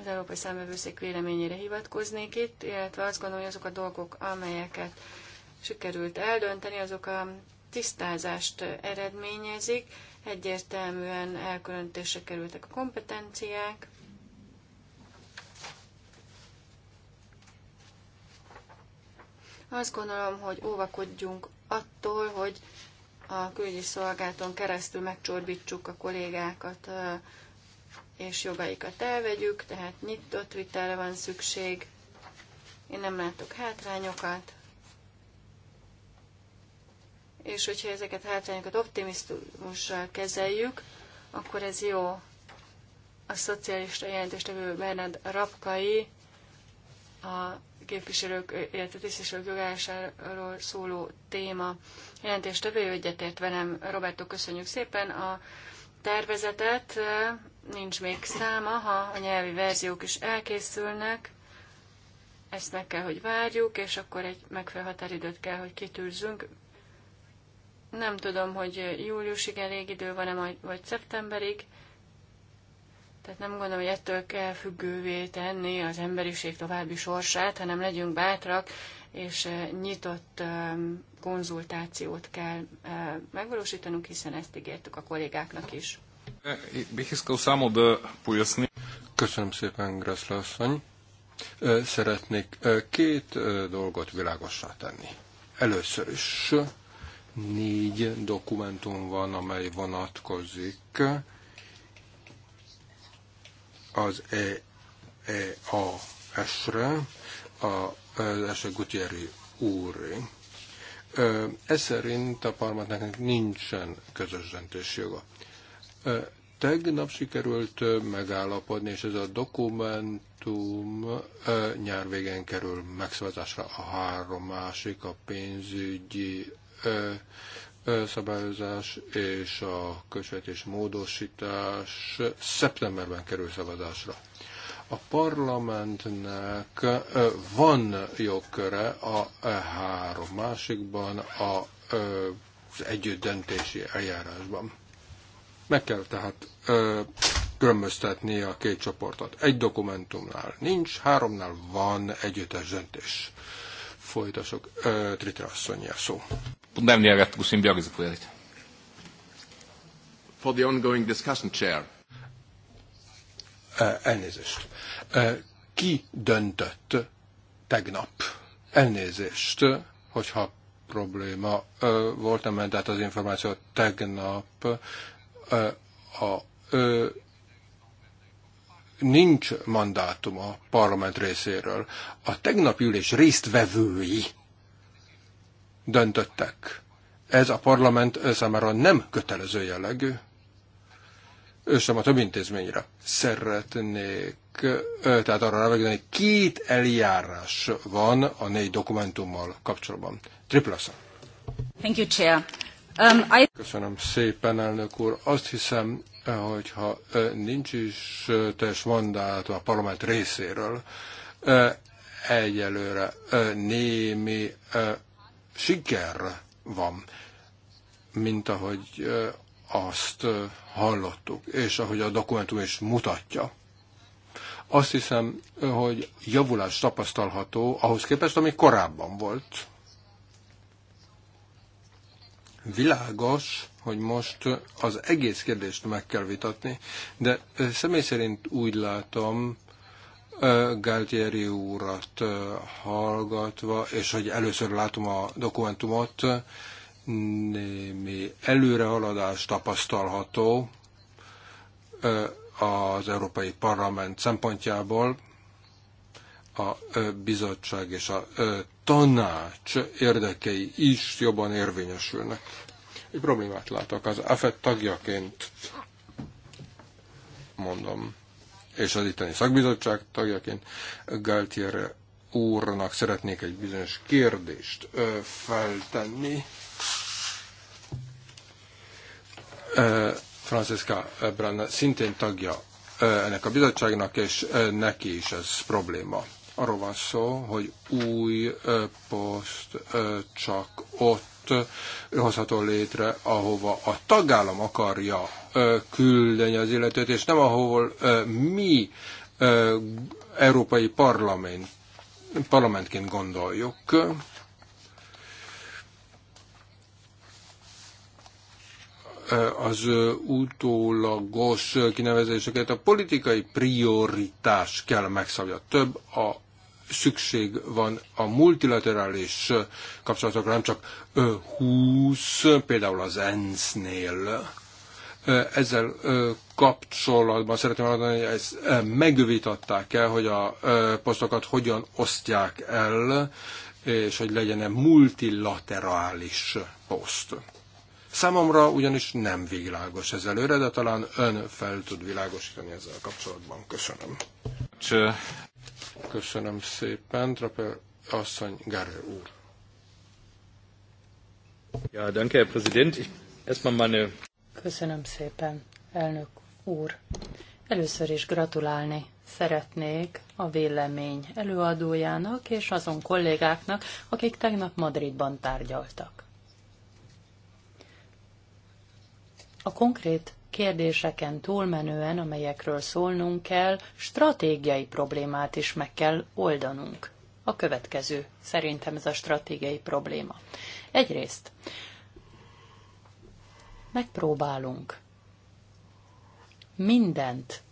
Az Európai Számbevőszék véleményére hivatkoznék itt, illetve azt gondolom, hogy azok a dolgok, amelyeket sikerült eldönteni, azok a tisztázást eredményezik, egyértelműen elkülönítésre kerültek a kompetenciák, Azt gondolom, hogy óvakodjunk attól, hogy a külügyi szolgálaton keresztül megcsorbítsuk a kollégákat és jogaikat elvegyük, tehát nyitott vitelre van szükség. Én nem látok hátrányokat. És hogyha ezeket hátrányokat optimizmussal kezeljük, akkor ez jó. A szocialista jelentéstevő Bernard Rapkai a képviselők illetve tisztviselők jogásáról szóló téma. Jelentés többé egyetért velem. Roberto, köszönjük szépen a tervezetet. Nincs még száma, ha a nyelvi verziók is elkészülnek. Ezt meg kell, hogy várjuk, és akkor egy megfelelő határidőt kell, hogy kitűzzünk. Nem tudom, hogy júliusig elég idő van-e, vagy szeptemberig. Tehát nem gondolom, hogy ettől kell függővé tenni az emberiség további sorsát, hanem legyünk bátrak, és eh, nyitott ehm, konzultációt kell eh, megvalósítanunk, hiszen ezt ígértük a kollégáknak is. Köszönöm szépen, Greszle asszony. Eh, szeretnék két dolgot világossá tenni. Először is négy dokumentum van, amely vonatkozik az EEAS-re, az első Gutierri úr. Ez szerint a parlamentnek nincsen közös döntésjoga. Tegnap sikerült megállapodni, és ez a dokumentum nyár végén kerül megszavazásra. A három másik, a pénzügyi szabályozás és a közvetés módosítás szeptemberben kerül szavazásra. A parlamentnek van jogköre a három másikban a, az együttdöntési eljárásban. Meg kell tehát különböztetni a két csoportot. Egy dokumentumnál nincs, háromnál van együttes döntés. Folytasok, Tritra asszonyja szó dnevni pustim biogaz povedati. For the ongoing discussion, Chair. Eh, elnézést. Eh, ki döntött tegnap? Elnézést, hogyha probléma eh, volt, ment át az információ tegnap a nincs mandátum a parlament részéről. A tegnapi ülés résztvevői döntöttek. Ez a parlament számára nem kötelező jellegű, ő sem a több intézményre. Szeretnék, tehát arra rávegetni, két eljárás van a négy dokumentummal kapcsolatban. Triplasza. Thank you, Chair. Um, I... Köszönöm szépen, elnök úr. Azt hiszem, eh, hogyha eh, nincs is eh, teljes mandát a parlament részéről, egyelőre némi siker van, mint ahogy azt hallottuk, és ahogy a dokumentum is mutatja. Azt hiszem, hogy javulás tapasztalható ahhoz képest, ami korábban volt. Világos, hogy most az egész kérdést meg kell vitatni, de személy szerint úgy látom, Galtieri úrat hallgatva, és hogy először látom a dokumentumot, némi előrehaladás tapasztalható az Európai Parlament szempontjából, a bizottság és a tanács érdekei is jobban érvényesülnek. Egy problémát látok az AFET tagjaként, mondom és az itteni szakbizottság tagjaként Galtier úrnak szeretnék egy bizonyos kérdést feltenni. Francesca Branna szintén tagja ennek a bizottságnak, és neki is ez probléma. Arról van szó, hogy új poszt csak ott hozható létre, ahova a tagállam akarja küldeni az illetőt, és nem ahol mi európai parlament, parlamentként gondoljuk. az utólagos kinevezéseket a politikai prioritás kell megszabja. Több a szükség van a multilaterális kapcsolatokra, nem csak 20, például az ENSZ-nél. Ezzel kapcsolatban szeretném mondani, hogy ezt megvitatták el, hogy a posztokat hogyan osztják el, és hogy legyen-e multilaterális poszt. Számomra ugyanis nem világos ez előre, de talán ön fel tud világosítani ezzel kapcsolatban. Köszönöm. Cső. Köszönöm szépen, Trapel asszony Garrel úr. Ja, danke, Präsident. Köszönöm szépen, elnök úr. Először is gratulálni szeretnék a vélemény előadójának és azon kollégáknak, akik tegnap Madridban tárgyaltak. A konkrét kérdéseken túlmenően, amelyekről szólnunk kell, stratégiai problémát is meg kell oldanunk. A következő, szerintem ez a stratégiai probléma. Egyrészt megpróbálunk mindent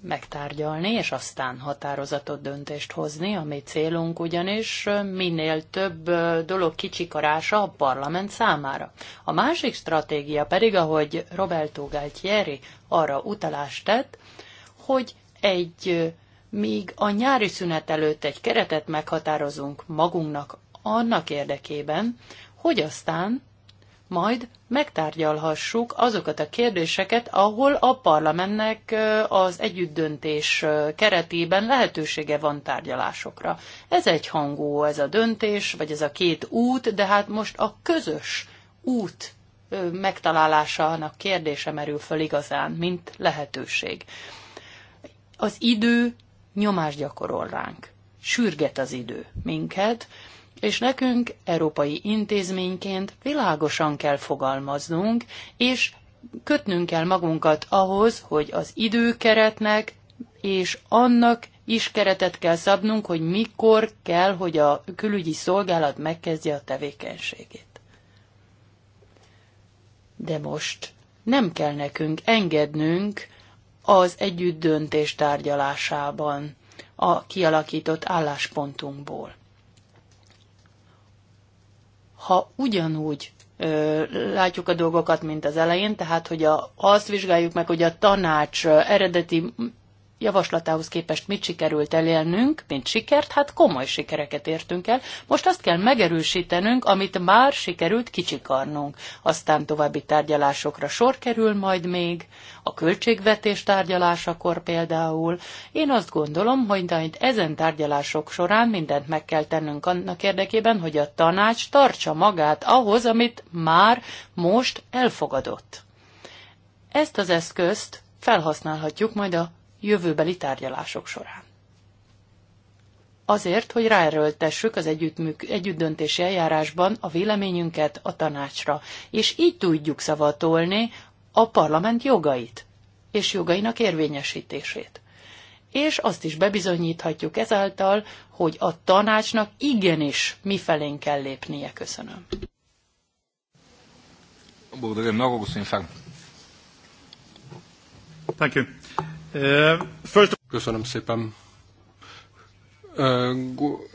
megtárgyalni, és aztán határozatot döntést hozni, ami célunk ugyanis minél több dolog kicsikarása a parlament számára. A másik stratégia pedig, ahogy Roberto Galtieri arra utalást tett, hogy egy míg a nyári szünet előtt egy keretet meghatározunk magunknak annak érdekében, hogy aztán majd megtárgyalhassuk azokat a kérdéseket, ahol a parlamentnek az együttdöntés keretében lehetősége van tárgyalásokra. Ez egy hangú ez a döntés, vagy ez a két út, de hát most a közös út megtalálásának kérdése merül föl igazán, mint lehetőség. Az idő nyomást gyakorol ránk. Sürget az idő minket, és nekünk európai intézményként világosan kell fogalmaznunk, és kötnünk kell magunkat ahhoz, hogy az időkeretnek és annak is keretet kell szabnunk, hogy mikor kell, hogy a külügyi szolgálat megkezdje a tevékenységét. De most nem kell nekünk engednünk az együtt döntés tárgyalásában a kialakított álláspontunkból ha ugyanúgy ö, látjuk a dolgokat, mint az elején, tehát hogy a, azt vizsgáljuk meg, hogy a tanács eredeti javaslatához képest mit sikerült elérnünk, mint sikert, hát komoly sikereket értünk el. Most azt kell megerősítenünk, amit már sikerült kicsikarnunk. Aztán további tárgyalásokra sor kerül majd még, a költségvetés tárgyalásakor például. Én azt gondolom, hogy majd ezen tárgyalások során mindent meg kell tennünk annak érdekében, hogy a tanács tartsa magát ahhoz, amit már most elfogadott. Ezt az eszközt felhasználhatjuk majd a jövőbeli tárgyalások során. Azért, hogy ráerőltessük az együttműk, együttdöntési eljárásban a véleményünket a tanácsra, és így tudjuk szavatolni a parlament jogait és jogainak érvényesítését. És azt is bebizonyíthatjuk ezáltal, hogy a tanácsnak igenis mifelén kell lépnie. Köszönöm. Thank you. Köszönöm szépen.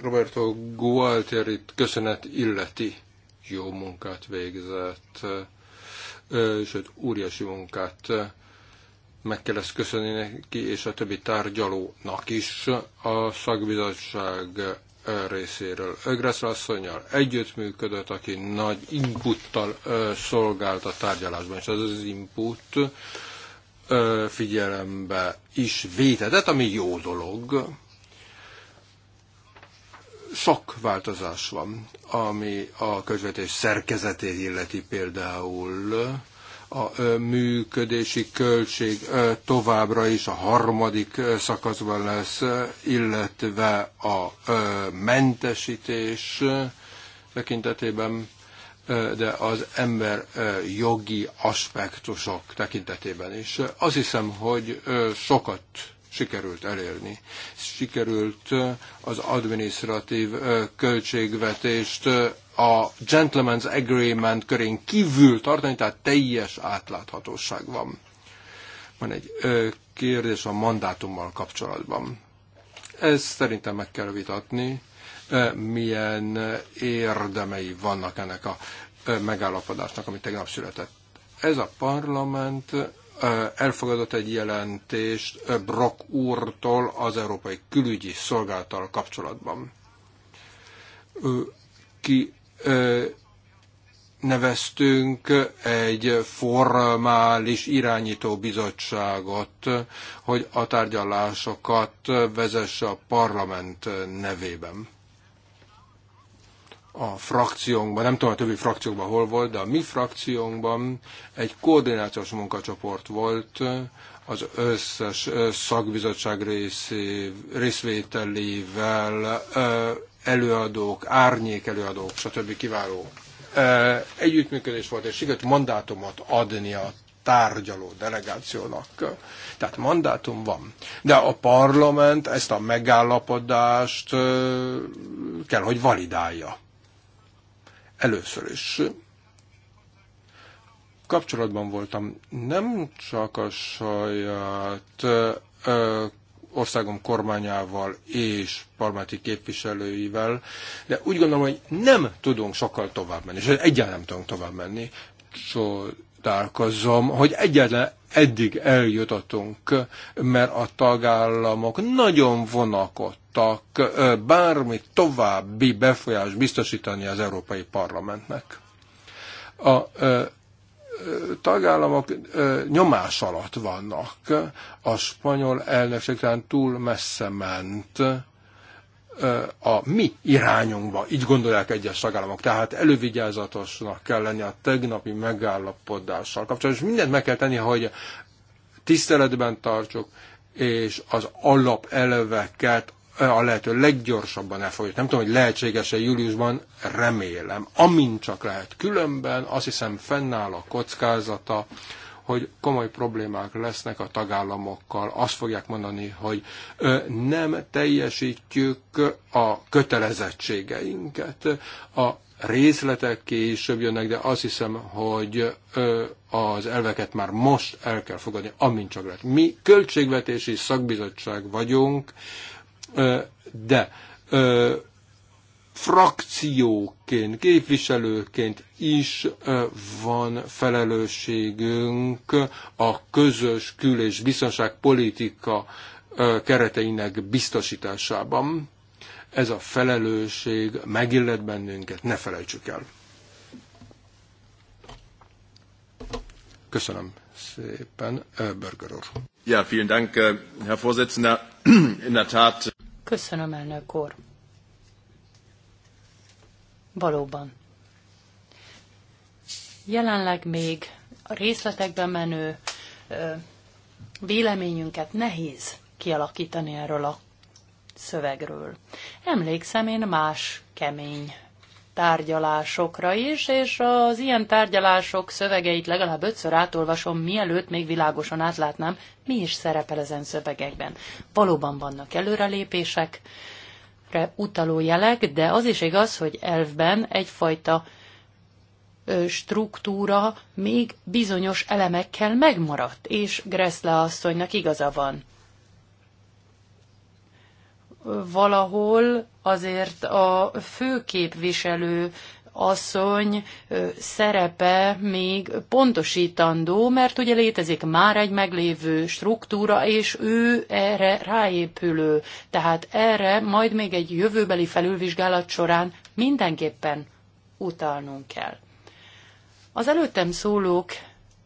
Roberto Gualtierit köszönet illeti. Jó munkát végzett, sőt, óriási munkát meg kell ezt köszönni neki, és a többi tárgyalónak is a szakbizottság részéről. Ögresz asszonyjal együttműködött, aki nagy inputtal szolgált a tárgyalásban, és az az input figyelembe is vétetett, ami jó dolog. Sok változás van, ami a közvetés szerkezetét illeti például a működési költség továbbra is a harmadik szakaszban lesz, illetve a mentesítés tekintetében de az ember jogi aspektusok tekintetében is. Azt hiszem, hogy sokat sikerült elérni. Sikerült az administratív költségvetést a Gentleman's Agreement körén kívül tartani, tehát teljes átláthatóság van. Van egy kérdés a mandátummal kapcsolatban. Ez szerintem meg kell vitatni milyen érdemei vannak ennek a megállapodásnak, ami tegnap született. Ez a parlament elfogadott egy jelentést Brock úrtól az Európai Külügyi Szolgáltal kapcsolatban. Ki neveztünk egy formális irányító bizottságot, hogy a tárgyalásokat vezesse a parlament nevében a frakciónkban, nem tudom a többi frakciókban hol volt, de a mi frakciónkban egy koordinációs munkacsoport volt az összes szakbizottság részé, részvételével, előadók, árnyék előadók, stb. kiváló együttműködés volt, és sikerült mandátumot adni a tárgyaló delegációnak. Tehát mandátum van. De a parlament ezt a megállapodást kell, hogy validálja. Először is kapcsolatban voltam nem csak a saját ö, országom kormányával és parlamenti képviselőivel, de úgy gondolom, hogy nem tudunk sokkal tovább menni, és egyáltalán nem tudunk tovább menni. Csodálkozom, hogy egyáltalán eddig eljutottunk, mert a tagállamok nagyon vonakodtak, tudtak bármi további befolyást biztosítani az Európai Parlamentnek. A tagállamok nyomás alatt vannak. A spanyol elnökség talán túl messze ment a mi irányunkba, így gondolják egyes tagállamok. Tehát elővigyázatosnak kell lenni a tegnapi megállapodással kapcsolatban, és mindent meg kell tenni, hogy tiszteletben tartsuk, és az alapelveket a lehető leggyorsabban elfogyott. Nem tudom, hogy lehetséges-e júliusban, remélem. Amint csak lehet. Különben azt hiszem fennáll a kockázata, hogy komoly problémák lesznek a tagállamokkal. Azt fogják mondani, hogy nem teljesítjük a kötelezettségeinket. A részletek később jönnek, de azt hiszem, hogy az elveket már most el kell fogadni, amint csak lehet. Mi költségvetési szakbizottság vagyunk, de frakcióként, képviselőként is van felelősségünk a közös kül- és biztonságpolitika kereteinek biztosításában. Ez a felelősség megillet bennünket, ne felejtsük el. Köszönöm szépen, Berger úr. Ja, vielen Dank, Herr Vorsitzender. In der Tat. Äh, Köszönöm, elnök úr. Valóban. Jelenleg még a részletekben menő véleményünket nehéz kialakítani erről a szövegről. Emlékszem én más kemény tárgyalásokra is, és az ilyen tárgyalások szövegeit legalább ötször átolvasom, mielőtt még világosan átlátnám, mi is szerepel ezen szövegekben. Valóban vannak előrelépések, utaló jelek, de az is igaz, hogy elvben egyfajta struktúra még bizonyos elemekkel megmaradt, és Gressle asszonynak igaza van valahol azért a főképviselő asszony szerepe még pontosítandó, mert ugye létezik már egy meglévő struktúra, és ő erre ráépülő. Tehát erre majd még egy jövőbeli felülvizsgálat során mindenképpen utalnunk kell. Az előttem szólók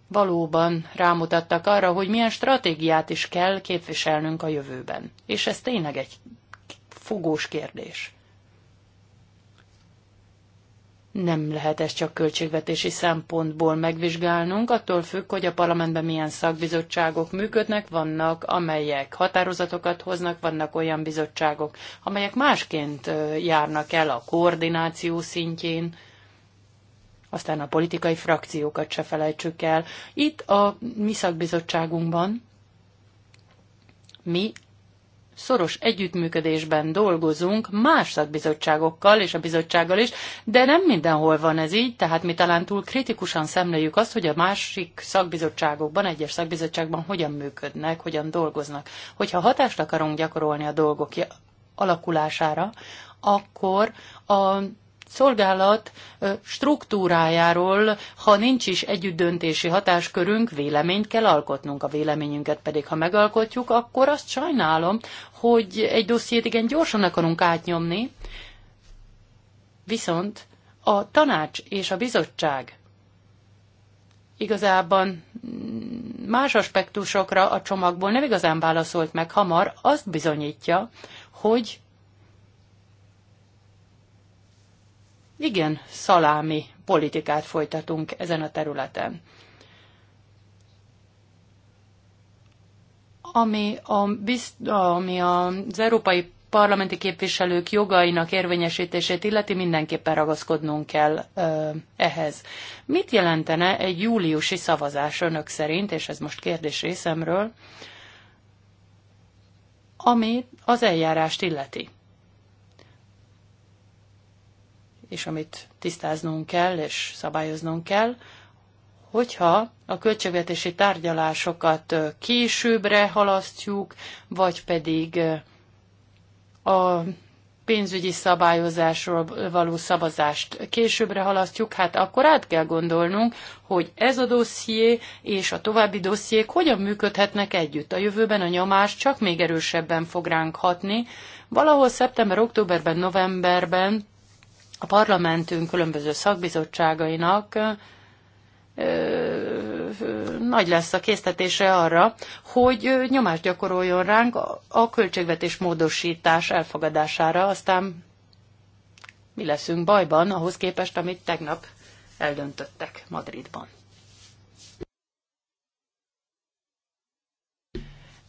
valóban rámutattak arra, hogy milyen stratégiát is kell képviselnünk a jövőben. És ez tényleg egy fogós kérdés. Nem lehet ezt csak költségvetési szempontból megvizsgálnunk, attól függ, hogy a parlamentben milyen szakbizottságok működnek, vannak, amelyek határozatokat hoznak, vannak olyan bizottságok, amelyek másként járnak el a koordináció szintjén, aztán a politikai frakciókat se felejtsük el. Itt a mi szakbizottságunkban mi szoros együttműködésben dolgozunk más szakbizottságokkal és a bizottsággal is, de nem mindenhol van ez így, tehát mi talán túl kritikusan szemléljük azt, hogy a másik szakbizottságokban, egyes szakbizottságban hogyan működnek, hogyan dolgoznak. Hogyha hatást akarunk gyakorolni a dolgok alakulására, akkor a szolgálat struktúrájáról, ha nincs is együttdöntési hatáskörünk, véleményt kell alkotnunk. A véleményünket pedig, ha megalkotjuk, akkor azt sajnálom, hogy egy dossziét igen gyorsan akarunk átnyomni, viszont a tanács és a bizottság igazában más aspektusokra a csomagból nem igazán válaszolt meg hamar, azt bizonyítja, hogy igen szalámi politikát folytatunk ezen a területen. Ami, a, ami az európai parlamenti képviselők jogainak érvényesítését illeti, mindenképpen ragaszkodnunk kell ö, ehhez. Mit jelentene egy júliusi szavazás önök szerint, és ez most kérdés részemről, ami az eljárást illeti? és amit tisztáznunk kell és szabályoznunk kell, hogyha a költségvetési tárgyalásokat későbbre halasztjuk, vagy pedig a pénzügyi szabályozásról való szavazást későbbre halasztjuk, hát akkor át kell gondolnunk, hogy ez a dosszié és a további dossziék hogyan működhetnek együtt. A jövőben a nyomás csak még erősebben fog ránk hatni. Valahol szeptember, októberben, novemberben a parlamentünk különböző szakbizottságainak nagy lesz a késztetése arra, hogy nyomást gyakoroljon ránk a költségvetés módosítás elfogadására, aztán mi leszünk bajban ahhoz képest, amit tegnap eldöntöttek Madridban.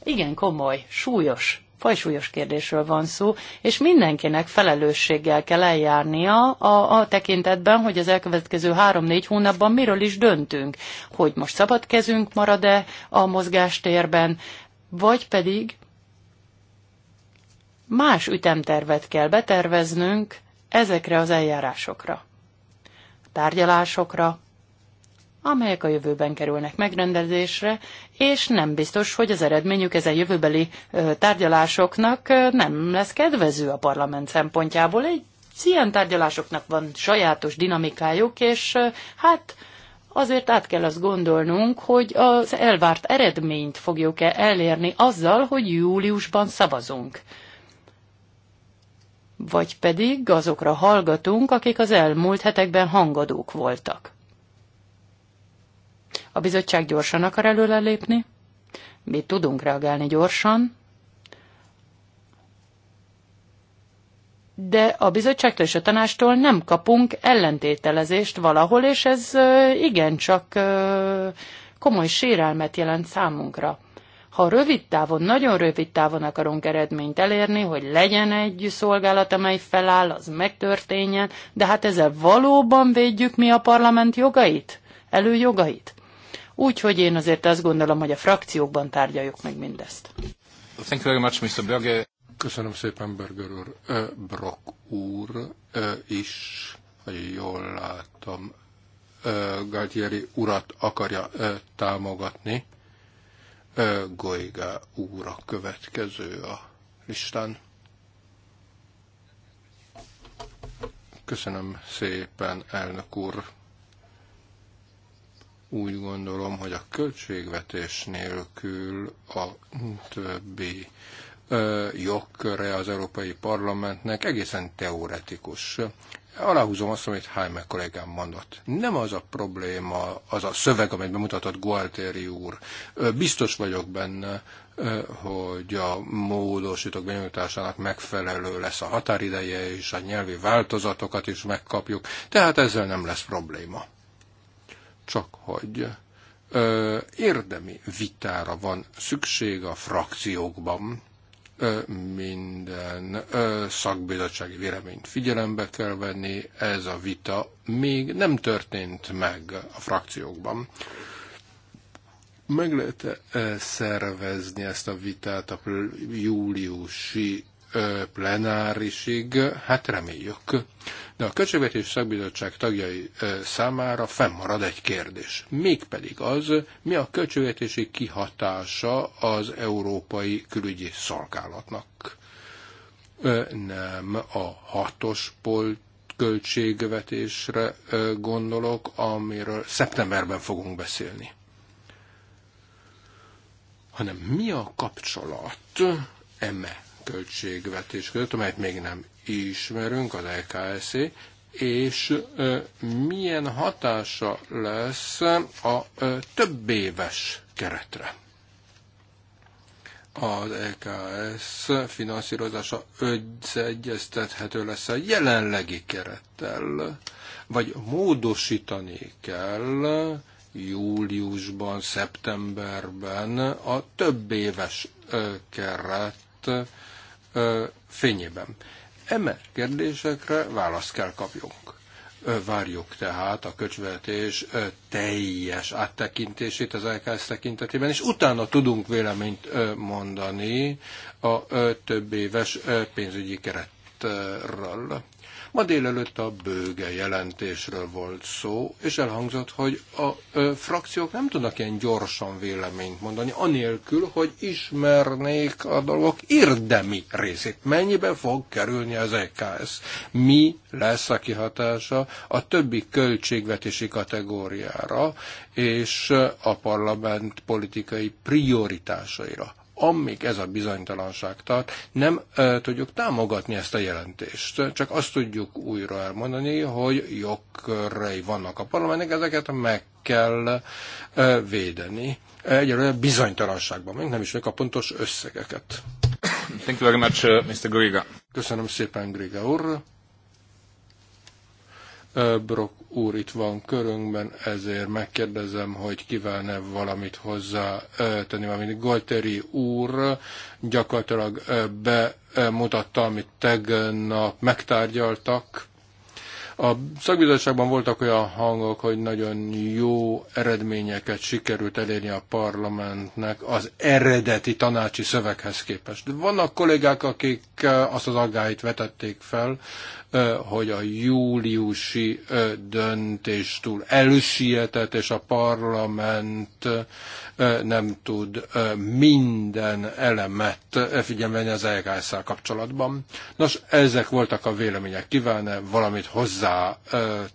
Igen komoly, súlyos fajsúlyos kérdésről van szó, és mindenkinek felelősséggel kell eljárnia a, a tekintetben, hogy az elkövetkező három-négy hónapban miről is döntünk, hogy most szabad kezünk marad-e a mozgástérben, vagy pedig más ütemtervet kell beterveznünk ezekre az eljárásokra, tárgyalásokra, amelyek a jövőben kerülnek megrendezésre, és nem biztos, hogy az eredményük ezen jövőbeli tárgyalásoknak nem lesz kedvező a parlament szempontjából. Egy ilyen tárgyalásoknak van sajátos dinamikájuk, és hát azért át kell azt gondolnunk, hogy az elvárt eredményt fogjuk-e elérni azzal, hogy júliusban szavazunk. Vagy pedig azokra hallgatunk, akik az elmúlt hetekben hangadók voltak. A bizottság gyorsan akar lépni? mi tudunk reagálni gyorsan, de a bizottságtól és a tanástól nem kapunk ellentételezést valahol, és ez igencsak komoly sérelmet jelent számunkra. Ha rövid távon, nagyon rövid távon akarunk eredményt elérni, hogy legyen egy szolgálat, amely feláll, az megtörténjen, de hát ezzel valóban védjük mi a parlament jogait, előjogait? Úgyhogy én azért azt gondolom, hogy a frakciókban tárgyaljuk meg mindezt. Thank you very much, Mr. Berger. Köszönöm szépen, Berger úr. Brock úr is, ha jól látom, Galtieri urat akarja támogatni. Goiga úr a következő a listán. Köszönöm szépen, elnök úr. Úgy gondolom, hogy a költségvetés nélkül a többi jogköre az Európai Parlamentnek egészen teoretikus. Aláhúzom azt, amit Heimer kollégám mondott. Nem az a probléma, az a szöveg, amit bemutatott Gualtéri úr. Biztos vagyok benne, hogy a módosítók benyújtásának megfelelő lesz a határideje, és a nyelvi változatokat is megkapjuk, tehát ezzel nem lesz probléma csak hogy ö, érdemi vitára van szükség a frakciókban. Ö, minden ö, szakbizottsági véleményt figyelembe kell venni. Ez a vita még nem történt meg a frakciókban. Meg lehet -e szervezni ezt a vitát a júliusi plenárisig, hát reméljük. De a Költségvetés Szakbizottság tagjai számára fennmarad egy kérdés. Mégpedig az, mi a költségvetési kihatása az Európai Külügyi Szolgálatnak. Nem a hatos polt költségvetésre gondolok, amiről szeptemberben fogunk beszélni. Hanem mi a kapcsolat eme költségvetés között, amelyet még nem ismerünk, az lks e és milyen hatása lesz a több éves keretre. Az EKS finanszírozása összeegyeztethető lesz a jelenlegi kerettel, vagy módosítani kell júliusban, szeptemberben a több éves keret fényében. Eme kérdésekre választ kell kapjunk. Várjuk tehát a köcsvetés teljes áttekintését az LKS tekintetében, és utána tudunk véleményt mondani a több éves pénzügyi keretről. Ma délelőtt a bőge jelentésről volt szó, és elhangzott, hogy a ö, frakciók nem tudnak ilyen gyorsan véleményt mondani, anélkül, hogy ismernék a dolgok érdemi részét. Mennyibe fog kerülni az EKS? Mi lesz a kihatása a többi költségvetési kategóriára és a parlament politikai prioritásaira? amíg ez a bizonytalanság tart, nem e, tudjuk támogatni ezt a jelentést. Csak azt tudjuk újra elmondani, hogy jogkörrei vannak a parlamentnek, ezeket meg kell e, védeni. Egyelőre bizonytalanságban, még nem is a pontos összegeket. Thank you very much, uh, Mr. Griga. Köszönöm szépen, Griga úr. Brock úr itt van körünkben, ezért megkérdezem, hogy -e valamit hozzá tenni, valamint Golteri úr gyakorlatilag bemutatta, amit tegnap megtárgyaltak. A szakbizottságban voltak olyan hangok, hogy nagyon jó eredményeket sikerült elérni a parlamentnek az eredeti tanácsi szöveghez képest. Vannak kollégák, akik azt az aggályt vetették fel, hogy a júliusi döntéstől túl elsietett, és a parlament nem tud minden elemet figyelni az lks kapcsolatban. Nos, ezek voltak a vélemények. Kívánne valamit hozzá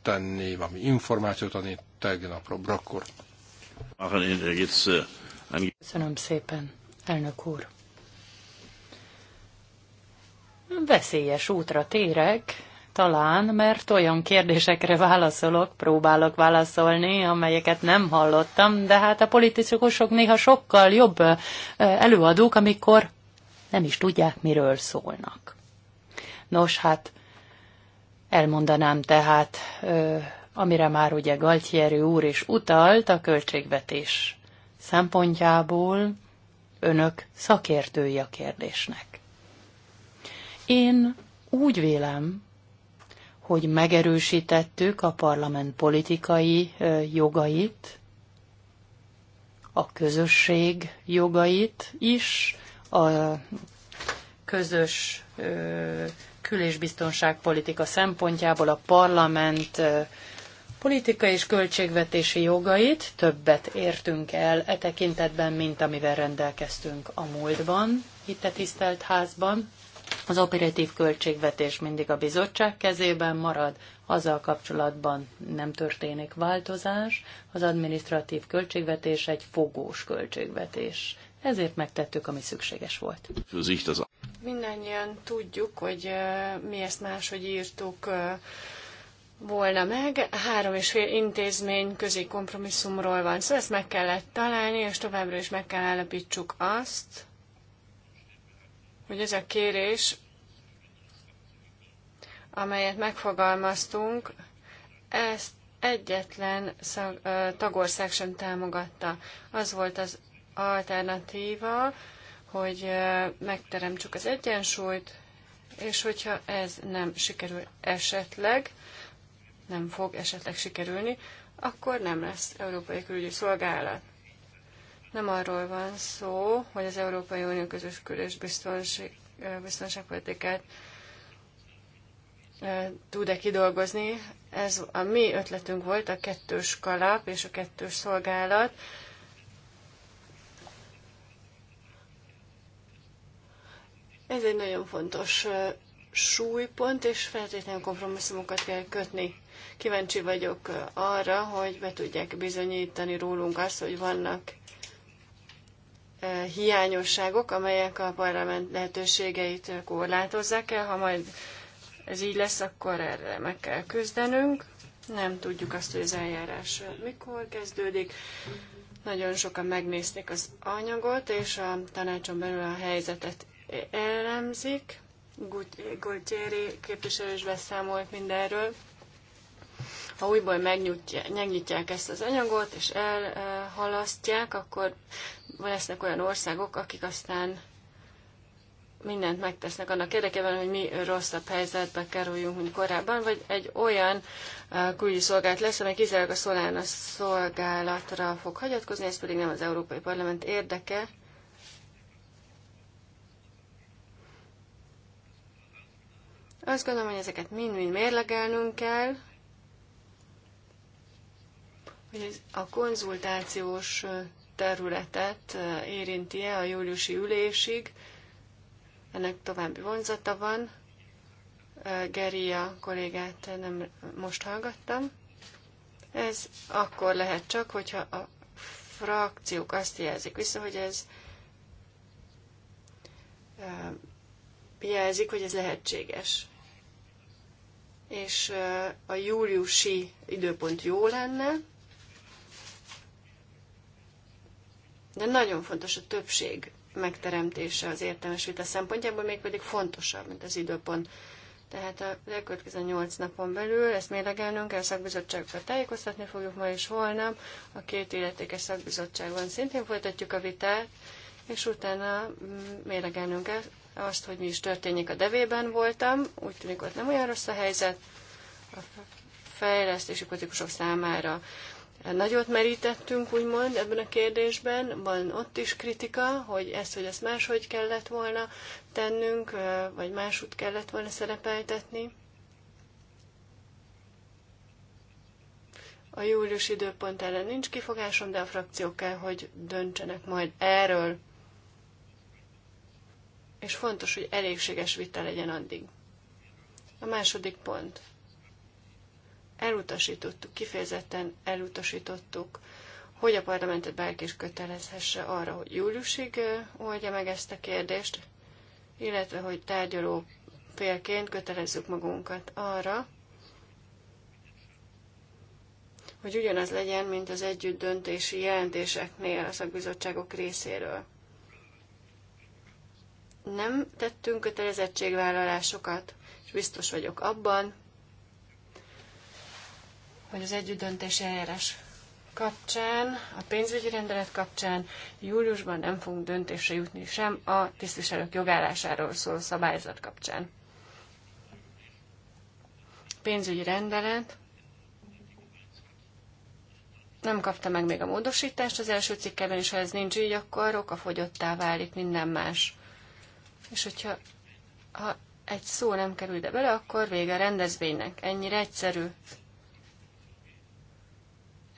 tenni, valami információt adni tegnapról, Brokkor? Köszönöm szépen, elnök úr. Veszélyes útra térek, talán, mert olyan kérdésekre válaszolok, próbálok válaszolni, amelyeket nem hallottam, de hát a politikusok néha sokkal jobb előadók, amikor nem is tudják, miről szólnak. Nos, hát elmondanám tehát, amire már ugye Galtieri úr is utalt a költségvetés szempontjából, önök szakértői a kérdésnek. Én úgy vélem, hogy megerősítettük a parlament politikai jogait, a közösség jogait is, a közös kül- és biztonságpolitika szempontjából a parlament politikai és költségvetési jogait többet értünk el e tekintetben, mint amivel rendelkeztünk a múltban, itt a tisztelt házban. Az operatív költségvetés mindig a bizottság kezében marad, azzal kapcsolatban nem történik változás, az administratív költségvetés egy fogós költségvetés. Ezért megtettük, ami szükséges volt. Mindannyian tudjuk, hogy mi ezt máshogy írtuk volna meg. Három és fél intézmény közé kompromisszumról van szó, szóval ezt meg kellett találni, és továbbra is meg kell állapítsuk azt, hogy ez a kérés, amelyet megfogalmaztunk, ezt egyetlen szag, tagország sem támogatta. Az volt az alternatíva, hogy megteremtsük az egyensúlyt, és hogyha ez nem sikerül esetleg, nem fog esetleg sikerülni, akkor nem lesz Európai Külügyi Szolgálat. Nem arról van szó, hogy az Európai Unió közös kül- biztonság, biztonságpolitikát tud-e kidolgozni. Ez a mi ötletünk volt, a kettős kalap és a kettős szolgálat. Ez egy nagyon fontos súlypont, és feltétlenül kompromisszumokat kell kötni. Kíváncsi vagyok arra, hogy be tudják bizonyítani rólunk azt, hogy vannak hiányosságok, amelyek a parlament lehetőségeit korlátozzák el. Ha majd ez így lesz, akkor erre meg kell küzdenünk. Nem tudjuk azt, hogy az eljárás mikor kezdődik. Nagyon sokan megnézték az anyagot, és a tanácson belül a helyzetet elemzik. Gutyéri képviselő is beszámolt mindenről. Ha újból megnyitják ezt az anyagot, és elhalasztják, akkor lesznek olyan országok, akik aztán mindent megtesznek annak érdekében, hogy mi rosszabb helyzetbe kerüljünk, mint korábban, vagy egy olyan külügyi szolgálat lesz, amely kizárólag a Solana szolgálatra fog hagyatkozni, ez pedig nem az Európai Parlament érdeke. Azt gondolom, hogy ezeket mind-mind mérlegelnünk kell, hogy a konzultációs területet érinti-e a júliusi ülésig. Ennek további vonzata van. Geria kollégát nem most hallgattam. Ez akkor lehet csak, hogyha a frakciók azt jelzik vissza, hogy ez jelzik, hogy ez lehetséges. És a júliusi időpont jó lenne, De nagyon fontos a többség megteremtése az értelmes vita szempontjából, mégpedig fontosabb, mint az időpont. Tehát a elkövetkező nyolc napon belül ezt mérlegelnünk kell, a tájékoztatni fogjuk ma és holnap. A két illetékes szakbizottságban szintén folytatjuk a vitát, és utána mm, mérlegelnünk kell azt, hogy mi is történik a devében voltam. Úgy tűnik, ott nem olyan rossz a helyzet. A fejlesztési politikusok számára Nagyot merítettünk, úgymond, ebben a kérdésben. Van ott is kritika, hogy ezt, hogy ezt máshogy kellett volna tennünk, vagy máshogy kellett volna szerepeltetni. A július időpont ellen nincs kifogásom, de a frakciók kell, hogy döntsenek majd erről. És fontos, hogy elégséges vita legyen addig. A második pont elutasítottuk, kifejezetten elutasítottuk, hogy a parlamentet bárki is kötelezhesse arra, hogy júliusig oldja meg ezt a kérdést, illetve hogy tárgyaló félként kötelezzük magunkat arra, hogy ugyanaz legyen, mint az együtt döntési jelentéseknél a szakbizottságok részéről. Nem tettünk kötelezettségvállalásokat, és biztos vagyok abban, hogy az együttdöntés eljárás kapcsán, a pénzügyi rendelet kapcsán júliusban nem fogunk döntésre jutni sem a tisztviselők jogállásáról szóló szabályzat kapcsán. Pénzügyi rendelet nem kapta meg még a módosítást az első cikkeben, és ha ez nincs így, akkor fogyottá válik minden más. És hogyha ha egy szó nem kerül ide bele, akkor vége a rendezvénynek. Ennyire egyszerű.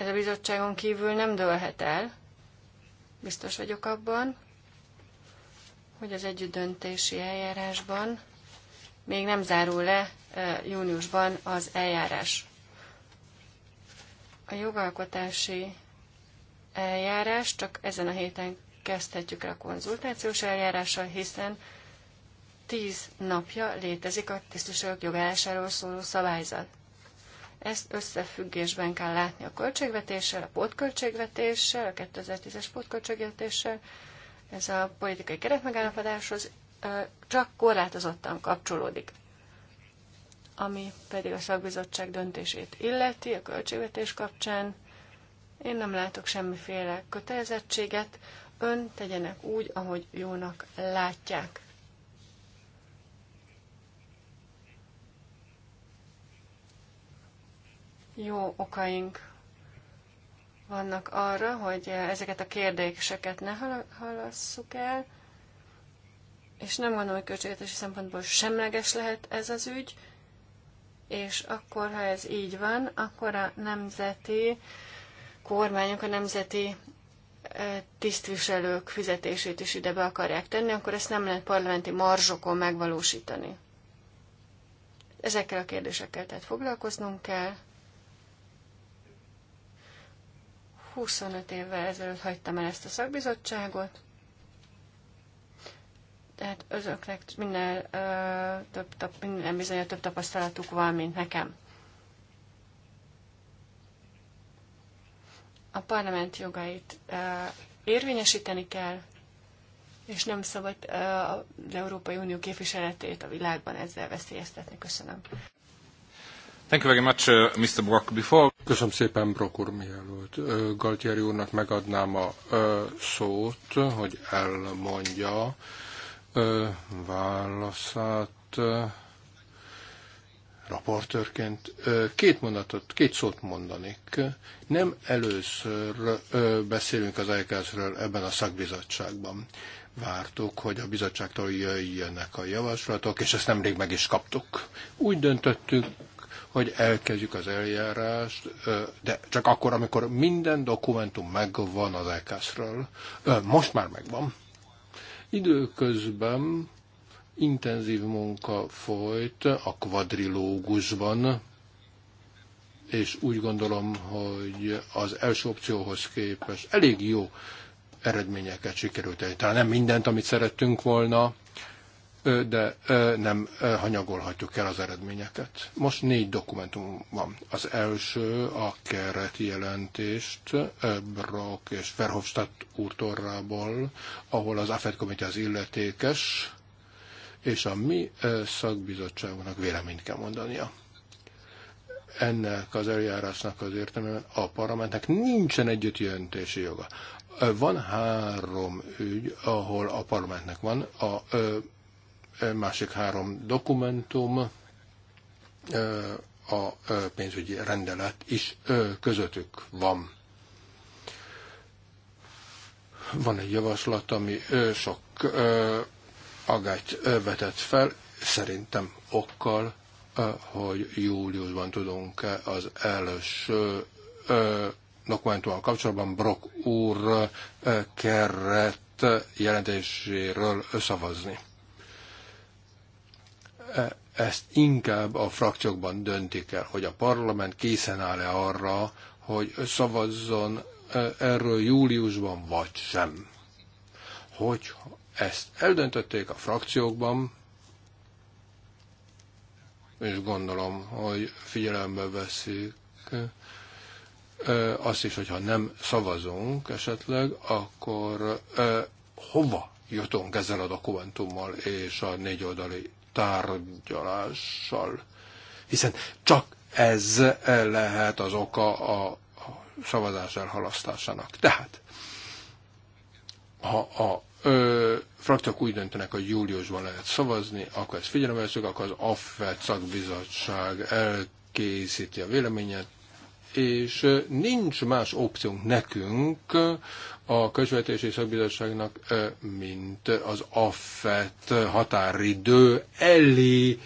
Ez a bizottságon kívül nem dőlhet el. Biztos vagyok abban, hogy az együttdöntési eljárásban még nem zárul le júniusban az eljárás. A jogalkotási eljárás csak ezen a héten kezdhetjük el a konzultációs eljárással, hiszen tíz napja létezik a tisztviselők jogállásáról szóló szabályzat. Ezt összefüggésben kell látni a költségvetéssel, a pótköltségvetéssel, a 2010-es pótköltségvetéssel. Ez a politikai keretmegállapodáshoz csak korlátozottan kapcsolódik. Ami pedig a szakbizottság döntését illeti a költségvetés kapcsán, én nem látok semmiféle kötelezettséget, ön tegyenek úgy, ahogy jónak látják. jó okaink vannak arra, hogy ezeket a kérdéseket ne halasszuk el, és nem gondolom, hogy költségetési szempontból semleges lehet ez az ügy, és akkor, ha ez így van, akkor a nemzeti kormányok, a nemzeti tisztviselők fizetését is ide be akarják tenni, akkor ezt nem lehet parlamenti marzsokon megvalósítani. Ezekkel a kérdésekkel tehát foglalkoznunk kell, 25 évvel ezelőtt hagytam el ezt a szakbizottságot, tehát azoknak minden, ö, több, tap, minden bizony, több tapasztalatuk van, mint nekem. A parlament jogait ö, érvényesíteni kell, és nem szabad ö, az Európai Unió képviseletét a világban ezzel veszélyeztetni. Köszönöm. Thank you very much, uh, Mr. Brock. Before... Köszönöm szépen, Brock úr, mielőtt uh, Galtieri úrnak megadnám a uh, szót, hogy elmondja válaszát raportőrként. két mondatot, két szót mondanék. Nem először beszélünk az IKS-ről ebben a szakbizottságban. Vártuk, hogy a bizottságtól jöjjenek a javaslatok, és ezt nemrég meg is kaptuk. Úgy döntöttük, hogy elkezdjük az eljárást, de csak akkor, amikor minden dokumentum megvan az EKS-ről. Most már megvan. Időközben intenzív munka folyt a kvadrilógusban, és úgy gondolom, hogy az első opcióhoz képest elég jó eredményeket sikerült elérni. Talán nem mindent, amit szerettünk volna, de nem hanyagolhatjuk el az eredményeket. Most négy dokumentum van. Az első a kereti jelentést Brock és Verhofstadt úrtorrából, ahol az AFED komitea az illetékes, és a mi szakbizottságunknak véleményt kell mondania. Ennek az eljárásnak az értelmében a parlamentnek nincsen együttjöntési joga. Van három ügy, ahol a parlamentnek van a másik három dokumentum, a pénzügyi rendelet is közöttük van. Van egy javaslat, ami sok agát vetett fel, szerintem okkal, hogy júliusban tudunk-e az első dokumentummal kapcsolatban Brock úr keret jelentéséről szavazni. E, ezt inkább a frakciókban döntik el, hogy a parlament készen áll-e arra, hogy szavazzon e, erről júliusban vagy sem. Hogy ezt eldöntötték a frakciókban, és gondolom, hogy figyelembe veszik e, azt is, hogyha nem szavazunk esetleg, akkor hova jutunk ezzel a dokumentummal és a négy oldali tárgyalással. Hiszen csak ez lehet az oka a szavazás elhalasztásának. Tehát, ha a ö, frakciók úgy döntenek, hogy júliusban lehet szavazni, akkor ezt figyelembe veszük, akkor az AFFET szakbizottság elkészíti a véleményet, és nincs más opciónk nekünk a Közvetési Szakbizottságnak, mint az AFET határidő elé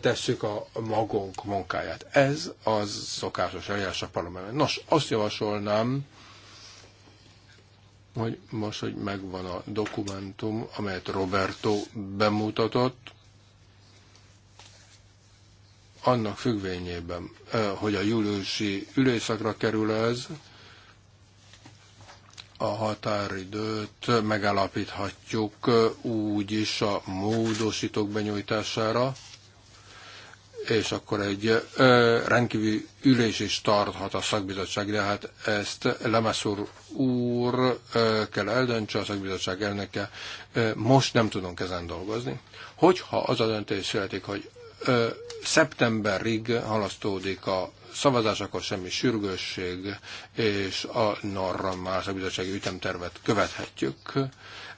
tesszük a magunk munkáját. Ez az szokásos eljárás a parlamentben. Nos, azt javasolnám, hogy most, hogy megvan a dokumentum, amelyet Roberto bemutatott, annak függvényében, hogy a júliusi ülésszakra kerül ez, a határidőt megállapíthatjuk úgy is a módosítók benyújtására, és akkor egy ö, rendkívül ülés is tarthat a szakbizottság, de hát ezt Lemeszúr úr ö, kell eldöntse, a szakbizottság elnöke. Ö, most nem tudunk ezen dolgozni. Hogyha az a döntés születik, hogy szeptemberig halasztódik a szavazás, akkor semmi sürgősség, és a a bizottsági ütemtervet követhetjük.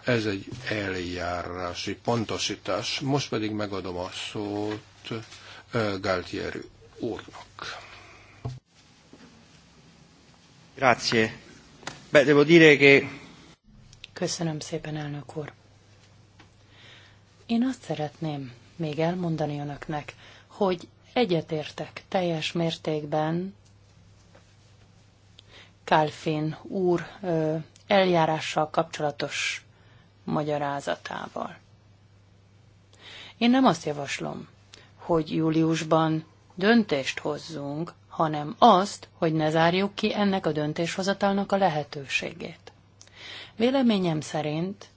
Ez egy eljárási pontosítás. Most pedig megadom a szót Galtieri úrnak. Grazie. Beh, devo dire che... Köszönöm szépen, elnök úr. Én azt szeretném még elmondani önöknek, hogy egyetértek teljes mértékben Kálfin úr eljárással kapcsolatos magyarázatával. Én nem azt javaslom, hogy júliusban döntést hozzunk, hanem azt, hogy ne zárjuk ki ennek a döntéshozatalnak a lehetőségét. Véleményem szerint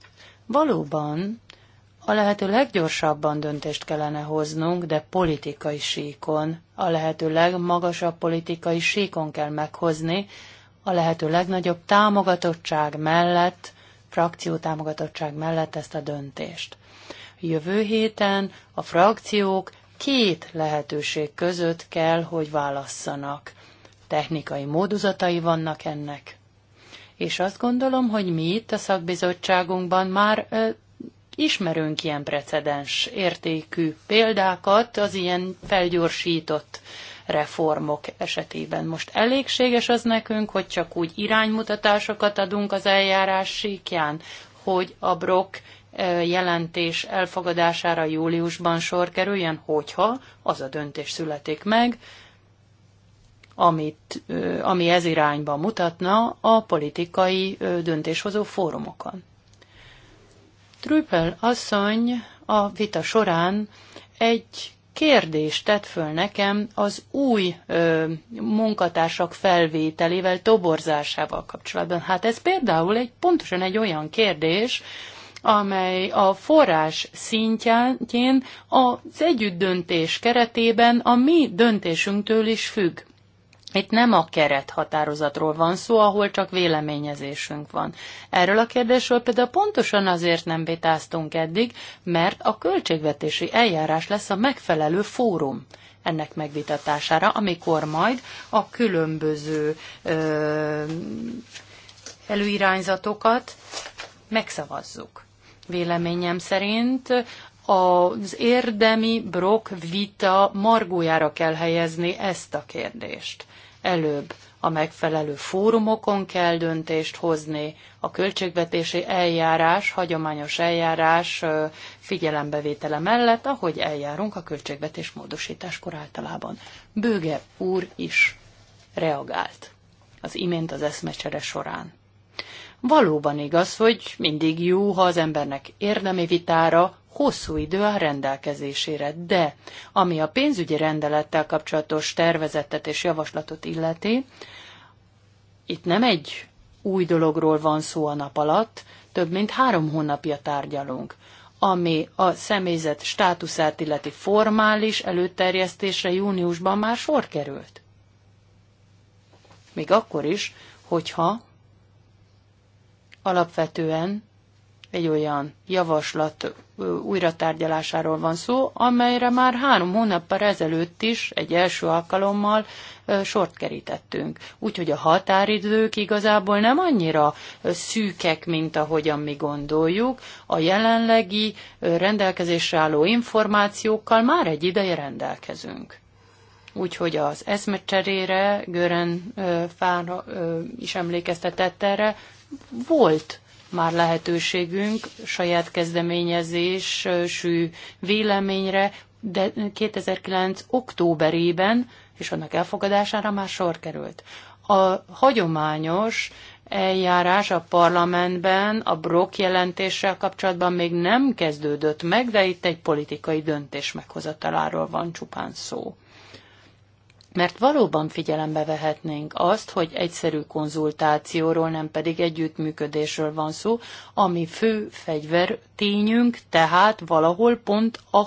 valóban a lehető leggyorsabban döntést kellene hoznunk, de politikai síkon. A lehető legmagasabb politikai síkon kell meghozni, a lehető legnagyobb támogatottság mellett, frakció támogatottság mellett ezt a döntést. Jövő héten a frakciók két lehetőség között kell, hogy válasszanak. Technikai módozatai vannak ennek. És azt gondolom, hogy mi itt a szakbizottságunkban már Ismerünk ilyen precedens értékű példákat az ilyen felgyorsított reformok esetében. Most elégséges az nekünk, hogy csak úgy iránymutatásokat adunk az eljárás síkján, hogy a brok e, jelentés elfogadására júliusban sor kerüljen, hogyha az a döntés születik meg, amit, e, ami ez irányba mutatna a politikai e, döntéshozó fórumokon. Trüppel asszony a vita során egy kérdést tett föl nekem az új ö, munkatársak felvételével, toborzásával kapcsolatban. Hát ez például egy pontosan egy olyan kérdés, amely a forrás szintjén az döntés keretében a mi döntésünktől is függ. Itt nem a keret határozatról van szó, ahol csak véleményezésünk van. Erről a kérdésről például pontosan azért nem vitáztunk eddig, mert a költségvetési eljárás lesz a megfelelő fórum ennek megvitatására, amikor majd a különböző ö, előirányzatokat megszavazzuk. Véleményem szerint az érdemi brok vita margójára kell helyezni ezt a kérdést. Előbb a megfelelő fórumokon kell döntést hozni, a költségvetési eljárás, hagyományos eljárás figyelembevétele mellett, ahogy eljárunk a költségvetés módosításkor általában. Bőge úr is reagált az imént az eszmecsere során. Valóban igaz, hogy mindig jó, ha az embernek érdemi vitára, hosszú idő áll rendelkezésére, de ami a pénzügyi rendelettel kapcsolatos tervezetet és javaslatot illeti, itt nem egy új dologról van szó a nap alatt, több mint három hónapja tárgyalunk ami a személyzet státuszát illeti formális előterjesztésre júniusban már sor került. Még akkor is, hogyha alapvetően egy olyan javaslat újratárgyalásáról van szó, amelyre már három hónappal ezelőtt is egy első alkalommal sort kerítettünk. Úgyhogy a határidők igazából nem annyira szűkek, mint ahogyan mi gondoljuk. A jelenlegi rendelkezésre álló információkkal már egy ideje rendelkezünk. Úgyhogy az eszmecserére, Gören fára is emlékeztetett erre, volt már lehetőségünk saját kezdeményezésű véleményre, de 2009. októberében és annak elfogadására már sor került. A hagyományos eljárás a parlamentben a Brock jelentéssel kapcsolatban még nem kezdődött meg, de itt egy politikai döntés meghozataláról van csupán szó mert valóban figyelembe vehetnénk azt, hogy egyszerű konzultációról, nem pedig együttműködésről van szó, ami fő fegyvertényünk, tehát valahol pont az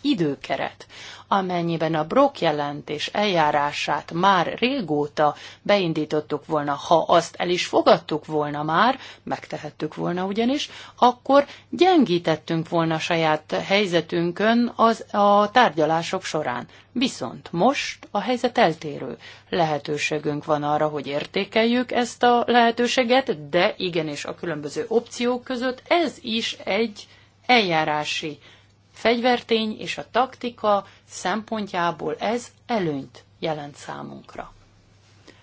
időkeret, amennyiben a Brok jelentés eljárását már régóta beindítottuk volna, ha azt el is fogadtuk volna már, megtehettük volna ugyanis, akkor gyengítettünk volna saját helyzetünkön az, a tárgyalások során. Viszont most a helyzet eltérő. Lehetőségünk van arra, hogy értékeljük ezt a lehetőséget, de igenis a különböző opciók között ez is egy eljárási fegyvertény és a taktika szempontjából ez előnyt jelent számunkra.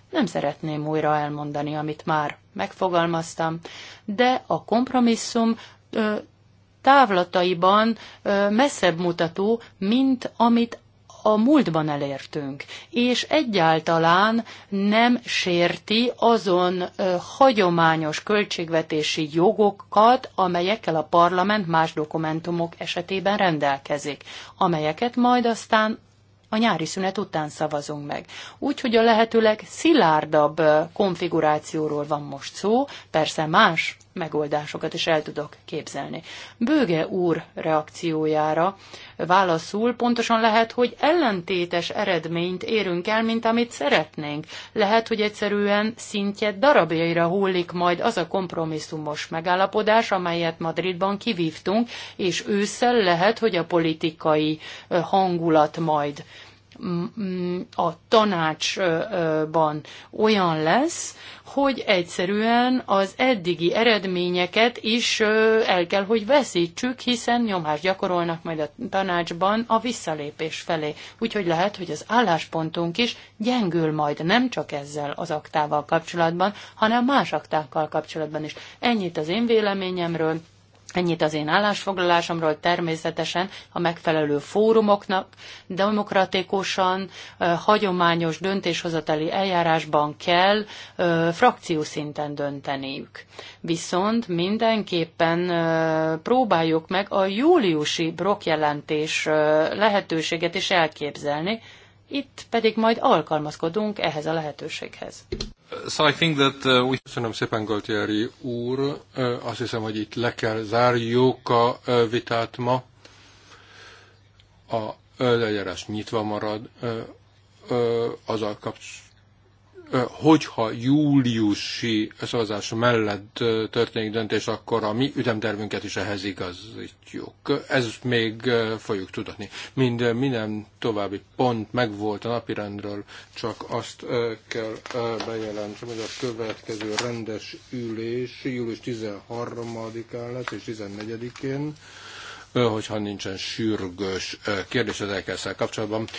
Nem szeretném újra elmondani, amit már megfogalmaztam, de a kompromisszum ö, távlataiban ö, messzebb mutató, mint amit a múltban elértünk, és egyáltalán nem sérti azon ö, hagyományos költségvetési jogokat, amelyekkel a parlament más dokumentumok esetében rendelkezik, amelyeket majd aztán a nyári szünet után szavazunk meg. Úgyhogy a lehetőleg szilárdabb konfigurációról van most szó, persze más megoldásokat is el tudok képzelni. Bőge úr reakciójára válaszul, pontosan lehet, hogy ellentétes eredményt érünk el, mint amit szeretnénk. Lehet, hogy egyszerűen szintje darabjaira hullik majd az a kompromisszumos megállapodás, amelyet Madridban kivívtunk, és ősszel lehet, hogy a politikai eh, hangulat majd a tanácsban olyan lesz, hogy egyszerűen az eddigi eredményeket is el kell, hogy veszítsük, hiszen nyomást gyakorolnak majd a tanácsban a visszalépés felé. Úgyhogy lehet, hogy az álláspontunk is gyengül majd nem csak ezzel az aktával kapcsolatban, hanem más aktákkal kapcsolatban is. Ennyit az én véleményemről Ennyit az én állásfoglalásomról természetesen a megfelelő fórumoknak demokratikusan, hagyományos döntéshozatali eljárásban kell frakciószinten dönteniük. Viszont mindenképpen próbáljuk meg a júliusi brokjelentés lehetőséget is elképzelni, itt pedig majd alkalmazkodunk ehhez a lehetőséghez. Uh, Köszönöm szépen, Galtieri úr. Azt hiszem, hogy itt le kell zárjuk a vitát ma. A eljárás nyitva marad. Azzal kapcsolatban hogyha júliusi szavazás mellett történik döntés, akkor a mi ütemtervünket is ehhez igazítjuk. Ez még fogjuk tudatni. Mind minden további pont megvolt a napirendről, csak azt kell bejelentsem, hogy a következő rendes ülés július 13-án lesz és 14-én hogyha nincsen sürgős kérdés ezekkel kapcsolatban.